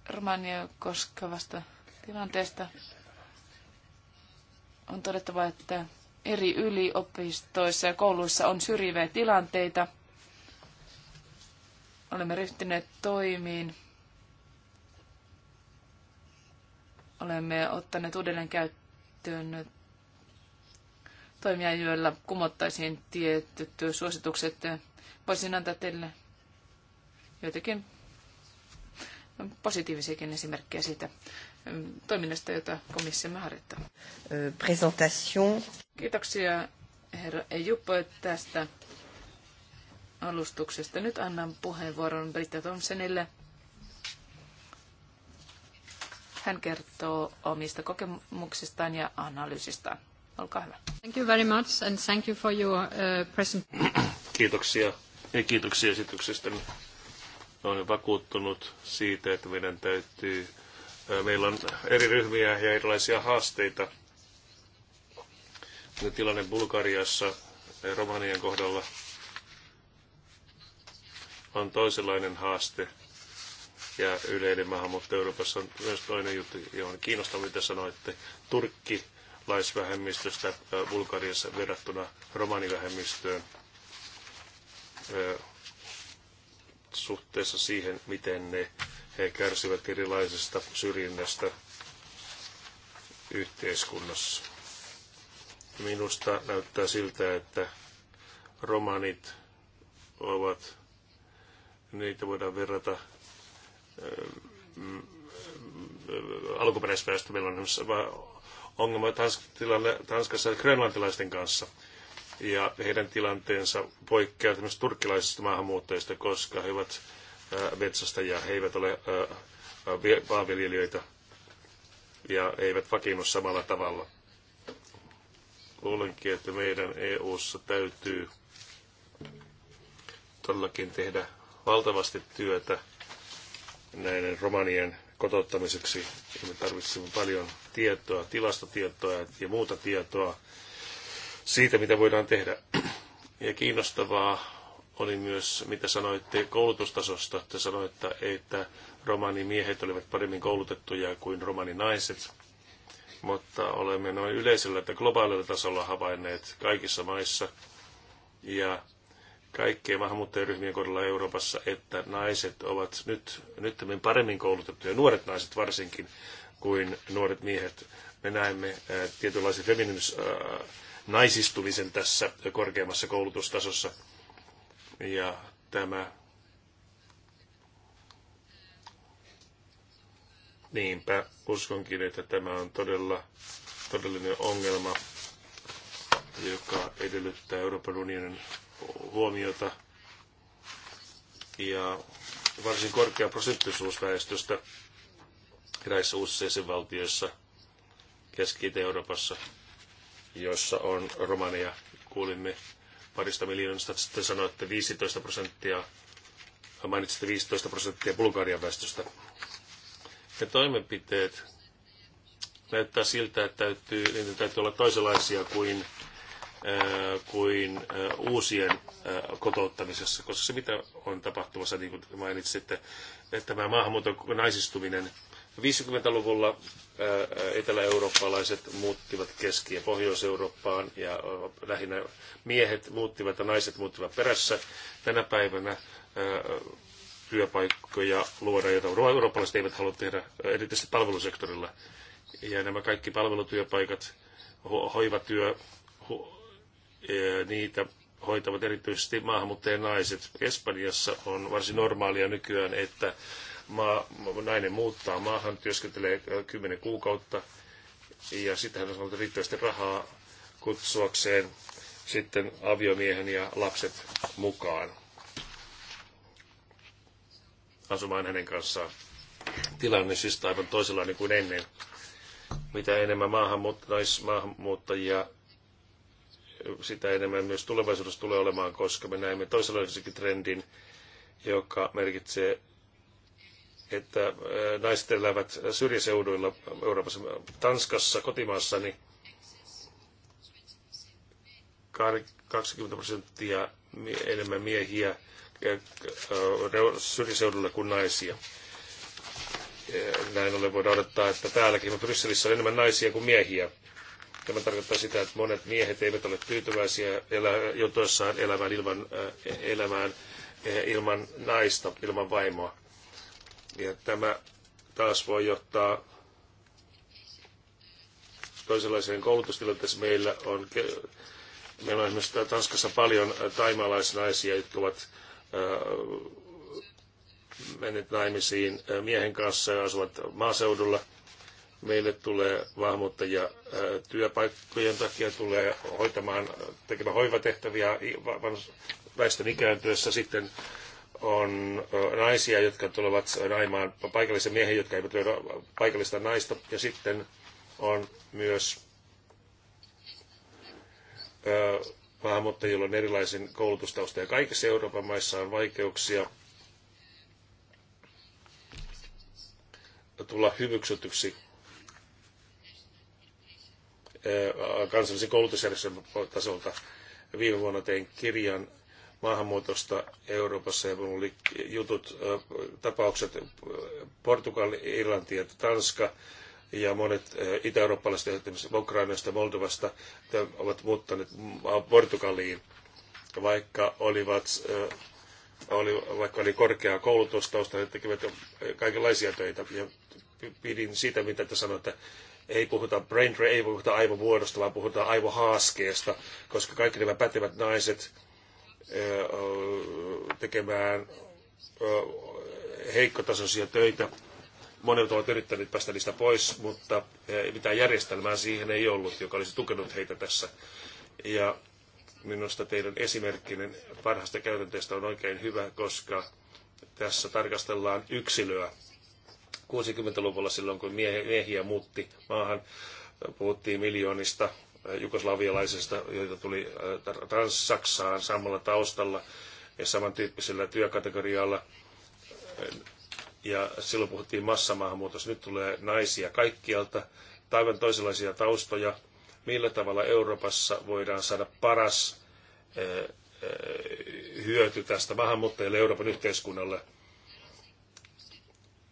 romania koskevasta tilanteesta on todettava, että eri yliopistoissa ja kouluissa on syrjiviä tilanteita. Olemme ryhtyneet toimiin. Olemme ottaneet uudelleen käyttöön toimia, joilla kumottaisiin tietyt suositukset. Voisin antaa teille joitakin positiivisiakin esimerkkejä siitä toiminnasta, jota komissiomme harjoittaa. Euh, presentation. Kiitoksia herra Juppo tästä alustuksesta. Nyt annan puheenvuoron Britta Thompsonille. Hän kertoo omista kokemuksistaan ja analyysistaan. Olkaa hyvä. Thank you very much and thank you for your uh, present... Kiitoksia ja kiitoksia esityksestä. Olen vakuuttunut siitä, että meidän täytyy Meillä on eri ryhmiä ja erilaisia haasteita. Tilanne Bulgariassa Romanian kohdalla on toisenlainen haaste. Ja yleinen maahanmuutto Euroopassa on myös toinen juttu, johon kiinnostaa, mitä sanoitte. Turkki laisvähemmistöstä Bulgariassa verrattuna romanivähemmistöön suhteessa siihen, miten ne he kärsivät erilaisesta syrjinnästä yhteiskunnassa. Minusta näyttää siltä, että romanit ovat, niitä voidaan verrata äh, alkuperäisväestö. Meillä on ongelma Tanskassa grönlantilaisten kanssa. Ja heidän tilanteensa poikkeaa myös turkkilaisista maahanmuuttajista, koska he ovat metsästäjiä, he eivät ole maanviljelijöitä ja eivät vakiinnu samalla tavalla. Luulenkin, että meidän EU-ssa täytyy todellakin tehdä valtavasti työtä näiden romanien kotouttamiseksi. Me tarvitsemme paljon tietoa, tilastotietoa ja muuta tietoa siitä, mitä voidaan tehdä. Ja kiinnostavaa oli myös, mitä sanoitte koulutustasosta. Te sanoitte, että romanimiehet olivat paremmin koulutettuja kuin romaninaiset, mutta olemme noin yleisellä että globaalilla tasolla havainneet kaikissa maissa ja kaikkien maahanmuuttajaryhmien kohdalla Euroopassa, että naiset ovat nyt, nyt paremmin koulutettuja, nuoret naiset varsinkin, kuin nuoret miehet. Me näemme tietynlaisen feminiinis naisistumisen tässä korkeammassa koulutustasossa ja tämä Niinpä uskonkin, että tämä on todella, todellinen ongelma, joka edellyttää Euroopan unionin huomiota. Ja varsin korkea prosenttisuus väestöstä eräissä uusissa jäsenvaltioissa Keski-Euroopassa, jossa on Romania. Kuulimme parista miljoonasta, sitten sanoitte 15 prosenttia, mainitsitte 15 prosenttia Bulgarian väestöstä. Ne toimenpiteet näyttää siltä, että täytyy, niitä täytyy olla toisenlaisia kuin, äh, kuin äh, uusien äh, kotouttamisessa, koska se mitä on tapahtumassa, niin kuin mainitsitte, että tämä maahanmuuton naisistuminen 50-luvulla äh, etelä-eurooppalaiset muuttivat Keski- ja Pohjois-Eurooppaan ja äh, lähinnä miehet muuttivat ja naiset muuttivat perässä. Tänä päivänä äh, työpaikkoja luodaan joita eurooppalaiset eivät halua tehdä, erityisesti palvelusektorilla. Ja nämä kaikki palvelutyöpaikat, hoivatyö, niitä hoitavat erityisesti maahanmuuttajien naiset. Espanjassa on varsin normaalia nykyään, että maa, nainen muuttaa maahan, työskentelee äh, kymmenen kuukautta ja sitten hän on saanut riittävästi rahaa kutsuakseen sitten aviomiehen ja lapset mukaan asumaan hänen kanssaan. Tilanne siis aivan toisenlainen kuin ennen. Mitä enemmän maahanmuut- naismaahanmuuttajia, sitä enemmän myös tulevaisuudessa tulee olemaan, koska me näemme toisenlaisenkin trendin, joka merkitsee että äh, naiset elävät syrjäseuduilla Euroopassa, Tanskassa, kotimaassa, niin 20 prosenttia enemmän miehiä äh, äh, syrjäseudulla kuin naisia. Näin ollen voidaan odottaa, että täälläkin Brysselissä on enemmän naisia kuin miehiä. Tämä tarkoittaa sitä, että monet miehet eivät ole tyytyväisiä elä, joutuessaan elämään ilman, elämään ilman naista, ilman vaimoa ja tämä taas voi johtaa toisenlaiseen koulutustilanteeseen. Meillä on, meillä on esimerkiksi Tanskassa paljon äh, taimalaisnaisia, jotka ovat äh, menneet naimisiin äh, miehen kanssa ja asuvat maaseudulla. Meille tulee maahanmuuttajia työpaikkojen takia, tulee hoitamaan, tekemään hoivatehtäviä väestön ikääntyessä sitten on naisia, jotka tulevat naimaan paikallisen miehiä, jotka eivät löydä paikallista naista. Ja sitten on myös maahanmuuttajilla on erilaisen koulutustausta. Ja kaikissa Euroopan maissa on vaikeuksia tulla hyväksytyksi kansallisen koulutusjärjestelmän tasolta. Viime vuonna tein kirjan maahanmuutosta Euroopassa ja minulla oli jutut, tapaukset Portugali, Irlanti ja Tanska ja monet itä-eurooppalaiset, esimerkiksi Ukrainasta ja Moldovasta, ovat muuttaneet Portugaliin, vaikka olivat oli, vaikka oli korkeaa koulutustausta, he tekivät kaikenlaisia töitä. Ja pidin siitä, mitä te sanoitte, ei puhuta brain drain, ei puhuta aivovuodosta, vaan puhutaan aivohaaskeesta, koska kaikki nämä pätevät naiset tekemään heikkotasoisia töitä. Monet ovat yrittäneet päästä niistä pois, mutta mitään järjestelmää siihen ei ollut, joka olisi tukenut heitä tässä. Ja minusta teidän esimerkkinen parhaasta käytänteestä on oikein hyvä, koska tässä tarkastellaan yksilöä. 60-luvulla silloin, kun miehiä muutti maahan, puhuttiin miljoonista Äh, jugoslavialaisista, joita tuli äh, Trans-Saksaan samalla taustalla ja samantyyppisellä työkategorialla. Äh, ja silloin puhuttiin massamaahanmuutosta. Nyt tulee naisia kaikkialta, aivan toisenlaisia taustoja. Millä tavalla Euroopassa voidaan saada paras hyöty tästä maahanmuuttajille Euroopan yhteiskunnalle?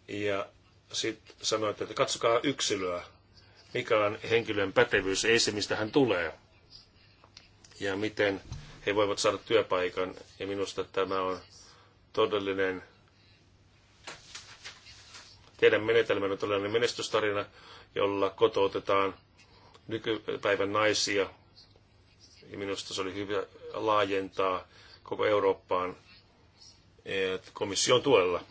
Ja sitten sanoitte, että katsokaa yksilöä, mikä on henkilön pätevyys, ei se mistä hän tulee. Ja miten he voivat saada työpaikan. Ja minusta tämä on todellinen, teidän menetelmänne on todellinen menestystarina, jolla kotoutetaan nykypäivän naisia. Ja minusta se oli hyvä laajentaa koko Eurooppaan komission tuella.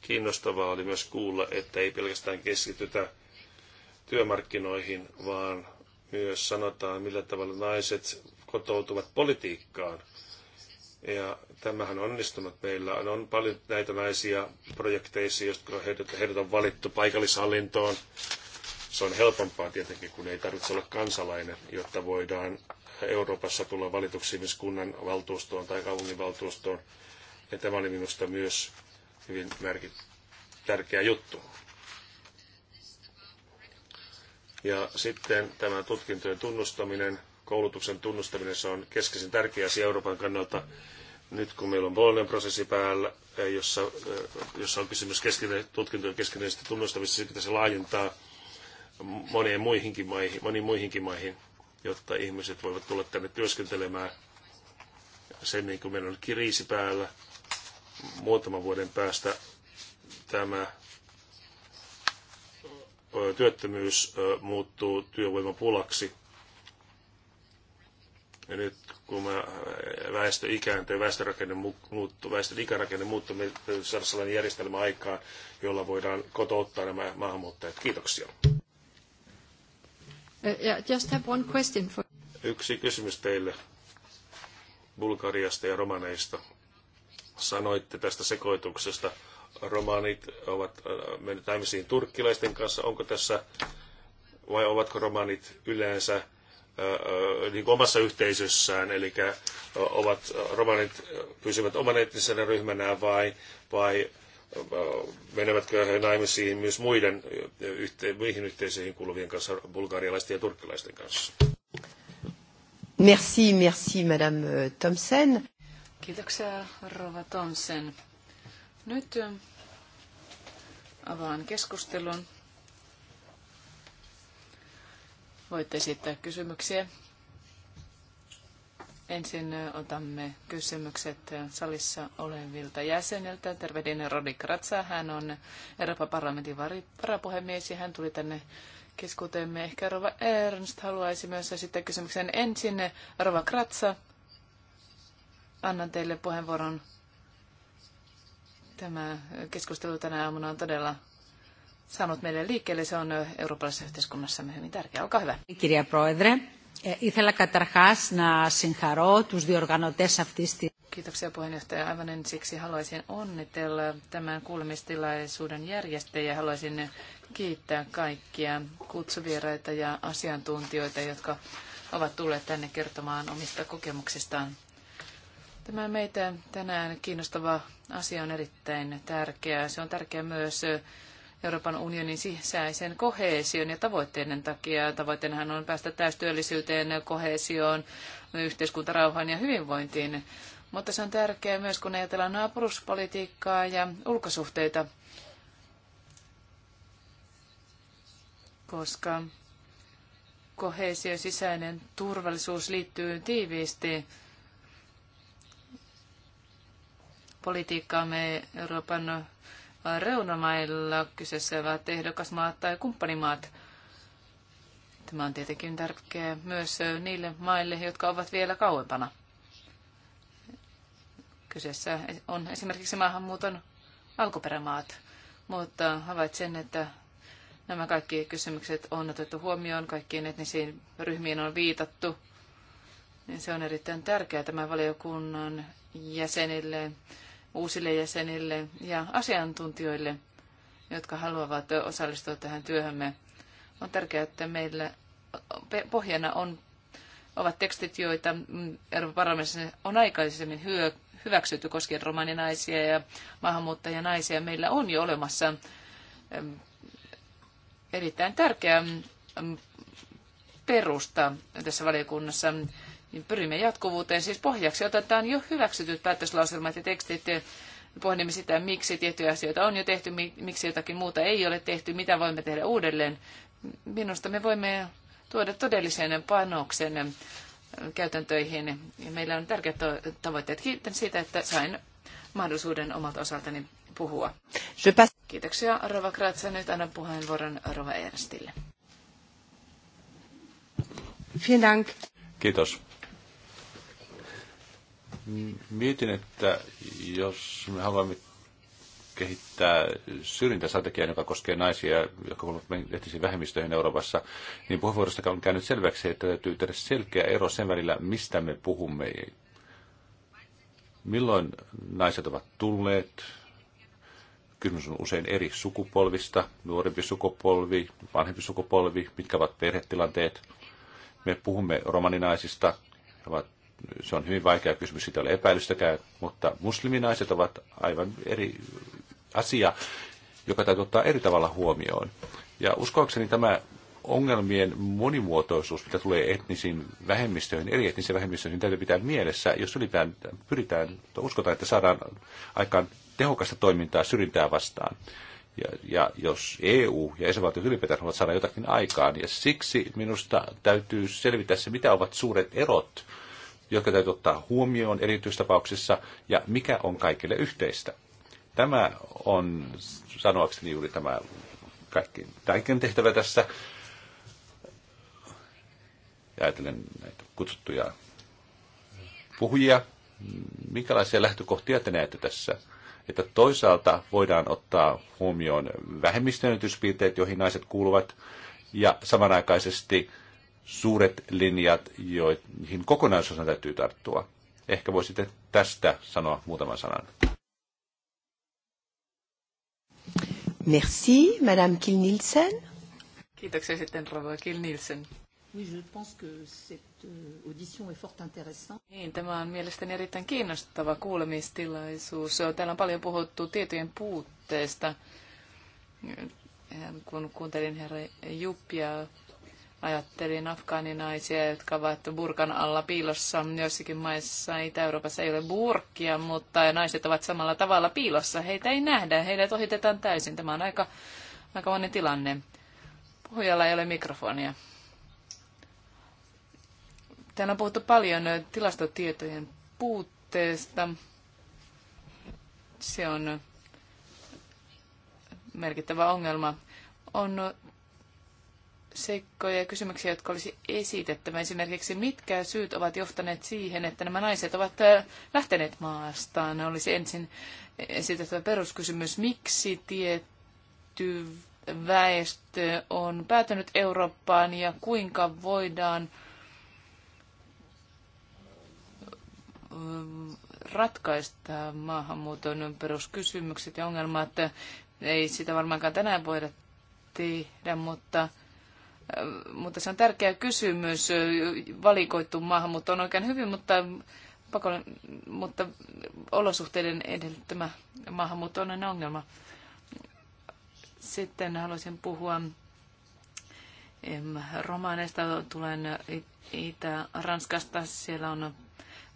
Kiinnostavaa oli myös kuulla, että ei pelkästään keskitytä työmarkkinoihin, vaan myös sanotaan, millä tavalla naiset kotoutuvat politiikkaan. Ja tämähän on onnistunut. Meillä on paljon näitä naisia projekteissa, jotka heidät, heidät on valittu paikallishallintoon. Se on helpompaa tietenkin, kun ei tarvitse olla kansalainen, jotta voidaan Euroopassa tulla valituksi myös kunnan valtuustoon tai kaupunginvaltuustoon. Ja tämä oli minusta myös hyvin merkit, tärkeä juttu. Ja sitten tämä tutkintojen tunnustaminen, koulutuksen tunnustaminen, se on keskeisen tärkeä asia Euroopan kannalta. Nyt kun meillä on Bolognan prosessi päällä, eh, jossa, eh, jossa on kysymys keskine, tutkintojen keskeisestä tunnustamista, se pitäisi laajentaa moniin muihinkin maihin, moniin muihinkin maihin, jotta ihmiset voivat tulla tänne työskentelemään semminkin kun meillä on kriisi päällä. Muutaman vuoden päästä tämä työttömyys muuttuu työvoimapulaksi. Ja nyt kun mä väestö ikääntyy, väestörakenne muuttuu, väestön ikärakenne muuttuu, me saada sellainen järjestelmä aikaan, jolla voidaan kotouttaa nämä maahanmuuttajat. Kiitoksia. Uh, just have one question for... Yksi kysymys teille Bulgariasta ja Romaneista. Sanoitte tästä sekoituksesta romaanit ovat äh, menneet naimisiin turkkilaisten kanssa. Onko tässä, vai ovatko romaanit yleensä äh, äh, niin kuin omassa yhteisössään, eli ovat romanit pysyvät oman etnisenä ryhmänään vai, vai menevätkö he naimisiin myös muiden yhte, muihin yhteisöihin kuuluvien kanssa, bulgarialaisten ja turkkilaisten kanssa? Merci, merci, Madame Thompson. Kiitoksia, Rova Thompson. Nyt avaan keskustelun. Voitte esittää kysymyksiä. Ensin otamme kysymykset salissa olevilta jäseniltä. Tervehdin Rodik Kratsa. Hän on Euroopan parlamentin varapuhemies ja hän tuli tänne keskuuteemme. Ehkä Rova Ernst haluaisi myös esittää kysymyksen ensin. Rova Kratsa, annan teille puheenvuoron Tämä keskustelu tänä aamuna on todella saanut meille liikkeelle. Se on eurooppalaisessa yhteiskunnassa hyvin tärkeä. Olkaa hyvä. Niin, kirja Proedre, ήθελα καταρχάς να συγχαρώ τους διοργανωτές αυτής της... Kiitoksia puheenjohtaja. Aivan ensiksi haluaisin onnitella tämän kuulemistilaisuuden järjestäjiä. Haluaisin kiittää kaikkia kutsuvieraita ja asiantuntijoita, jotka ovat tulleet tänne kertomaan omista kokemuksistaan. Tämä meitä tänään kiinnostava asia on erittäin tärkeä. Se on tärkeä myös Euroopan unionin sisäisen kohesion ja tavoitteiden takia. Tavoitteenhan on päästä täystyöllisyyteen, kohesioon, yhteiskuntarauhaan ja hyvinvointiin. Mutta se on tärkeää myös, kun ajatellaan naapuruspolitiikkaa ja ulkosuhteita, koska kohesio sisäinen turvallisuus liittyy tiiviisti politiikkaamme Euroopan reunamailla kyseessä ovat ehdokasmaat tai kumppanimaat. Tämä on tietenkin tärkeää myös niille maille, jotka ovat vielä kauempana. Kyseessä on esimerkiksi maahanmuuton alkuperämaat, mutta havaitsen, että nämä kaikki kysymykset on otettu huomioon, kaikkiin etnisiin ryhmiin on viitattu. Se on erittäin tärkeää tämän valiokunnan jäsenille uusille jäsenille ja asiantuntijoille, jotka haluavat osallistua tähän työhömme. On tärkeää, että meillä pohjana on, ovat tekstit, joita Euroopan parlamentissa on aikaisemmin hyö, hyväksytty koskien romaninaisia ja maahanmuuttajanaisia. Meillä on jo olemassa erittäin tärkeä perusta tässä valiokunnassa niin pyrimme jatkuvuuteen. Siis pohjaksi otetaan jo hyväksytyt päätöslauselmat ja tekstit pohdimme sitä, miksi tiettyjä asioita on jo tehty, miksi jotakin muuta ei ole tehty, mitä voimme tehdä uudelleen. Minusta me voimme tuoda todellisen panoksen käytäntöihin. Ja meillä on tärkeät tavoitteet. Kiitän siitä, että sain mahdollisuuden omalta osaltani puhua. Kiitoksia Rova Kratsa. Nyt annan puheenvuoron Rova Ernstille. Vielen Kiitos. Mietin, että jos me haluamme kehittää syrjintästrategiaa, joka koskee naisia, jotka kuuluvat etnisiin vähemmistöihin Euroopassa, niin puheenvuorosta on käynyt selväksi, että täytyy tehdä selkeä ero sen välillä, mistä me puhumme. Milloin naiset ovat tulleet? Kysymys on usein eri sukupolvista, nuorempi sukupolvi, vanhempi sukupolvi, mitkä ovat perhetilanteet. Me puhumme romaninaisista, he ovat se on hyvin vaikea kysymys, sitä ei ole epäilystäkään, mutta musliminaiset ovat aivan eri asia, joka täytyy ottaa eri tavalla huomioon. Ja uskoakseni tämä ongelmien monimuotoisuus, mitä tulee etnisiin vähemmistöihin, eri etnisiin vähemmistöihin, täytyy pitää mielessä, jos ylipäätään pyritään, uskotaan, että saadaan aikaan tehokasta toimintaa syrjintää vastaan. Ja, ja jos EU ja jäsenvaltiot ylipäätään haluavat saada jotakin aikaan, ja siksi minusta täytyy selvittää se, mitä ovat suuret erot jotka täytyy ottaa huomioon erityistapauksissa ja mikä on kaikille yhteistä. Tämä on sanoakseni juuri tämä kaikki tärkein tehtävä tässä. Ja ajatellen näitä kutsuttuja puhujia, minkälaisia lähtökohtia te näette tässä? Että toisaalta voidaan ottaa huomioon vähemmistönäytyspiirteet, joihin naiset kuuluvat, ja samanaikaisesti suuret linjat, joihin kokonaisuudessaan täytyy tarttua. Ehkä voisitte tästä sanoa muutaman sanan. Merci, Madame Kill Nielsen. Kiitoksia sitten Rova Kill Nielsen. Oui, je pense que cette euh, audition est fort intéressante. Niin, tämä on mielestäni erittäin kiinnostava kuulemistilaisuus. Täällä on paljon puhuttu tietojen puutteesta. Kun kuuntelin herra Juppia, Ajattelin afgaaninaisia, jotka ovat burkan alla piilossa. Joissakin maissa Itä-Euroopassa ei ole burkia, mutta naiset ovat samalla tavalla piilossa. Heitä ei nähdä, heidät ohitetaan täysin. Tämä on aika, aika monen tilanne. Puhujalla ei ole mikrofonia. Täällä on puhuttu paljon tilastotietojen puutteesta. Se on merkittävä ongelma. On seikkoja ja kysymyksiä, jotka olisi esitettävä. Esimerkiksi mitkä syyt ovat johtaneet siihen, että nämä naiset ovat äh, lähteneet maastaan? Olisi ensin esitettävä peruskysymys, miksi tietty väestö on päätynyt Eurooppaan ja kuinka voidaan äh, ratkaista maahanmuuton peruskysymykset ja ongelmat. Ei sitä varmaankaan tänään voida tehdä, mutta mutta se on tärkeä kysymys. Valikoittu maahanmuutto on oikein hyvin, mutta, pakollinen, mutta olosuhteiden edellyttämä maahanmuutto on aina ongelma. Sitten haluaisin puhua romaaneista. Tulen Itä-Ranskasta. Siellä on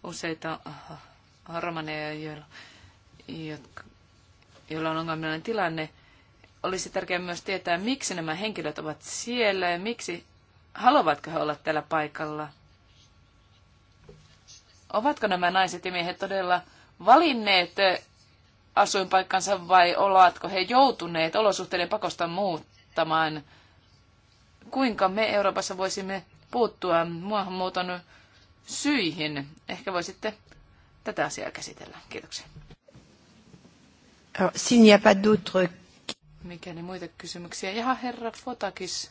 useita romaneja, joilla, joilla on ongelmallinen tilanne – olisi tärkeää myös tietää, miksi nämä henkilöt ovat siellä ja miksi haluavatko he olla tällä paikalla. Ovatko nämä naiset ja miehet todella valinneet asuinpaikkansa vai ovatko he joutuneet olosuhteiden pakosta muuttamaan? Kuinka me Euroopassa voisimme puuttua maahanmuuton syihin? Ehkä voisitte tätä asiaa käsitellä. Kiitoksia. Alors, s'il n'y a pas d'autres ne muita kysymyksiä. Jaha, herra Fotakis,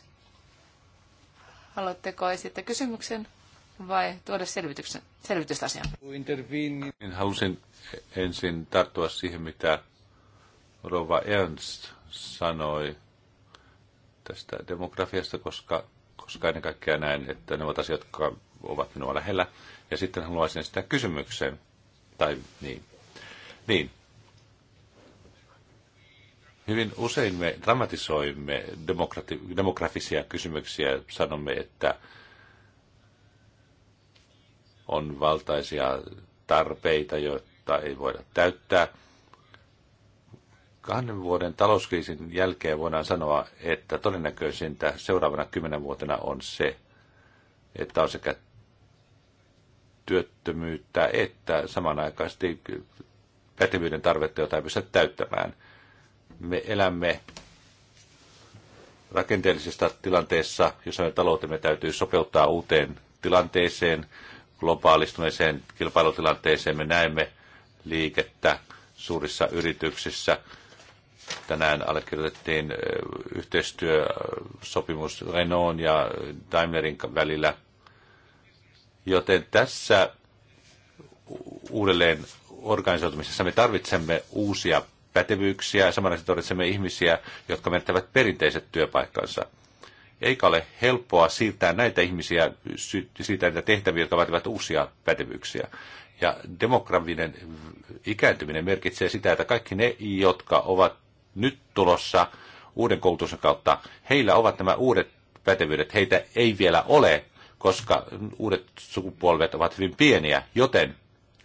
haluatteko esittää kysymyksen vai tuoda selvityksen, selvitystä asiaan? Halusin ensin tarttua siihen, mitä Rova Ernst sanoi tästä demografiasta, koska, koska ennen kaikkea näen, että ne ovat asiat, jotka ovat minua lähellä. Ja sitten haluaisin sitä kysymyksen. Tai niin. Niin, Hyvin usein me dramatisoimme demografisia kysymyksiä, sanomme, että on valtaisia tarpeita, joita ei voida täyttää. Kahden vuoden talouskriisin jälkeen voidaan sanoa, että todennäköisintä seuraavana kymmenen vuotena on se, että on sekä työttömyyttä että samanaikaisesti pätevyyden tarvetta, jota ei pysty täyttämään – me elämme rakenteellisessa tilanteessa, jossa me taloutemme täytyy sopeuttaa uuteen tilanteeseen, globaalistuneeseen kilpailutilanteeseen. Me näemme liikettä suurissa yrityksissä. Tänään allekirjoitettiin yhteistyösopimus Renault ja Daimlerin välillä. Joten tässä uudelleen organisoitumisessa me tarvitsemme uusia pätevyyksiä, samanlaisesti tarvitsemme ihmisiä, jotka menettävät perinteiset työpaikkansa. Eikä ole helppoa siirtää näitä ihmisiä, siitä näitä tehtäviä, jotka vaativat uusia pätevyyksiä. Ja demografinen ikääntyminen merkitsee sitä, että kaikki ne, jotka ovat nyt tulossa uuden koulutuksen kautta, heillä ovat nämä uudet pätevyydet. Heitä ei vielä ole, koska uudet sukupolvet ovat hyvin pieniä, joten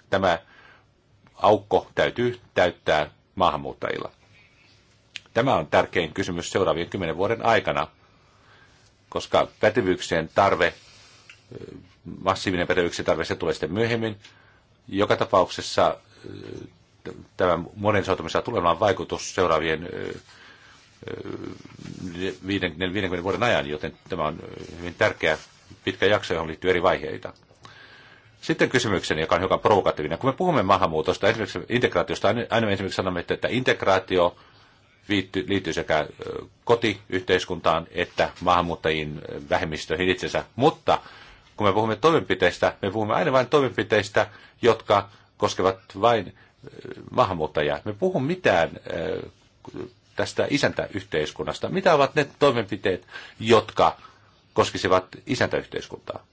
tämä aukko täytyy täyttää maahanmuuttajilla? Tämä on tärkein kysymys seuraavien kymmenen vuoden aikana, koska pätevyyksien tarve, massiivinen pätevyyksien tarve, se tulee sitten myöhemmin. Joka tapauksessa eh, tämä modernisoitumisella tulee olemaan vaikutus seuraavien 50 eh, eh, vuoden ajan, joten tämä on hyvin tärkeä pitkä jakso, johon liittyy eri vaiheita. Sitten kysymykseni, joka on hiukan provokatiivinen. Kun me puhumme maahanmuutosta, esimerkiksi integraatiosta, aina esimerkiksi sanomme, että integraatio liittyy, liittyy sekä kotiyhteiskuntaan että maahanmuuttajiin vähemmistöihin itsensä. Mutta kun me puhumme toimenpiteistä, me puhumme aina vain toimenpiteistä, jotka koskevat vain maahanmuuttajia. Me puhun mitään tästä isäntäyhteiskunnasta. Mitä ovat ne toimenpiteet, jotka koskisivat isäntäyhteiskuntaa?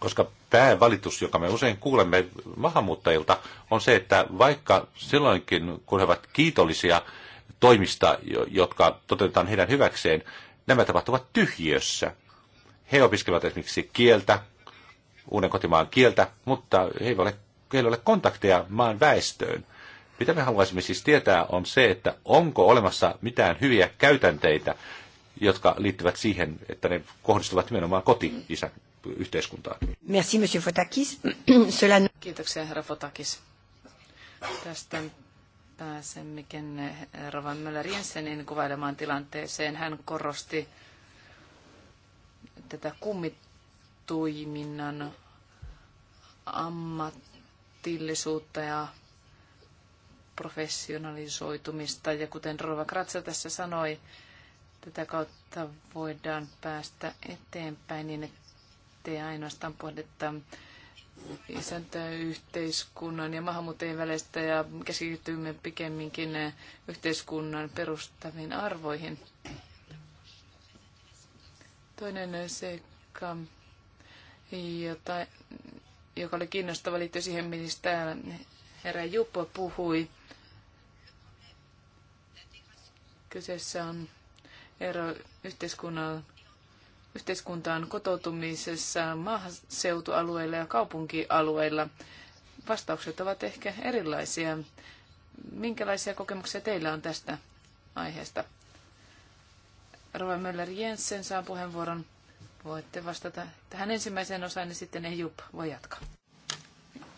koska päävalitus, joka me usein kuulemme maahanmuuttajilta, on se, että vaikka silloinkin, kun he ovat kiitollisia toimista, jotka toteutetaan heidän hyväkseen, nämä tapahtuvat tyhjössä. He opiskelevat esimerkiksi kieltä, uuden kotimaan kieltä, mutta he eivät ole, heillä ei ole kontakteja maan väestöön. Mitä me haluaisimme siis tietää on se, että onko olemassa mitään hyviä käytänteitä, jotka liittyvät siihen, että ne kohdistuvat nimenomaan koti-isän yhteiskuntaan. Merci, monsieur Fotakis. Cela... Kiitoksia, herra Fotakis. Tästä pääsemmekin Rovan Möller Jensenin kuvailemaan tilanteeseen. Hän korosti tätä kummituiminnan ammatillisuutta ja professionalisoitumista. Ja kuten Rova Kratsa tässä sanoi, tätä kautta voidaan päästä eteenpäin niin, että ettei ainoastaan pohdetta yhteiskunnan ja maahanmuuttajien välistä ja keskitymme pikemminkin yhteiskunnan perustaviin arvoihin. Toinen seikka, jota, joka oli kiinnostava, liittyy siihen, mistä herra Juppo puhui. Kyseessä on ero yhteiskunnan yhteiskuntaan kotoutumisessa maaseutualueilla ja kaupunkialueilla vastaukset ovat ehkä erilaisia. Minkälaisia kokemuksia teillä on tästä aiheesta? Rova Möller Jensen saa puheenvuoron. Voitte vastata tähän ensimmäiseen osaan ja niin sitten Ejup voi jatkaa.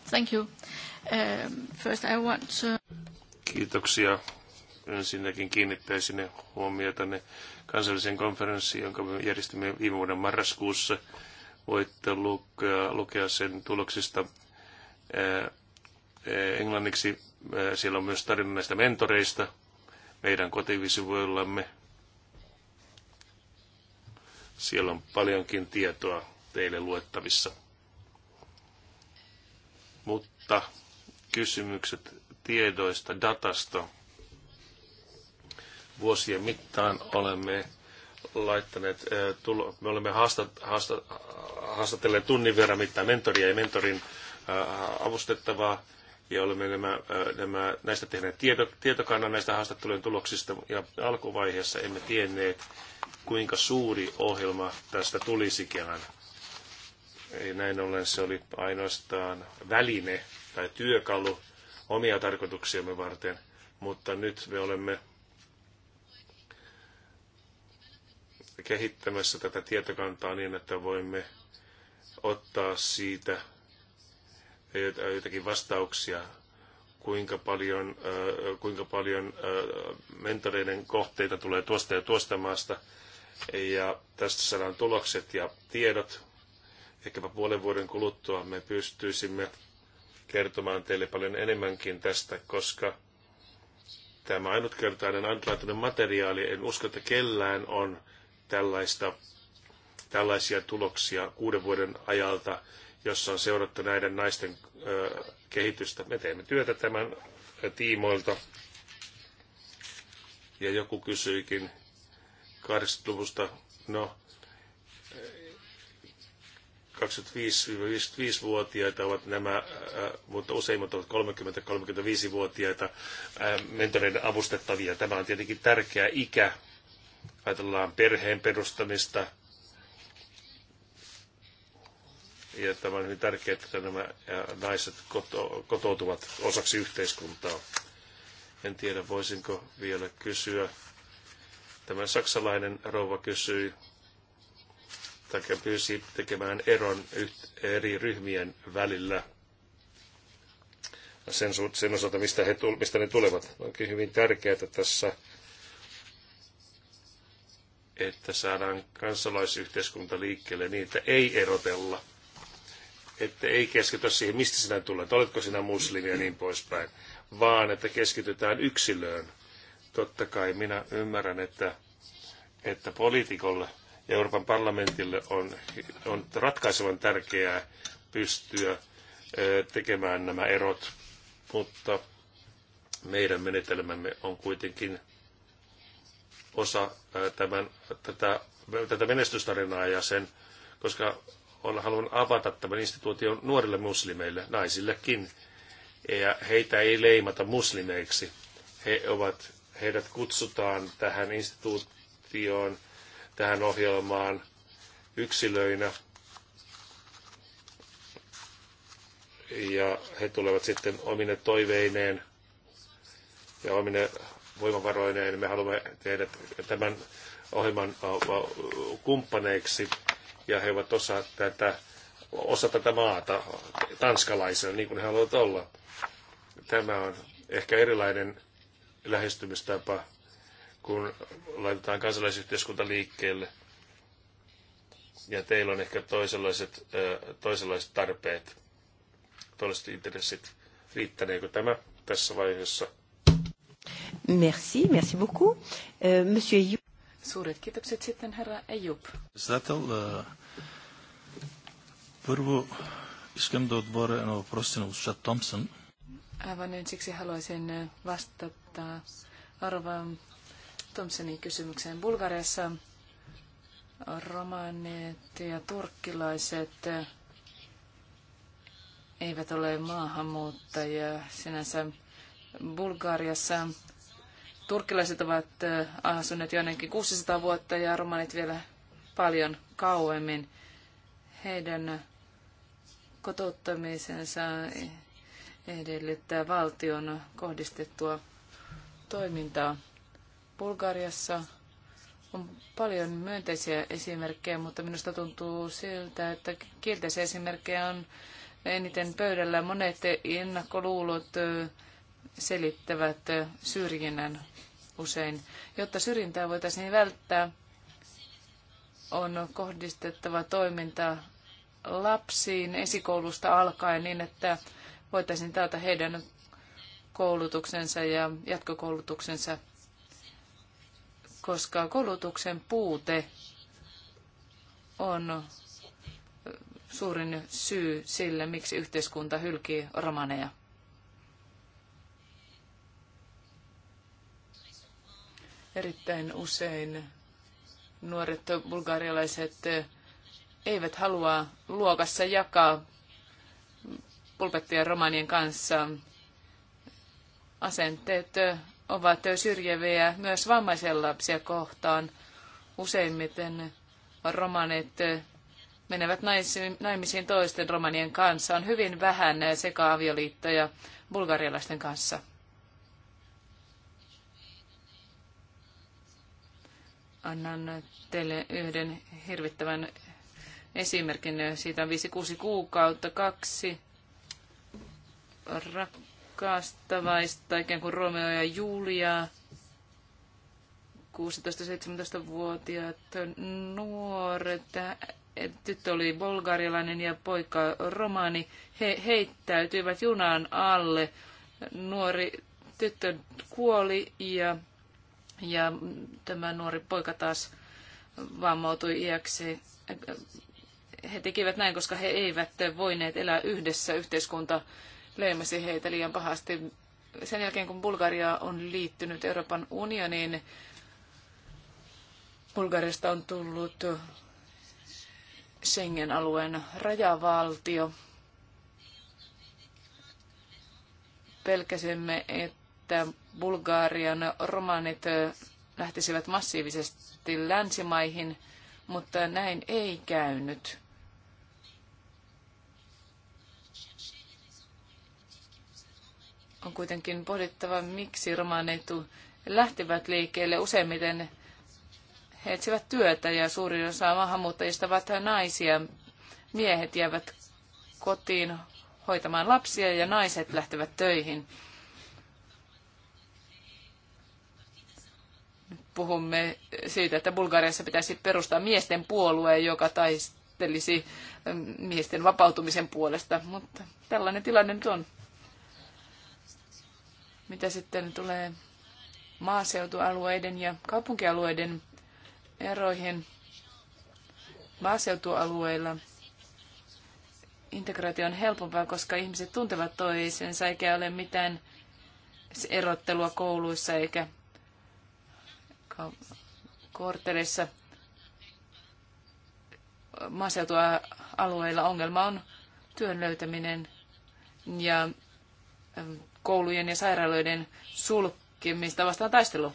Thank you. Um, first I want to... Kiitoksia ensinnäkin kiinnittäisin ne huomiota ne kansalliseen konferenssiin, jonka me järjestimme viime vuoden marraskuussa. Voitte lukea, lukea sen tuloksista englanniksi. Siellä on myös tarina näistä mentoreista meidän kotivisivuillamme. Siellä on paljonkin tietoa teille luettavissa. Mutta kysymykset tiedoista, datasta, vuosien mittaan olemme laittaneet, me olemme haastat, haastat, haastatelleet tunnin verran mittaan mentoria ja mentorin avustettavaa, ja olemme nämä, nämä, näistä tehneet tieto, tietokannan näistä haastattelujen tuloksista, ja alkuvaiheessa emme tienneet, kuinka suuri ohjelma tästä tulisikään. Ei näin ollen se oli ainoastaan väline tai työkalu omia tarkoituksiamme varten, mutta nyt me olemme kehittämässä tätä tietokantaa niin, että voimme ottaa siitä jotakin vastauksia, kuinka paljon, äh, kuinka paljon äh, mentoreiden kohteita tulee tuosta ja tuosta maasta. Ja tästä saadaan tulokset ja tiedot. Ehkäpä puolen vuoden kuluttua me pystyisimme kertomaan teille paljon enemmänkin tästä, koska tämä ainutkertainen antlaatuinen materiaali, en usko, että kellään on tällaista, tällaisia tuloksia kuuden vuoden ajalta, jossa on seurattu näiden naisten ö, kehitystä. Me teemme työtä tämän tiimoilta. Ja joku kysyikin 80-luvusta, no 25-55-vuotiaita ovat nämä, mutta useimmat ovat 30-35-vuotiaita mentoreiden avustettavia. Tämä on tietenkin tärkeä ikä ajatellaan perheen perustamista. Ja tämä on hyvin tärkeää, että nämä naiset kotoutuvat osaksi yhteiskuntaa. En tiedä, voisinko vielä kysyä. Tämä saksalainen rouva kysyi, tai pyysi tekemään eron eri ryhmien välillä sen, sen osalta, mistä, he, mistä ne tulevat. Onkin hyvin tärkeää tässä että saadaan kansalaisyhteiskunta liikkeelle niin, että ei erotella, että ei keskitytä siihen, mistä sinä tulet, oletko sinä muslimi ja niin poispäin, vaan että keskitytään yksilöön. Totta kai minä ymmärrän, että, että poliitikolle ja Euroopan parlamentille on, on ratkaisevan tärkeää pystyä tekemään nämä erot, mutta meidän menetelmämme on kuitenkin osa tämän, tätä, tätä menestystarinaa ja sen, koska on, halunnut avata tämän instituution nuorille muslimeille, naisillekin. Ja heitä ei leimata muslimeiksi. He ovat, heidät kutsutaan tähän instituutioon, tähän ohjelmaan yksilöinä. Ja he tulevat sitten omine toiveineen ja omine voimavaroineen. Me haluamme tehdä tämän ohjelman kumppaneiksi ja he ovat osa tätä, osa tätä maata tanskalaisena, niin kuin he haluavat olla. Tämä on ehkä erilainen lähestymistapa, kun laitetaan kansalaisyhteiskunta liikkeelle. Ja teillä on ehkä toisenlaiset, toisenlaiset tarpeet, toiset intressit. Riittäneekö tämä tässä vaiheessa? Merci, merci beaucoup. Euh, Monsieur Ejup. Suuret kiitokset sitten herra Ejup. Председател, първо искам да отборя на въпросите на госпожа Aivan ensiksi haluaisin eh, vastata Arva Thompsonin kysymykseen. Bulgariassa romaneet ja turkkilaiset eh, eivät ole maahanmuuttajia sinänsä Bulgariassa Turkkilaiset ovat asuneet jonnekin 600 vuotta ja romanit vielä paljon kauemmin. Heidän kotouttamisensa edellyttää valtion kohdistettua toimintaa. Bulgariassa on paljon myönteisiä esimerkkejä, mutta minusta tuntuu siltä, että kielteisiä esimerkkejä on eniten pöydällä. Monet ennakkoluulot selittävät syrjinnän usein. Jotta syrjintää voitaisiin välttää, on kohdistettava toiminta lapsiin esikoulusta alkaen niin, että voitaisiin taata heidän koulutuksensa ja jatkokoulutuksensa, koska koulutuksen puute on suurin syy sille, miksi yhteiskunta hylkii romaneja. Erittäin usein nuoret bulgarialaiset eivät halua luokassa jakaa pulpettia romanien kanssa. Asenteet ovat syrjeviä myös vammaisia lapsia kohtaan. Useimmiten romanit menevät naimisiin toisten romanien kanssa. On hyvin vähän sekaavioliittoja bulgarialaisten kanssa. Annan teille yhden hirvittävän esimerkin. Siitä on 5-6 kuukautta, kaksi rakastavaista, ikään kuin Romeo ja Julia, 16-17-vuotiaat nuoret. Tyttö oli bulgarilainen ja poika romani. He heittäytyivät junan alle. Nuori tyttö kuoli ja ja tämä nuori poika taas vammautui iäksi. He tekivät näin, koska he eivät voineet elää yhdessä. Yhteiskunta leimasi heitä liian pahasti. Sen jälkeen, kun Bulgaria on liittynyt Euroopan unioniin, Bulgarista on tullut Schengen-alueen rajavaltio. Pelkäsimme, että että Bulgarian romanit lähtisivät massiivisesti länsimaihin, mutta näin ei käynyt. On kuitenkin pohdittava, miksi romaneit lähtivät liikkeelle. Useimmiten he etsivät työtä ja suurin osa maahanmuuttajista ovat naisia. Miehet jäävät kotiin hoitamaan lapsia ja naiset lähtevät töihin. puhumme siitä, että Bulgariassa pitäisi perustaa miesten puolue, joka taistelisi ähm, miesten vapautumisen puolesta. Mutta tällainen tilanne nyt on. Mitä sitten tulee maaseutualueiden ja kaupunkialueiden eroihin maaseutualueilla integraatio on helpompaa, koska ihmiset tuntevat toisensa eikä ole mitään erottelua kouluissa eikä korttelissa alueilla ongelma on työn löytäminen ja ähm, koulujen ja sairaaloiden sulkemista vastaan taistelu.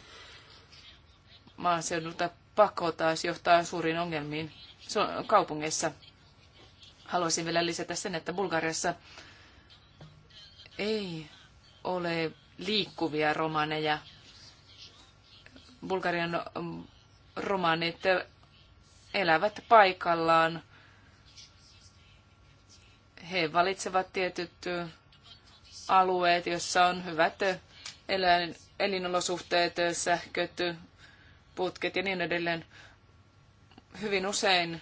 Maaseudulta pakko taas johtaa suuriin ongelmiin kaupungeissa. Haluaisin vielä lisätä sen, että Bulgariassa ei ole liikkuvia romaneja Bulgarian romaanit elävät paikallaan. He valitsevat tietyt alueet, joissa on hyvät elinolosuhteet, sähköt, putket ja niin edelleen. Hyvin usein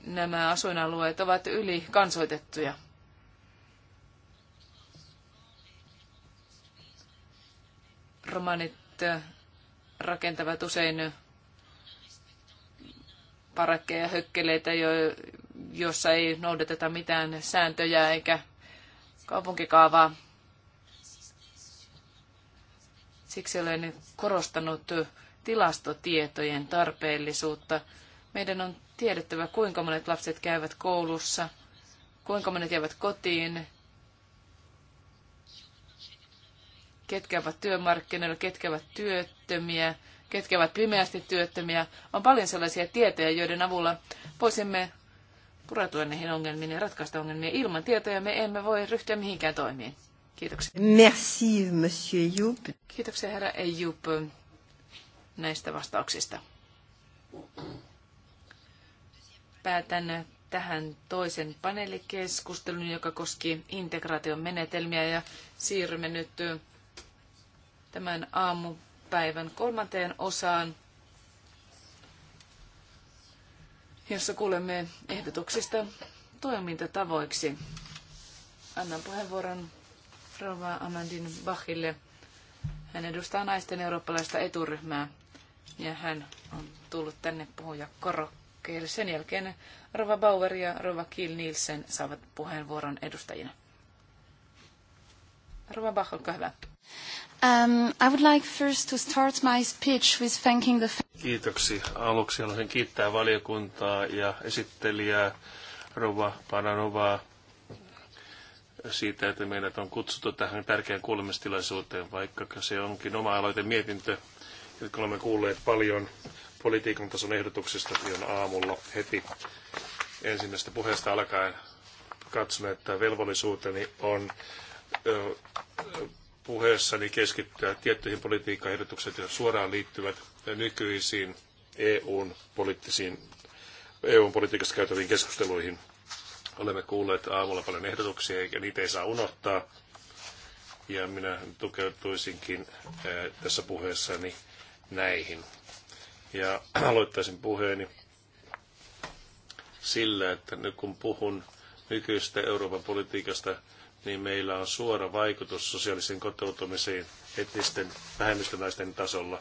nämä asuinalueet ovat ylikansoitettuja. romanit äh, rakentavat usein parakkeja hökkeleitä, jo, jossa ei noudateta mitään sääntöjä eikä kaupunkikaavaa. Siksi olen korostanut tilastotietojen tarpeellisuutta. Meidän on tiedettävä, kuinka monet lapset käyvät koulussa, kuinka monet jäävät kotiin, ketkä ovat työmarkkinoilla, ketkä ovat työttömiä, ketkä ovat pimeästi työttömiä. On paljon sellaisia tietoja, joiden avulla voisimme pureutua näihin ongelmiin ja ratkaista ongelmia. Ilman tietoja me emme voi ryhtyä mihinkään toimiin. Kiitoksia. Merci, monsieur Ejup. Kiitoksia, herra Ejup, näistä vastauksista. Päätän tähän toisen paneelikeskustelun, joka koski integraation menetelmiä ja siirrymme nyt tämän aamupäivän kolmanteen osaan, jossa kuulemme ehdotuksista toimintatavoiksi. Annan puheenvuoron Rova Amandin Bachille. Hän edustaa naisten eurooppalaista eturyhmää ja hän on tullut tänne puhuja korokkeelle. Sen jälkeen Rova Bauer ja Rova Kiel Nielsen saavat puheenvuoron edustajina. Rova Bach, olkaa hyvä. Um, I would like first to start my speech with thanking the... Kiitoksi. Aluksi haluaisin kiittää valiokuntaa ja esittelijää Rova Pananovaa siitä, että meidät on kutsuttu tähän tärkeään kuulemistilaisuuteen, vaikka se onkin oma aloite mietintö. Nyt olemme kuulleet paljon politiikan tason ehdotuksista niin on aamulla heti ensimmäisestä puheesta alkaen katson, että velvollisuuteni on puheessani keskittyä tiettyihin politiikkaehdotuksiin, jotka suoraan liittyvät nykyisiin EUn poliittisiin EUn politiikasta käytäviin keskusteluihin. Olemme kuulleet aamulla paljon ehdotuksia, eikä niitä ei saa unohtaa. Ja minä tukeutuisinkin eh, tässä puheessani näihin. Ja aloittaisin puheeni sillä, että nyt kun puhun nykyistä Euroopan politiikasta, niin meillä on suora vaikutus sosiaalisen kotoutumiseen etnisten vähemmistönaisten tasolla,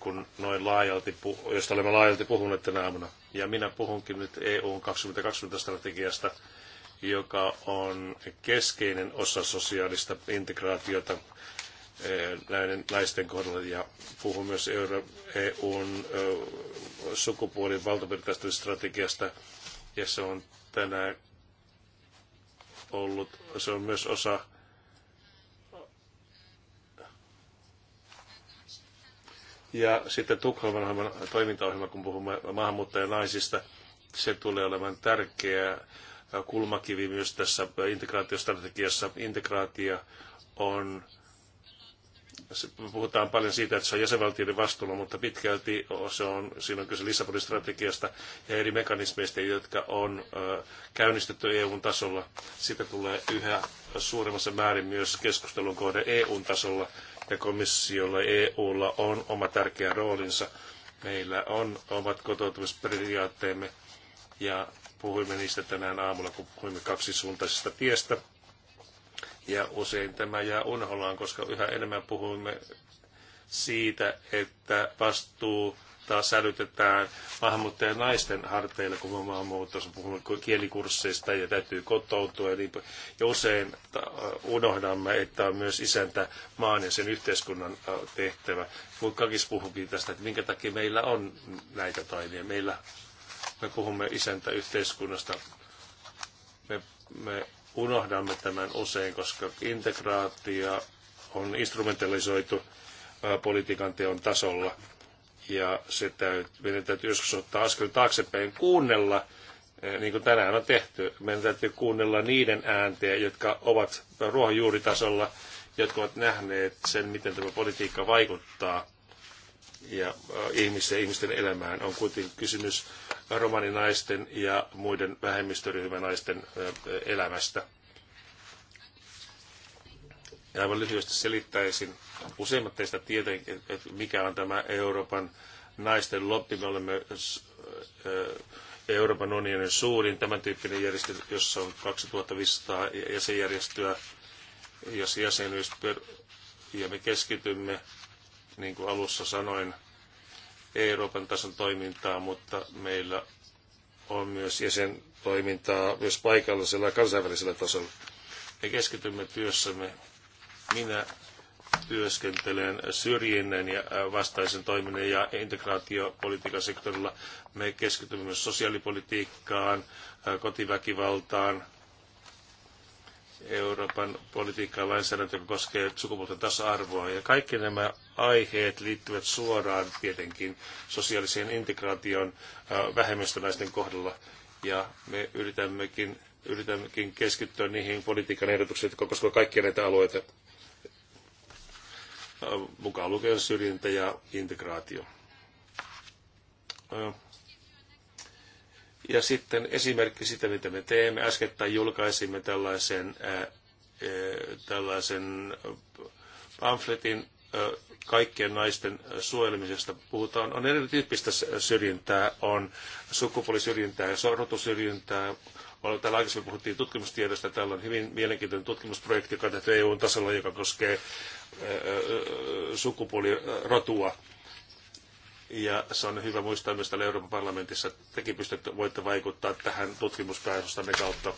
kun noin laajalti, josta olemme laajalti puhuneet tänä aamuna. Ja minä puhunkin nyt EUn 2020-strategiasta, joka on keskeinen osa sosiaalista integraatiota eh, näiden naisten kohdalla ja puhun myös EUn e sukupuolin valtavirtaistelustrategiasta ja se on tänä ollut, se on myös osa Ja sitten Tukholman toimintaohjelma, kun puhumme maahanmuuttajanaisista, se tulee olemaan tärkeä kulmakivi myös tässä integraatiostrategiassa. Integraatio on puhutaan paljon siitä, että se on jäsenvaltioiden vastuulla, mutta pitkälti se on, siinä on kyse Lissabonin strategiasta ja eri mekanismeista, jotka on käynnistetty EUn tasolla. Siitä tulee yhä suuremmassa määrin myös keskustelun kohde EUn tasolla ja komissiolla EUlla on oma tärkeä roolinsa. Meillä on omat kotoutumisperiaatteemme ja puhuimme niistä tänään aamulla, kun puhuimme kaksisuuntaisesta tiestä – ja usein tämä jää unholaan, koska yhä enemmän puhumme siitä, että vastuu taas sälytetään maahanmuuttajien naisten harteille, kun me maahanmuuttajassa puhumme kielikursseista ja täytyy kotoutua. Eli, niin ja usein unohdamme, että on myös isäntä maan ja sen yhteiskunnan tehtävä. Mutta kaikissa puhukin tästä, että minkä takia meillä on näitä taimia. Meillä me puhumme isäntä yhteiskunnasta. Me, me unohdamme tämän usein, koska integraatio on instrumentalisoitu politiikan teon tasolla. Ja se täytyy, meidän täytyy joskus ottaa askel taaksepäin kuunnella, niin kuin tänään on tehty. Meidän täytyy kuunnella niiden ääntejä, jotka ovat ruohonjuuritasolla, jotka ovat nähneet sen, miten tämä politiikka vaikuttaa ja äh, ihmisten, ihmisten elämään. On kuitenkin kysymys romaninaisten ja muiden vähemmistöryhmänaisten äh, elämästä. Ja aivan lyhyesti selittäisin, useimmat teistä tietenkin, että mikä on tämä Euroopan naisten loppi. Me olemme äh, Euroopan unionin suurin tämän tyyppinen järjestö, jossa on 2500 jäsenjärjestöä, jos jäsenyys per, ja me keskitymme niin kuin alussa sanoin, Euroopan tason toimintaa, mutta meillä on myös jäsentoimintaa myös paikallisella ja kansainvälisellä tasolla. Me keskitymme työssämme. Minä työskentelen syrjinnän ja vastaisen toiminnan ja integraatiopolitiikan sektorilla. Me keskitymme myös sosiaalipolitiikkaan, kotiväkivaltaan, Euroopan politiikkaa ja lainsäädäntö, joka koskee sukupuolten tasa-arvoa. Ja kaikki nämä aiheet liittyvät suoraan tietenkin sosiaaliseen integraation vähemmistönaisten kohdalla. Ja me yritämmekin, yritämmekin keskittyä niihin politiikan ehdotuksiin, jotka koskevat kaikkia näitä alueita, mukaan lukien syrjintä ja integraatio. Ja sitten esimerkki siitä, mitä me teemme. Äskettäin julkaisimme tällaisen, ää, tällaisen pamfletin ää, kaikkien naisten suojelemisesta puhutaan. On erityyppistä syrjintää, on sukupuolisyrjintää ja sorotusyrjintää. Täällä aikaisemmin puhuttiin tutkimustiedosta. Täällä on hyvin mielenkiintoinen tutkimusprojekti, joka on tehty EU-tasolla, joka koskee sukupuolirotua ja se on hyvä muistaa myös täällä Euroopan parlamentissa, että tekin pystytte, voitte vaikuttaa tähän tutkimuspäätöstanne kautta.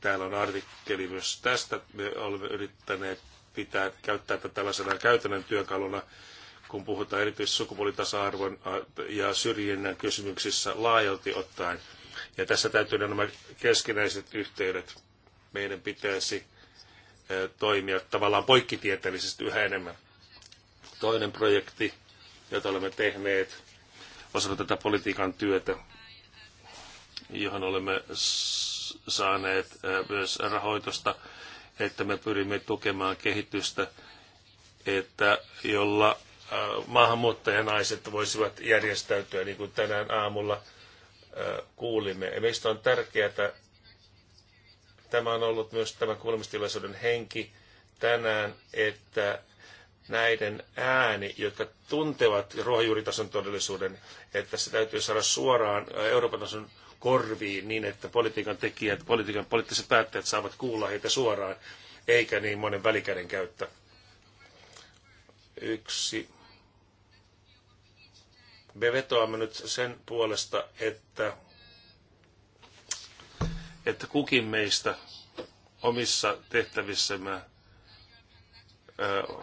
Täällä on artikkeli myös tästä. Me olemme yrittäneet pitää käyttää tätä tällaisena käytännön työkaluna, kun puhutaan erityisesti sukupuolitasa-arvon ja syrjinnän kysymyksissä laajalti ottaen. Ja tässä täytyy nämä keskinäiset yhteydet. Meidän pitäisi toimia tavallaan poikkitieteellisesti yhä enemmän. Toinen projekti jota olemme tehneet osana tätä politiikan työtä, johon olemme saaneet myös rahoitusta, että me pyrimme tukemaan kehitystä, että jolla maahanmuuttajanaiset voisivat järjestäytyä, niin kuin tänään aamulla kuulimme. Ja meistä on tärkeää, että tämä on ollut myös tämä kuulemistilaisuuden henki tänään, että näiden ääni, jotka tuntevat ruohonjuuritason todellisuuden, että se täytyy saada suoraan Euroopan tason korviin niin, että politiikan tekijät, politiikan, poliittiset päättäjät saavat kuulla heitä suoraan, eikä niin monen välikäden käyttä. Yksi. Me vetoamme nyt sen puolesta, että, että kukin meistä omissa tehtävissämme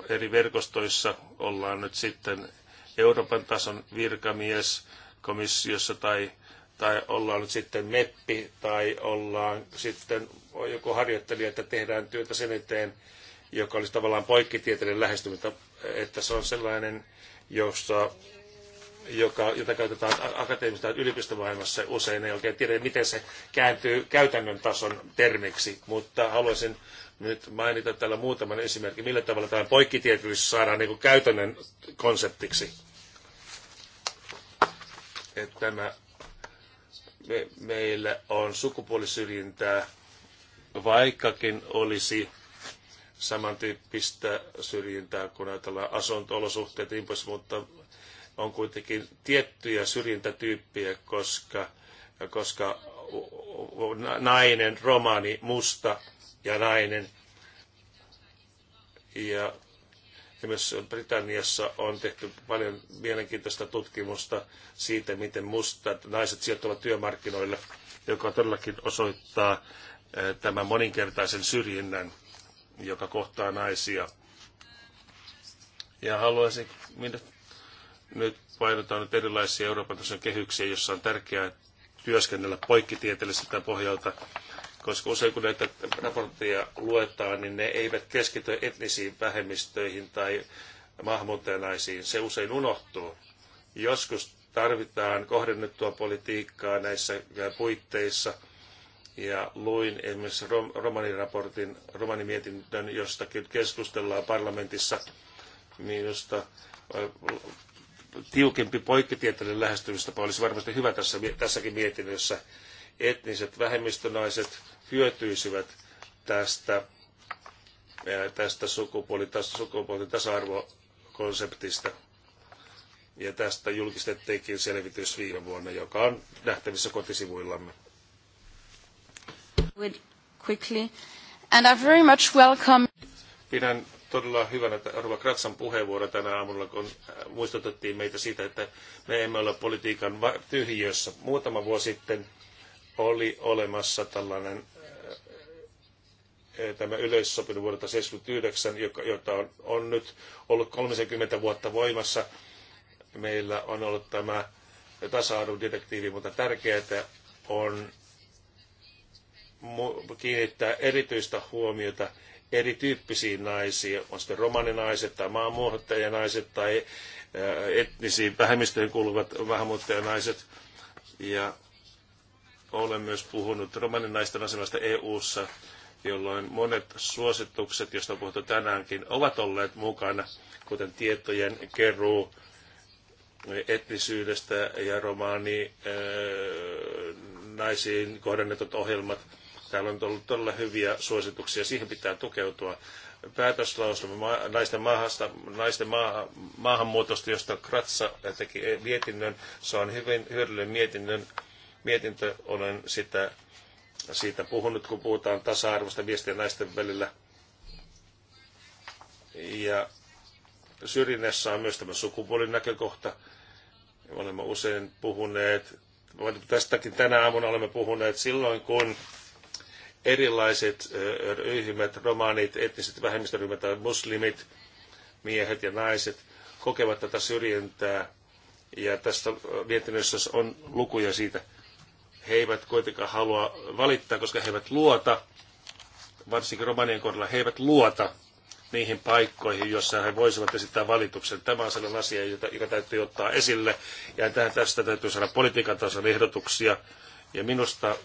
eri verkostoissa ollaan nyt sitten Euroopan tason virkamies komissiossa tai, tai ollaan nyt sitten MEPPI tai ollaan sitten joku harjoittelija, että tehdään työtä sen eteen, joka olisi tavallaan poikkitieteellinen lähestymistä, että se on sellainen, jossa joka, jota käytetään akateemisessa tai yliopistomaailmassa usein, ei oikein tiedä, miten se kääntyy käytännön tason termiksi, mutta haluaisin nyt mainita täällä muutaman esimerkin, millä tavalla tämä poikkitieteellisyys saadaan niin käytännön konseptiksi. Että tämä, me, meillä on sukupuolisyrjintää, vaikkakin olisi samantyyppistä syrjintää, kun ajatellaan asunto-olosuhteet, impos, niin mutta on kuitenkin tiettyjä syrjintätyyppiä, koska, koska nainen, romani, musta ja nainen. Ja myös Britanniassa on tehty paljon mielenkiintoista tutkimusta siitä, miten mustat naiset sijoittuvat työmarkkinoille, joka todellakin osoittaa eh, tämän moninkertaisen syrjinnän, joka kohtaa naisia. Ja haluaisin minä nyt painotaan nyt erilaisia Euroopan tason kehyksiä, jossa on tärkeää työskennellä poikkitieteelliseltä pohjalta, koska usein kun näitä raportteja luetaan, niin ne eivät keskity etnisiin vähemmistöihin tai maahanmuuttajanaisiin. Se usein unohtuu. Joskus tarvitaan kohdennettua politiikkaa näissä puitteissa. Ja luin esimerkiksi rom, romaniraportin, romanimietinnön, jostakin keskustellaan parlamentissa, minusta niin tiukempi poikkitieteellinen lähestymistapa olisi varmasti hyvä tässä, tässäkin mietinnössä. Etniset vähemmistönaiset hyötyisivät tästä, tästä sukupuolten tasa-arvokonseptista. Ja tästä julkistettiinkin selvitys viime vuonna, joka on nähtävissä kotisivuillamme. Pidän todella hyvänä Arva Kratsan puheenvuoro tänä aamulla, kun muistutettiin meitä siitä, että me emme ole politiikan tyhjiössä. Muutama vuosi sitten oli olemassa tällainen eh, tämä yleissopimus vuodelta 1979, joka, jota on, on nyt ollut 30 vuotta voimassa. Meillä on ollut tämä tasa-arvodirektiivi, mutta tärkeää on kiinnittää erityistä huomiota erityyppisiin naisiin, on sitten romaninaiset tai maanmuuttajanaiset tai etnisiin vähemmistöihin kuuluvat maahanmuuttajanaiset. Ja olen myös puhunut romaninaisten asemasta EU-ssa, jolloin monet suositukset, joista on puhuttu tänäänkin, ovat olleet mukana, kuten tietojen keruu etnisyydestä ja romaani naisiin kohdennetut ohjelmat – Täällä on ollut todella hyviä suosituksia, siihen pitää tukeutua. Päätöslauselma naisten, maahasta, naisten maaha, maahanmuutosta, josta Kratsa teki mietinnön. Se on hyvin hyödyllinen mietinnön. mietintö. Olen sitä, siitä puhunut, kun puhutaan tasa-arvosta miesten ja naisten välillä. Ja syrjinnässä on myös tämä sukupuolinäkökohta. Olemme usein puhuneet, tästäkin tänä aamuna olemme puhuneet silloin, kun erilaiset ryhmät, romaanit, etniset vähemmistöryhmät tai muslimit, miehet ja naiset kokevat tätä syrjintää. Ja tästä mietinnössä on lukuja siitä. He eivät kuitenkaan halua valittaa, koska he eivät luota, varsinkin romanien kohdalla, he eivät luota niihin paikkoihin, joissa he voisivat esittää valituksen. Tämä on sellainen asia, jota, joka täytyy ottaa esille, ja tästä täytyy saada politiikan tason ehdotuksia. Ja minusta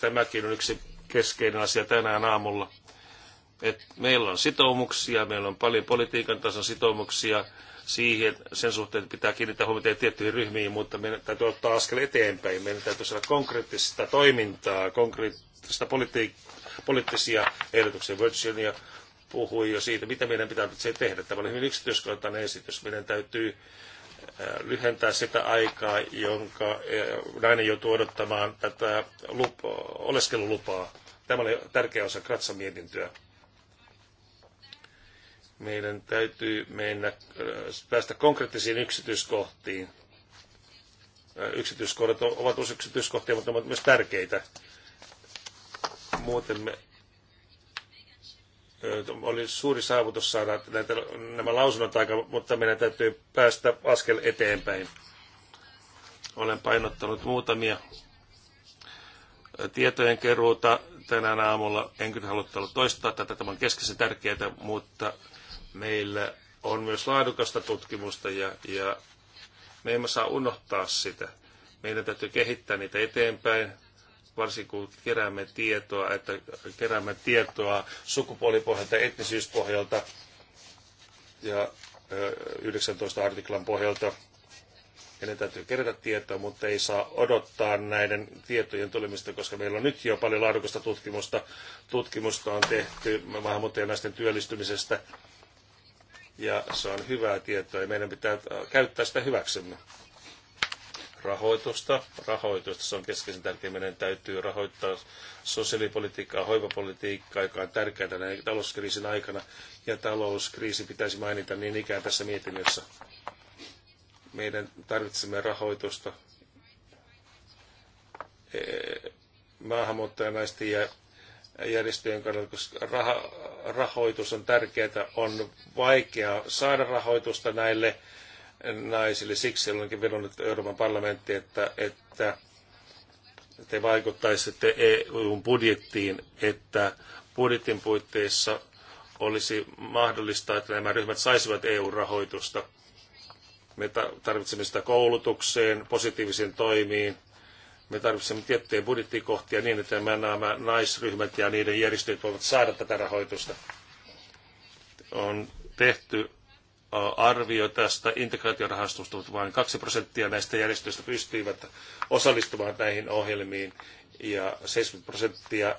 tämäkin on yksi keskeinen asia tänään aamulla. Et meillä on sitoumuksia, meillä on paljon politiikan tason sitoumuksia siihen, sen suhteen pitää kiinnittää huomiota tiettyihin ryhmiin, mutta meidän täytyy ottaa askel eteenpäin. Meidän täytyy saada konkreettista toimintaa, konkreettista politiikkaa poliittisia ehdotuksia. Virginia puhui jo siitä, mitä meidän pitää tehdä. Tämä oli hyvin yksityiskohtainen esitys. Meidän täytyy äh, lyhentää sitä aikaa, jonka äh, nainen joutuu odottamaan tätä lupa, oleskelulupaa. Tämä oli tärkeä osa Kratsan mietintöä. Meidän täytyy mennä, äh, päästä konkreettisiin yksityiskohtiin. Äh, yksityiskohdat ovat usein yksityiskohtia, mutta ne ovat myös tärkeitä. Muuten me äh, oli suuri saavutus saada näitä, nämä lausunnot aika, mutta meidän täytyy päästä askel eteenpäin. Olen painottanut muutamia tietojen keruuta, tänään aamulla. En kyllä halua toistaa tätä, tämä on keskeisen tärkeää, mutta meillä on myös laadukasta tutkimusta ja, ja me emme saa unohtaa sitä. Meidän täytyy kehittää niitä eteenpäin, varsinkin kun keräämme tietoa, että keräämme tietoa sukupuolipohjalta, etnisyyspohjalta ja 19 artiklan pohjalta meidän täytyy kerätä tietoa, mutta ei saa odottaa näiden tietojen tulemista, koska meillä on nyt jo paljon laadukasta tutkimusta. Tutkimusta on tehty naisten työllistymisestä. Ja se on hyvää tietoa ja meidän pitää käyttää sitä hyväksemme. Rahoitusta, rahoitusta, se on keskeisen tärkeä. Meidän täytyy rahoittaa sosiaalipolitiikkaa, hoivapolitiikkaa, joka on tärkeää näin talouskriisin aikana. Ja talouskriisi pitäisi mainita niin ikään tässä mietinnössä meidän tarvitsemme rahoitusta e, maahanmuuttajanaisten ja järjestöjen kannalta, koska raha, rahoitus on tärkeää, on vaikea saada rahoitusta näille naisille. Siksi olenkin vedonnut Euroopan parlamentti, että, että te vaikuttaisitte EUn budjettiin, että budjetin puitteissa olisi mahdollista, että nämä ryhmät saisivat EU-rahoitusta. Me tarvitsemme sitä koulutukseen, positiivisiin toimiin. Me tarvitsemme tiettyjä budjettikohtia niin, että nämä naisryhmät ja niiden järjestöt voivat saada tätä rahoitusta. On tehty arvio tästä integraatiorahastosta, mutta vain kaksi prosenttia näistä järjestöistä pystyivät osallistumaan näihin ohjelmiin ja 70 prosenttia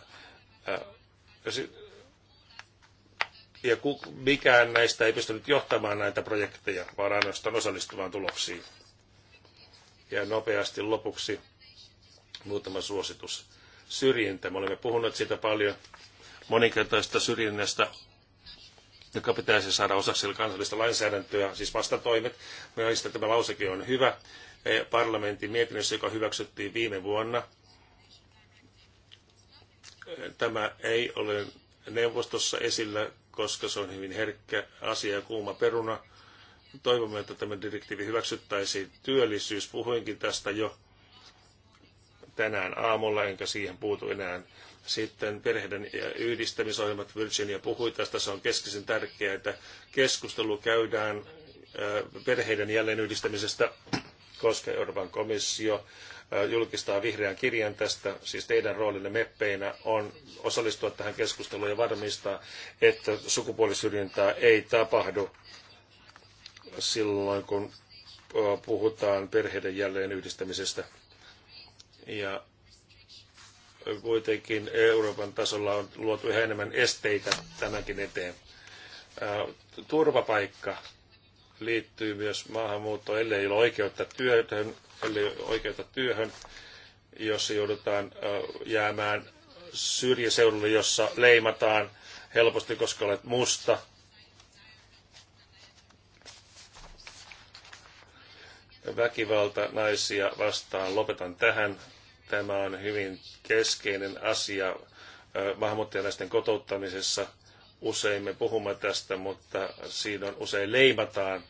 ja mikään näistä ei pystynyt johtamaan näitä projekteja, vaan ainoastaan osallistumaan tuloksiin. Ja nopeasti lopuksi muutama suositus. Syrjintä. Me olemme puhuneet siitä paljon moninkertaista syrjinnästä, joka pitäisi saada osaksi kansallista lainsäädäntöä, siis vastatoimet. Mielestäni tämä lauseke on hyvä. E, parlamentin mietinnössä, joka hyväksyttiin viime vuonna, e, tämä ei ole neuvostossa esillä koska se on hyvin herkkä asia ja kuuma peruna. Toivomme, että tämä direktiivi hyväksyttäisiin. Työllisyys, puhuinkin tästä jo tänään aamulla, enkä siihen puutu enää. Sitten perheiden yhdistämisohjelmat, Virginia puhui tästä, se on keskeisen tärkeää, että keskustelu käydään äh, perheiden jälleenyhdistämisestä, koska Euroopan komissio julkistaa vihreän kirjan tästä, siis teidän roolinne meppeinä on osallistua tähän keskusteluun ja varmistaa, että sukupuolisyrjintää ei tapahdu silloin, kun puhutaan perheiden jälleen yhdistämisestä. Ja kuitenkin Euroopan tasolla on luotu yhä enemmän esteitä tämänkin eteen. Turvapaikka liittyy myös maahanmuuttoon, ellei ole oikeutta työhön, ellei oikeutta työhön, jossa joudutaan jäämään syrjäseudulle, jossa leimataan helposti, koska olet musta. Väkivalta naisia vastaan. Lopetan tähän. Tämä on hyvin keskeinen asia maahanmuuttajanaisten kotouttamisessa. Usein me puhumme tästä, mutta siinä on usein leimataan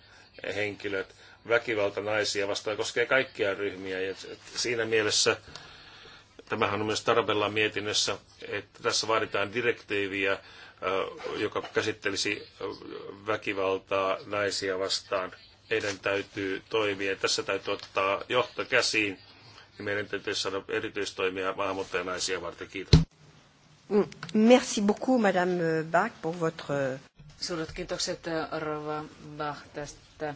henkilöt väkivalta naisia vastaan koskee kaikkia ryhmiä. Ja siinä mielessä tämähän on myös Tarbellan mietinnössä, että tässä vaaditaan direktiiviä, joka käsittelisi väkivaltaa naisia vastaan. Meidän täytyy toimia. Tässä täytyy ottaa johto käsiin. Ja meidän täytyy saada erityistoimia maahanmuuttajanaisia varten. Kiitos. Mm, merci beaucoup, Madame Bach, pour votre... Suuret kiitokset, Rova Bach, tästä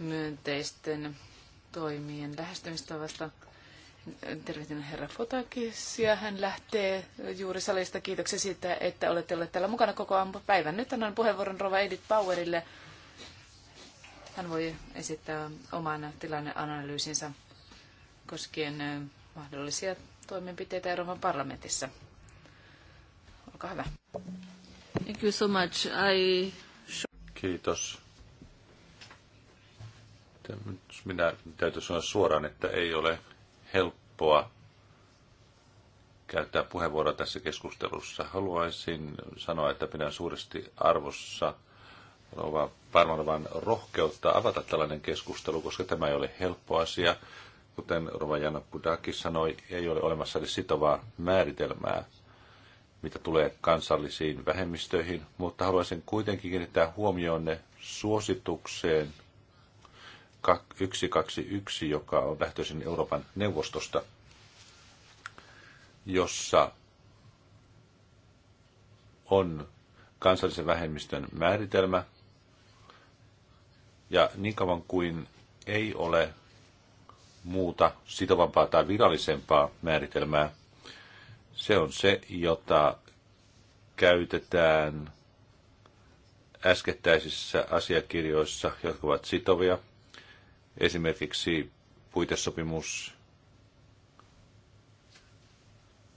myönteisten toimien lähestymistavasta. Tervehdin herra ja Hän lähtee juuri salista. Kiitoksia siitä, että olette olleet täällä mukana koko aamupäivän. Nyt annan puheenvuoron Rova Edith Powerille. Hän voi esittää oman tilanneanalyysinsä koskien mahdollisia toimenpiteitä Euroopan parlamentissa. Olkaa hyvä. Thank you so much. I... Kiitos minä täytyy sanoa suoraan, että ei ole helppoa käyttää puheenvuoroa tässä keskustelussa. Haluaisin sanoa, että pidän suuresti arvossa Rova Parmanovan rohkeutta avata tällainen keskustelu, koska tämä ei ole helppo asia. Kuten Rova Jana Budaki sanoi, ei ole olemassa edes sitovaa määritelmää, mitä tulee kansallisiin vähemmistöihin, mutta haluaisin kuitenkin kiinnittää huomioonne suositukseen – 121, joka on lähtöisin Euroopan neuvostosta, jossa on kansallisen vähemmistön määritelmä. Ja niin kauan kuin ei ole muuta sitovampaa tai virallisempaa määritelmää, se on se, jota käytetään äskettäisissä asiakirjoissa, jotka ovat sitovia – Esimerkiksi puitesopimus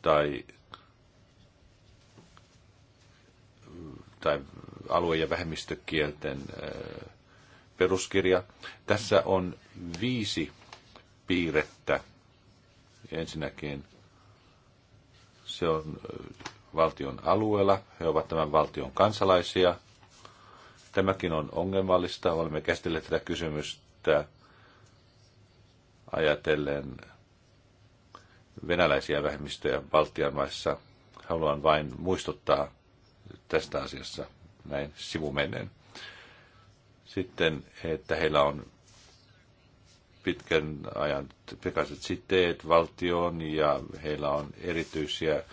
tai, tai alue- ja vähemmistökielten äh, peruskirja. Tässä on viisi piirrettä. Ensinnäkin se on äh, valtion alueella, he ovat tämän valtion kansalaisia. Tämäkin on ongelmallista, olemme käsitelleet tätä kysymystä ajatellen venäläisiä vähemmistöjä Baltian maissa. Haluan vain muistuttaa tästä asiassa näin sivumenen. Sitten, että heillä on pitkän ajan pikaiset siteet valtioon ja heillä on erityisiä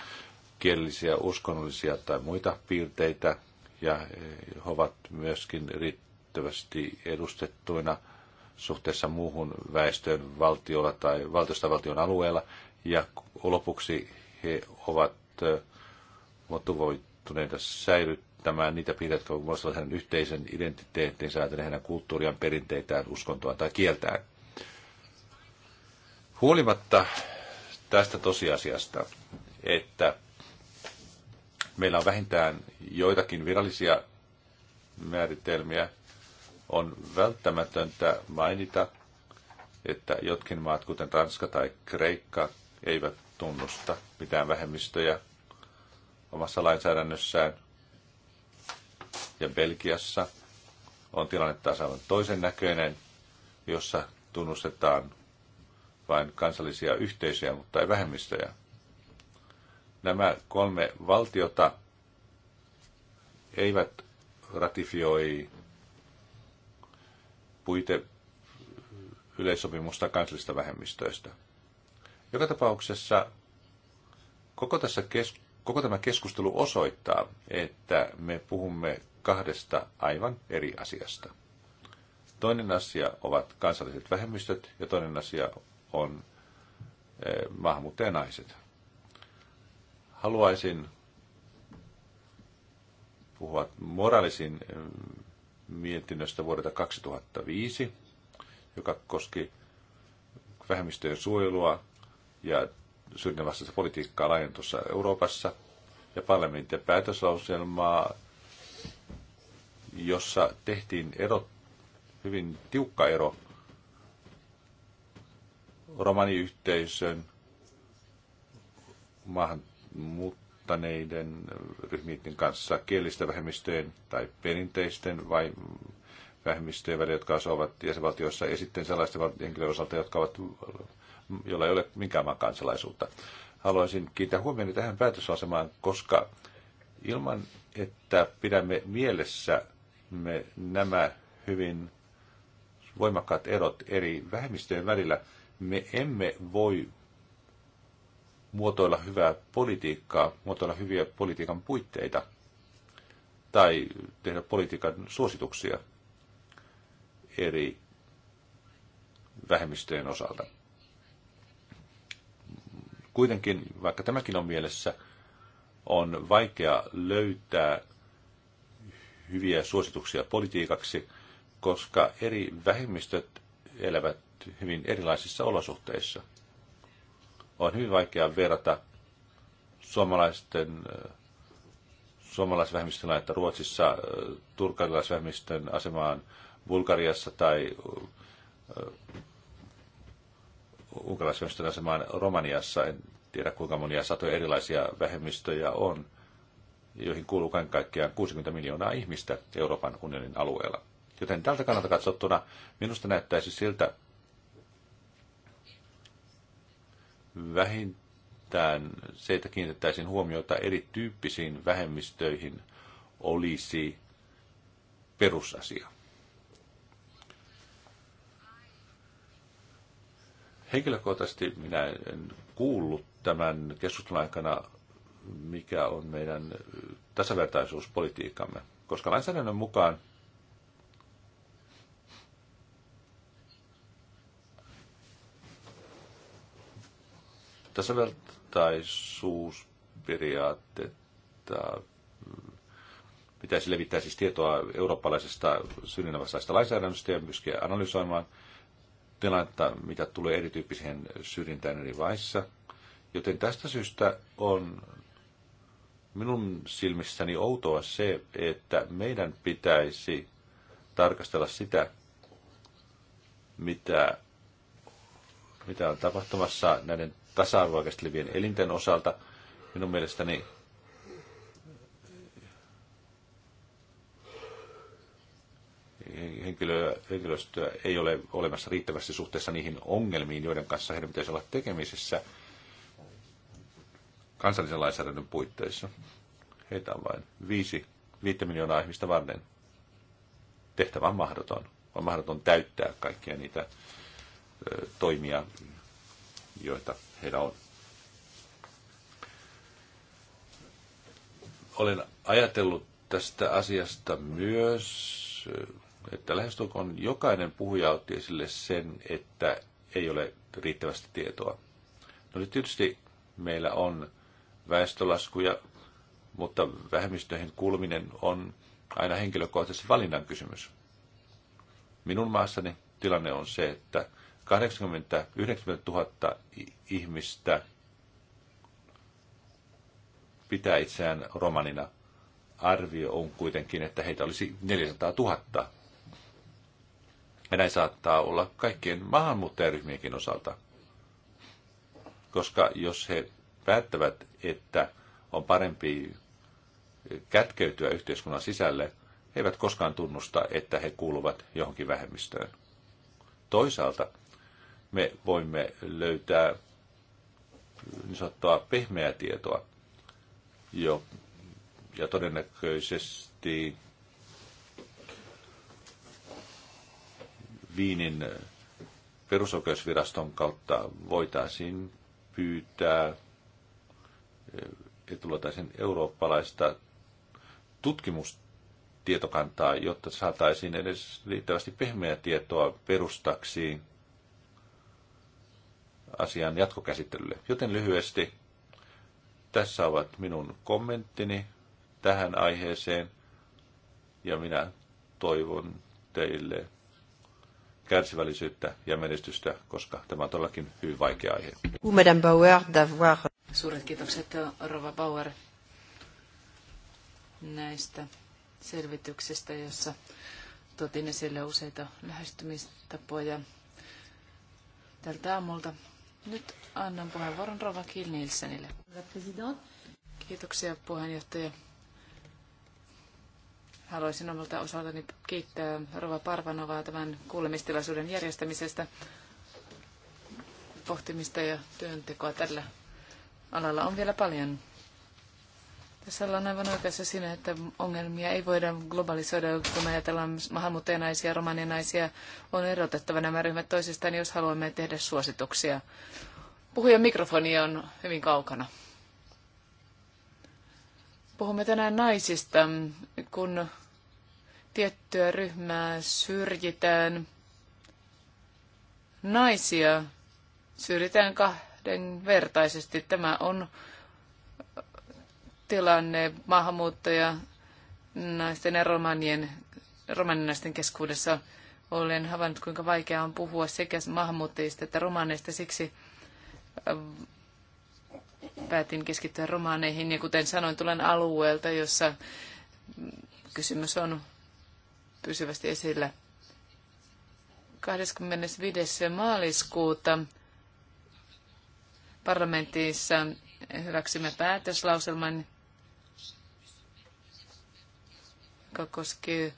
kielisiä uskonnollisia tai muita piirteitä ja he ovat myöskin riittävästi edustettuina – suhteessa muuhun väestöön valtiolla tai valtiosta valtion alueella. Ja lopuksi he ovat motivoituneita säilyttämään niitä piirteitä, jotka muistavat hänen yhteisen identiteettinsä, ajatellen heidän kulttuuriaan, perinteitään, uskontoa tai kieltään. Huolimatta tästä tosiasiasta, että meillä on vähintään joitakin virallisia määritelmiä, on välttämätöntä mainita, että jotkin maat, kuten Tanska tai Kreikka, eivät tunnusta mitään vähemmistöjä omassa lainsäädännössään. Ja Belgiassa on tilanne taas aivan toisen näköinen, jossa tunnustetaan vain kansallisia yhteisöjä, mutta ei vähemmistöjä. Nämä kolme valtiota eivät ratifioi puite yleissopimusta kansallisista vähemmistöistä. Joka tapauksessa koko, tässä kes, koko tämä keskustelu osoittaa, että me puhumme kahdesta aivan eri asiasta. Toinen asia ovat kansalliset vähemmistöt ja toinen asia on eh, maahanmuuttajanaiset. Haluaisin puhua moraalisin eh, mietinnöstä vuodelta 2005, joka koski vähemmistöjen suojelua ja syrjinnänvastaista politiikkaa laajentussa Euroopassa ja parlamentin päätöslauselmaa, jossa tehtiin ero, hyvin tiukka ero romaniyhteisön maahan muut muuttaneiden ryhmien kanssa kielisten vähemmistöjen tai perinteisten vai vähemmistöjen välillä, jotka asuvat jäsenvaltioissa, ja sitten sellaisten henkilöiden osalta, jotka ovat, joilla ei ole minkään maan kansalaisuutta. Haluaisin kiittää huomioon tähän päätösasemaan, koska ilman, että pidämme mielessä me nämä hyvin voimakkaat erot eri vähemmistöjen välillä, me emme voi muotoilla hyvää politiikkaa, muotoilla hyviä politiikan puitteita tai tehdä politiikan suosituksia eri vähemmistöjen osalta. Kuitenkin, vaikka tämäkin on mielessä, on vaikea löytää hyviä suosituksia politiikaksi, koska eri vähemmistöt elävät hyvin erilaisissa olosuhteissa – on hyvin vaikea verrata suomalaisten että Ruotsissa, turkalaisvähemmistön asemaan Bulgariassa tai unkalaisvähemmistön asemaan Romaniassa. En tiedä kuinka monia satoja erilaisia vähemmistöjä on, joihin kuuluu kaiken kaikkiaan 60 miljoonaa ihmistä Euroopan unionin alueella. Joten tältä kannalta katsottuna minusta näyttäisi siltä, vähintään se, että kiinnitettäisiin huomiota erityyppisiin vähemmistöihin, olisi perusasia. Henkilökohtaisesti minä en kuullut tämän keskustelun aikana, mikä on meidän tasavertaisuuspolitiikkamme, koska lainsäädännön mukaan Tasavertaisuusperiaatetta mm, pitäisi levittää siis tietoa eurooppalaisesta syrjinnänvastaisesta lainsäädännöstä ja myöskin analysoimaan tilannetta, mitä tulee erityyppiseen syrjintään eri vaiheissa. Joten tästä syystä on minun silmissäni outoa se, että meidän pitäisi tarkastella sitä, mitä, mitä on tapahtumassa näiden tasa-arvoa käsittelevien elinten osalta. Minun mielestäni henkilö, henkilöstöä ei ole olemassa riittävästi suhteessa niihin ongelmiin, joiden kanssa heidän pitäisi olla tekemisissä kansallisen lainsäädännön puitteissa. Heitä on vain viisi, viittä miljoonaa ihmistä varten. Tehtävä on mahdoton. On mahdoton täyttää kaikkia niitä ö, toimia, joita heillä on. Olen ajatellut tästä asiasta myös, että lähestulkoon jokainen puhuja otti esille sen, että ei ole riittävästi tietoa. No nyt tietysti meillä on väestölaskuja, mutta vähemmistöihin kuuluminen on aina henkilökohtaisesti valinnan kysymys. Minun maassani tilanne on se, että 80 90 000 ihmistä pitää itseään romanina. Arvio on kuitenkin, että heitä olisi 400 000. Ja näin saattaa olla kaikkien maahanmuuttajaryhmienkin osalta. Koska jos he päättävät, että on parempi kätkeytyä yhteiskunnan sisälle, he eivät koskaan tunnusta, että he kuuluvat johonkin vähemmistöön. Toisaalta me voimme löytää niin sanottua pehmeää tietoa. Jo, ja todennäköisesti Viinin perusoikeusviraston kautta voitaisiin pyytää etulotaisen eurooppalaista tutkimustietokantaa, jotta saataisiin edes riittävästi pehmeää tietoa perustaksi asian jatkokäsittelylle. Joten lyhyesti tässä ovat minun kommenttini tähän aiheeseen ja minä toivon teille kärsivällisyyttä ja menestystä, koska tämä on todellakin hyvin vaikea aihe. Suuret kiitokset Rova Bauer näistä selvityksistä, jossa totin esille useita lähestymistapoja tältä aamulta. Nyt annan puheenvuoron Rova Kilnilsenille. Kiitoksia puheenjohtaja. Haluaisin omalta osaltani kiittää Rova Parvanovaa tämän kuulemistilaisuuden järjestämisestä, pohtimista ja työntekoa tällä alalla on vielä paljon tässä ollaan aivan oikeassa siinä, että ongelmia ei voida globalisoida, kun me ajatellaan maahanmuuttajanaisia, romaninaisia, on erotettava nämä ryhmät toisistaan, jos haluamme tehdä suosituksia. Puhujan mikrofoni on hyvin kaukana. Puhumme tänään naisista, kun tiettyä ryhmää syrjitään. Naisia syrjitään kahdenvertaisesti. Tämä on tilanne maahanmuuttaja naisten ja romanien, romaninaisten keskuudessa. Olen havainnut, kuinka vaikeaa on puhua sekä maahanmuuttajista että romaneista. Siksi äh, päätin keskittyä romaaneihin. Ja kuten sanoin, tulen alueelta, jossa kysymys on pysyvästi esillä. 25. maaliskuuta parlamentissa hyväksymme päätöslauselman, joka koskee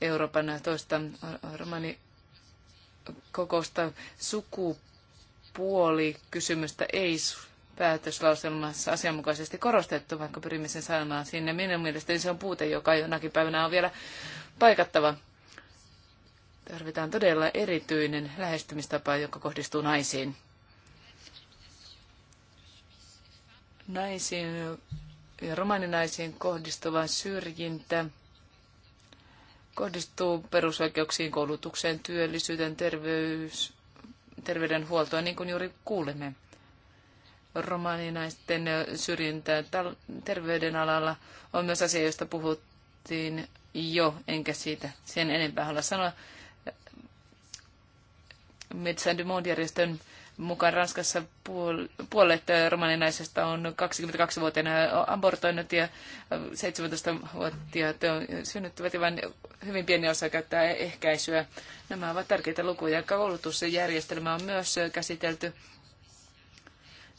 Euroopan toista romani kokousta sukupuolikysymystä ei päätöslauselmassa asianmukaisesti korostettu, vaikka pyrimme sen saamaan sinne. Minun mielestäni se on puute, joka jonakin päivänä on vielä paikattava. Tarvitaan todella erityinen lähestymistapa, joka kohdistuu naisiin. Naisiin romaninaisiin kohdistuva syrjintä kohdistuu perusoikeuksiin, koulutukseen, työllisyyteen, terveys, terveydenhuoltoon, niin kuin juuri kuulemme Romaninaisten syrjintää terveydenalalla on myös asia, josta puhuttiin jo, enkä siitä sen enempää halua sanoa. Metsän järjestön mukaan Ranskassa puolet äh, romaninaisesta on 22-vuotiaana abortoinut ja 17-vuotiaat äh, synnyttävät ja vain hyvin pieni osa käyttää e-, ehkäisyä. Nämä ovat tärkeitä lukuja. Koulutusjärjestelmä on myös äh, käsitelty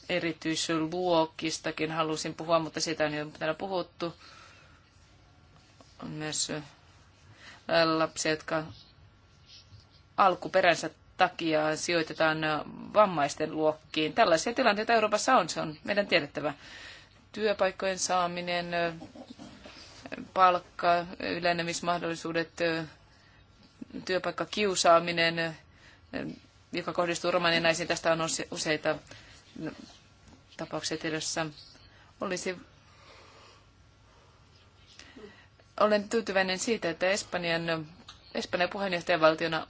erityisluokistakin halusin puhua, mutta siitä on jo täällä puhuttu. On myös lapsia, jotka alkuperänsä takia sijoitetaan vammaisten luokkiin. Tällaisia tilanteita Euroopassa on, se on meidän tiedettävä. Työpaikkojen saaminen, palkka, ylenemismahdollisuudet, kiusaaminen, joka kohdistuu romanien naisiin, Tästä on useita tapauksia tiedossa. Olisi olen tyytyväinen siitä, että Espanjan, Espanjan puheenjohtajavaltiona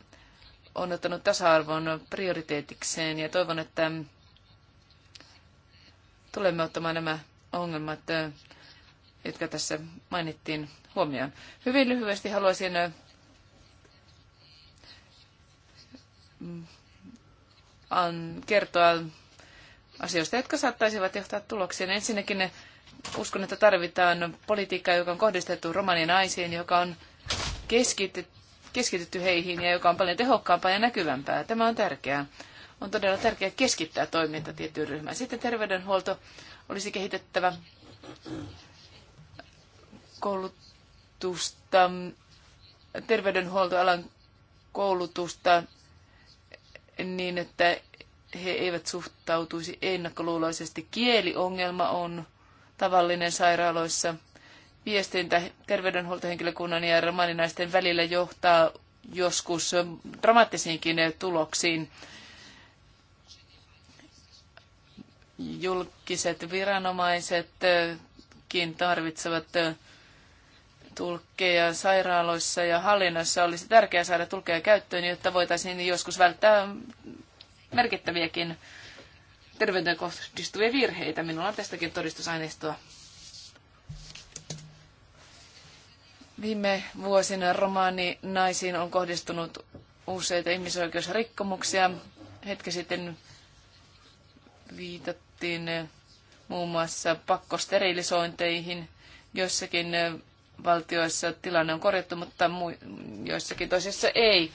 on ottanut tasa-arvon prioriteetikseen ja toivon, että tulemme ottamaan nämä ongelmat, jotka tässä mainittiin, huomioon. Hyvin lyhyesti haluaisin kertoa asioista, jotka saattaisivat johtaa tuloksiin. Ensinnäkin uskon, että tarvitaan politiikkaa, joka on kohdistettu romanien naisiin, joka on keskitetty keskitytty heihin ja joka on paljon tehokkaampaa ja näkyvämpää. Tämä on tärkeää. On todella tärkeää keskittää toiminta tiettyyn ryhmään. Sitten terveydenhuolto olisi kehitettävä koulutusta, terveydenhuoltoalan koulutusta niin, että he eivät suhtautuisi ennakkoluuloisesti. Kieliongelma on tavallinen sairaaloissa – viestintä terveydenhuoltohenkilökunnan ja romaninaisten välillä johtaa joskus dramaattisiinkin tuloksiin. Julkiset viranomaisetkin tarvitsevat tulkkeja sairaaloissa ja hallinnossa. Olisi tärkeää saada tulkkeja käyttöön, jotta voitaisiin joskus välttää merkittäviäkin terveyteen kohdistuvia virheitä. Minulla on tästäkin todistusaineistoa. Viime vuosina romaani naisiin on kohdistunut useita ihmisoikeusrikkomuksia. Hetki sitten viitattiin muun muassa pakkosterilisointeihin. Joissakin valtioissa tilanne on korjattu, mutta joissakin toisissa ei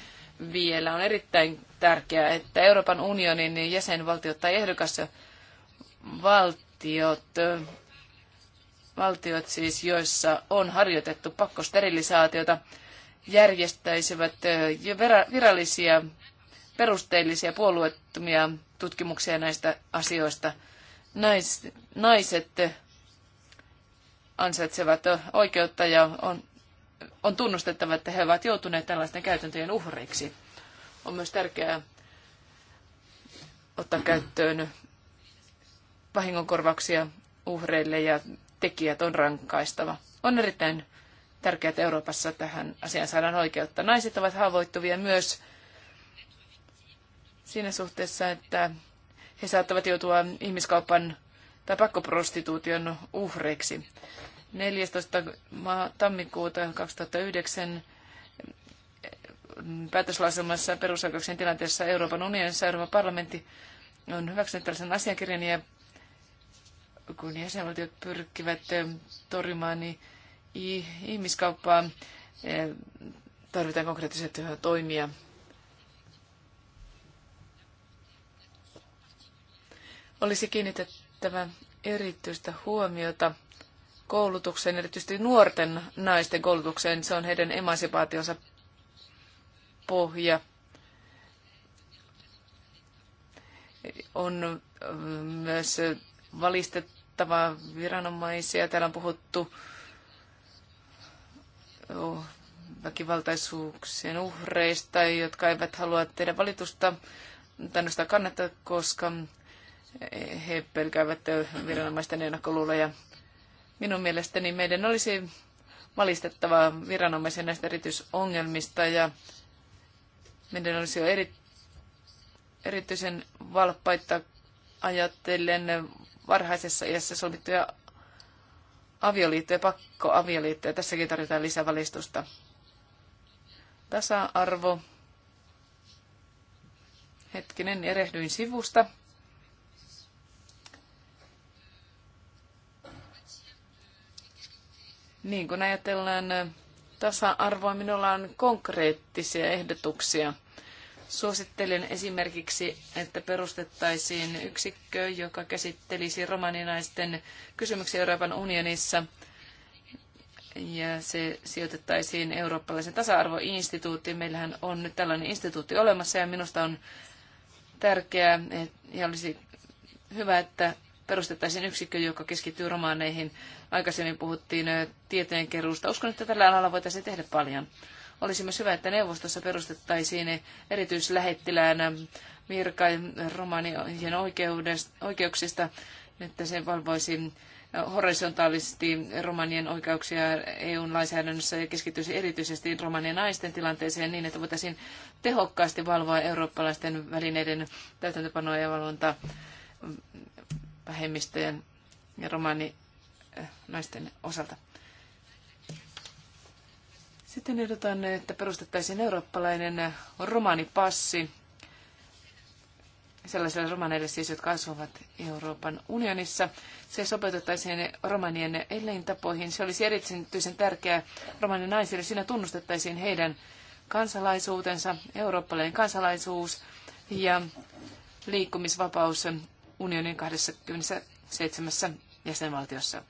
vielä. On erittäin tärkeää, että Euroopan unionin jäsenvaltiot tai ehdokasvaltiot valtiot siis, joissa on harjoitettu pakkosterilisaatiota, järjestäisivät virallisia perusteellisia puolueettomia tutkimuksia näistä asioista. Nais, naiset ansaitsevat oikeutta ja on, on tunnustettava, että he ovat joutuneet tällaisten käytäntöjen uhreiksi. On myös tärkeää ottaa käyttöön vahingonkorvauksia uhreille ja tekijät on rankaistava. On erittäin tärkeää, että Euroopassa tähän asiaan saadaan oikeutta. Naiset ovat haavoittuvia myös siinä suhteessa, että he saattavat joutua ihmiskaupan tai pakkoprostituution uhreiksi. 14. tammikuuta 2009 päätöslauselmassa perusoikeuksien tilanteessa Euroopan unionissa Euroopan parlamentti on hyväksynyt tällaisen asiakirjan ja kun jäsenvaltiot pyrkivät eh, torjumaan niin ihmiskauppaa, eh, tarvitaan konkreettisia eh, toimia. Olisi kiinnitettävä erityistä huomiota koulutukseen, erityisesti nuorten naisten koulutukseen. Se on heidän emansipaationsa pohja. On myös valistettava viranomaisia. Täällä on puhuttu oh, väkivaltaisuuksien uhreista, jotka eivät halua tehdä valitusta tämmöistä kannattaa, koska he pelkäävät viranomaisten ennakkoluuloja. Minun mielestäni meidän olisi valistettava viranomaisia näistä erityisongelmista ja meidän olisi jo eri, erityisen valppaita ajatellen varhaisessa iässä solmittuja avioliittoja, pakkoavioliittoja. Tässäkin tarvitaan lisävalistusta. Tasa-arvo. Hetkinen, erehdyin sivusta. Niin kun ajatellaan tasa-arvoa, minulla on konkreettisia ehdotuksia – Suosittelen esimerkiksi, että perustettaisiin yksikkö, joka käsittelisi romaninaisten kysymyksiä Euroopan unionissa ja se sijoitettaisiin eurooppalaisen tasa-arvoinstituuttiin. Meillähän on nyt tällainen instituutti olemassa ja minusta on tärkeää ja olisi hyvä, että perustettaisiin yksikkö, joka keskittyy romaaneihin. Aikaisemmin puhuttiin tieteenkeruusta. Uskon, että tällä alalla voitaisiin tehdä paljon. Olisi myös hyvä, että neuvostossa perustettaisiin erityislähettilään virka romanien oikeuksista, että se valvoisi horisontaalisesti romanien oikeuksia EUn lainsäädännössä ja keskittyisi erityisesti romanien naisten tilanteeseen niin, että voitaisiin tehokkaasti valvoa eurooppalaisten välineiden täytäntöpanoa ja valvontaa vähemmistöjen ja romani naisten osalta. Sitten ehdotan, että perustettaisiin eurooppalainen romaanipassi sellaisille romaneille siis, jotka asuvat Euroopan unionissa. Se sopeutettaisiin romanien elintapoihin. Se olisi erityisen tärkeää romanien naisille. Siinä tunnustettaisiin heidän kansalaisuutensa, eurooppalainen kansalaisuus ja liikkumisvapaus unionin 27 jäsenvaltiossa.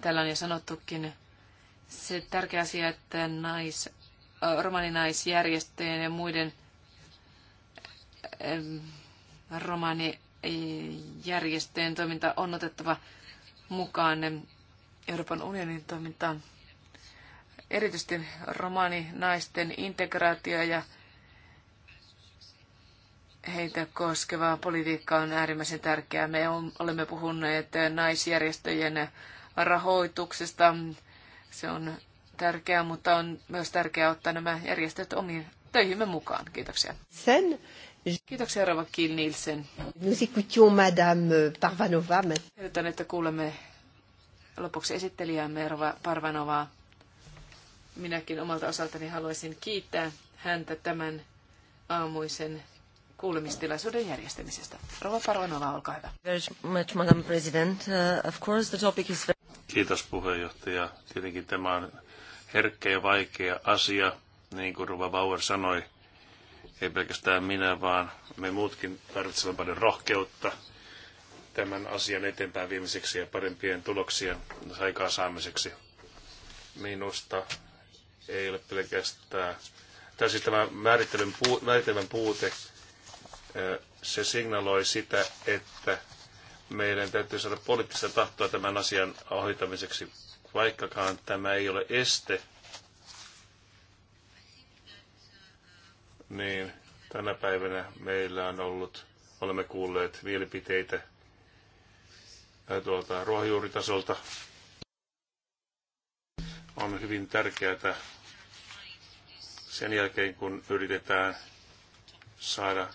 Tällä on jo sanottukin, se tärkeä asia, että nais, romaninaisjärjestöjen ja muiden romanijärjestöjen toiminta on otettava mukaan Euroopan unionin toimintaan. Erityisesti romaninaisten integraatio ja heitä koskeva politiikka on äärimmäisen tärkeää. Me olemme puhuneet naisjärjestöjen rahoituksesta, se on tärkeää, mutta on myös tärkeää ottaa nämä järjestöt omiin töihimme mukaan. Kiitoksia. Sen. Kiitoksia Rova Kiel Nielsen. Nous écoutions Madame Parvanova. Ehdotan, että kuulemme lopuksi esittelijäämme Rova Parvanovaa. Minäkin omalta osaltani haluaisin kiittää häntä tämän aamuisen kuulemistilaisuuden järjestämisestä. Rova Parvanova, olkaa hyvä. Very much, Madam President. Uh, of course the topic is Kiitos puheenjohtaja. Tietenkin tämä on herkkä ja vaikea asia, niin kuin Ruva Bauer sanoi. Ei pelkästään minä, vaan me muutkin tarvitsemme paljon rohkeutta tämän asian eteenpäin viemiseksi ja parempien tuloksien aikaa saamiseksi. Minusta ei ole pelkästään, tai siis tämä määrittelyn määritelmän puute, se signaloi sitä, että meidän täytyy saada poliittista tahtoa tämän asian hoitamiseksi, vaikkakaan tämä ei ole este. Niin tänä päivänä meillä on ollut, olemme kuulleet mielipiteitä tuolta ruohonjuuritasolta. On hyvin tärkeää sen jälkeen, kun yritetään saada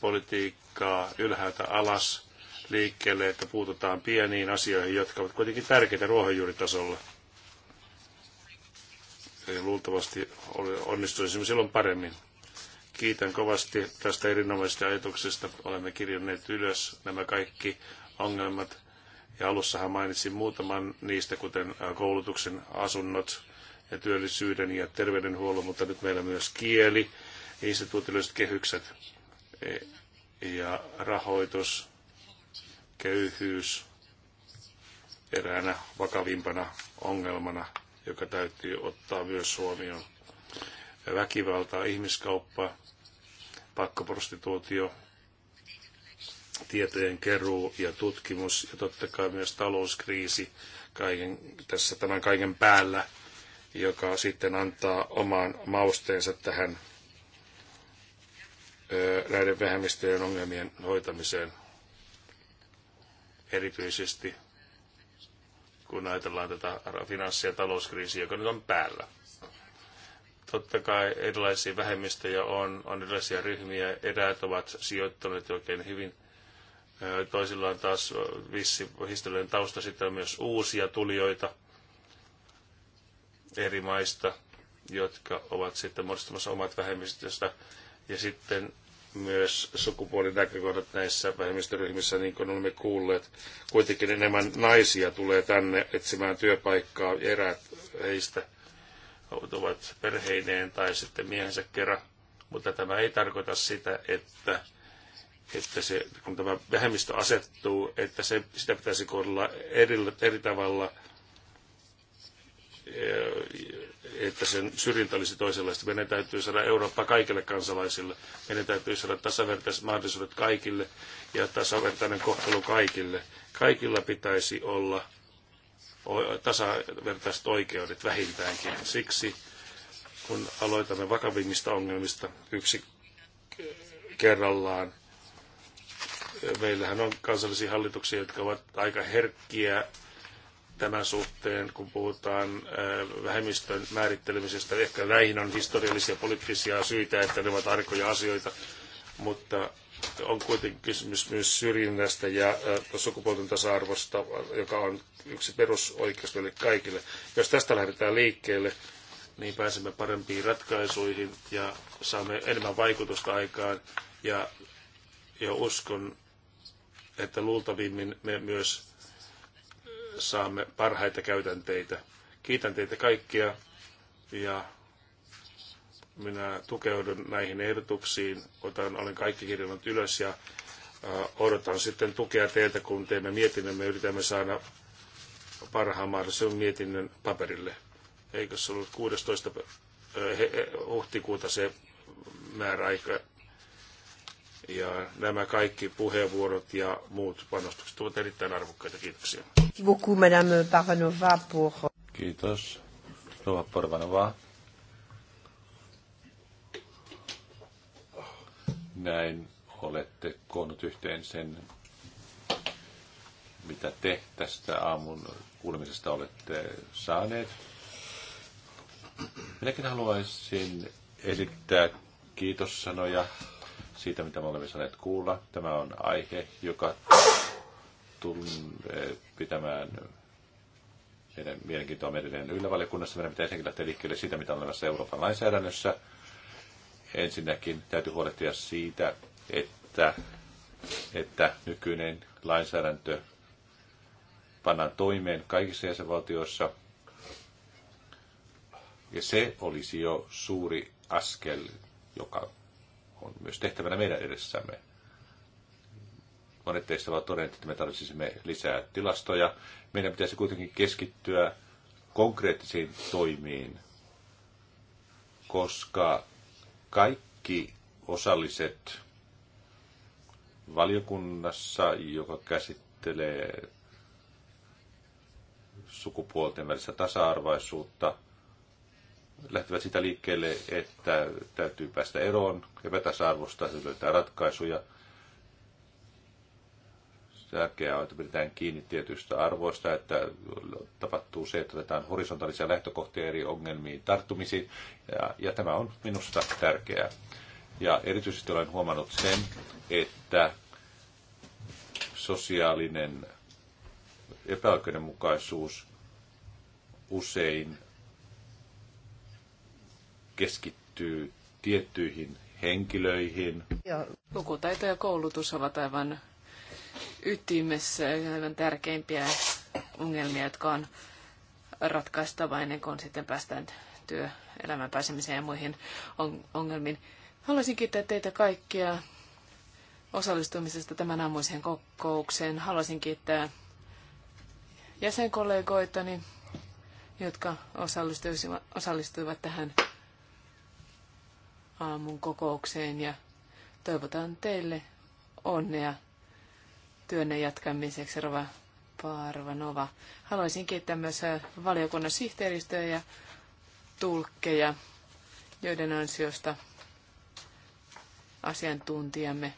politiikkaa ylhäältä alas, liikkeelle, että puututaan pieniin asioihin, jotka ovat kuitenkin tärkeitä ruohonjuuritasolla. Eli luultavasti onnistuisimme silloin paremmin. Kiitän kovasti tästä erinomaisesta ajatuksesta. Olemme kirjanneet ylös nämä kaikki ongelmat. Ja alussahan mainitsin muutaman niistä, kuten koulutuksen asunnot ja työllisyyden ja terveydenhuollon, mutta nyt meillä myös kieli, instituutilliset kehykset e- ja rahoitus köyhyys eräänä vakavimpana ongelmana, joka täytyy ottaa myös huomioon. Väkivaltaa, ihmiskauppaa, pakkoprostituutio, tietojen keruu ja tutkimus ja totta kai myös talouskriisi kaiken, tässä tämän kaiken päällä, joka sitten antaa oman mausteensa tähän näiden vähemmistöjen ongelmien hoitamiseen erityisesti kun ajatellaan tätä finanssi- ja talouskriisiä, joka nyt on päällä. Totta kai erilaisia vähemmistöjä on, on erilaisia ryhmiä, eräät ovat sijoittaneet oikein hyvin. Toisilla on taas vissi historiallinen tausta, sitten on myös uusia tulijoita eri maista, jotka ovat sitten muodostamassa omat vähemmistöstä. Ja sitten myös sukupuolinäkökohdat näissä vähemmistöryhmissä, niin kuin olemme kuulleet. Kuitenkin enemmän naisia tulee tänne etsimään työpaikkaa ja eräät heistä ovat perheineen tai sitten miehensä kerran. Mutta tämä ei tarkoita sitä, että, että se, kun tämä vähemmistö asettuu, että se, sitä pitäisi kohdella eri, eri tavalla – että sen syrjintä olisi toisenlaista. Meidän täytyy saada Eurooppa kaikille kansalaisille. Meidän täytyy saada tasavertaiset mahdollisuudet kaikille ja tasavertainen kohtelu kaikille. Kaikilla pitäisi olla tasavertaiset oikeudet vähintäänkin. Siksi kun aloitamme vakavimmista ongelmista yksi kerrallaan, meillähän on kansallisia hallituksia, jotka ovat aika herkkiä tämän suhteen, kun puhutaan äh, vähemmistön määrittelemisestä. Ehkä näihin on historiallisia poliittisia syitä, että ne ovat arkoja asioita, mutta on kuitenkin kysymys myös syrjinnästä ja äh, sukupuolten tasa-arvosta, joka on yksi perusoikeus meille kaikille. Jos tästä lähdetään liikkeelle, niin pääsemme parempiin ratkaisuihin ja saamme enemmän vaikutusta aikaan. Ja, ja uskon, että luultavimmin me myös saamme parhaita käytänteitä. Kiitän teitä kaikkia ja minä tukeudun näihin ehdotuksiin. Otan, olen kaikki kirjannut ylös ja odotan sitten tukea teiltä, kun teemme mietinnön. Me yritämme saada parhaan mahdollisen mietinnön paperille. Eikö se ollut 16. huhtikuuta se määräaika ja nämä kaikki puheenvuorot ja muut panostukset ovat erittäin arvokkaita. Kiitoksia. Kiitos. Rova Porvanova. Näin olette koonnut yhteen sen, mitä te tästä aamun kuulemisesta olette saaneet. Minäkin haluaisin esittää kiitossanoja siitä, mitä me olemme saaneet kuulla. Tämä on aihe, joka tulee pitämään meidän mielenkiintoa meidän yllä valiokunnassa. Meidän pitää ensinnäkin lähteä liikkeelle siitä, mitä on olemassa Euroopan lainsäädännössä. Ensinnäkin täytyy huolehtia siitä, että, että nykyinen lainsäädäntö pannaan toimeen kaikissa jäsenvaltioissa. Ja se olisi jo suuri askel, joka on myös tehtävänä meidän edessämme. Monet teistä ovat todenneet, että me tarvitsisimme lisää tilastoja. Meidän pitäisi kuitenkin keskittyä konkreettisiin toimiin, koska kaikki osalliset valiokunnassa, joka käsittelee sukupuolten välistä tasa-arvaisuutta arvoisuutta lähtevät sitä liikkeelle, että täytyy päästä eroon epätasa-arvosta, se löytää ratkaisuja. Tärkeää on, että pidetään kiinni tietyistä arvoista, että tapahtuu se, että otetaan horisontaalisia lähtökohtia eri ongelmiin tarttumisiin, ja, ja tämä on minusta tärkeää. Ja erityisesti olen huomannut sen, että sosiaalinen epäoikeudenmukaisuus usein keskittyy tiettyihin henkilöihin. Ja lukutaito ja koulutus ovat aivan ytimessä ja aivan tärkeimpiä ongelmia, jotka on ratkaistava ennen kuin sitten päästään työelämään pääsemiseen ja muihin ongelmiin. Haluaisin kiittää teitä kaikkia osallistumisesta tämän aamuiseen kokoukseen. Haluaisin kiittää jäsenkollegoitani, jotka osallistuivat tähän aamun kokoukseen ja toivotan teille onnea työnne jatkamiseksi, Rova Parvanova. Haluaisin kiittää myös äh, valiokunnan sihteeristöä ja tulkkeja, joiden ansiosta asiantuntijamme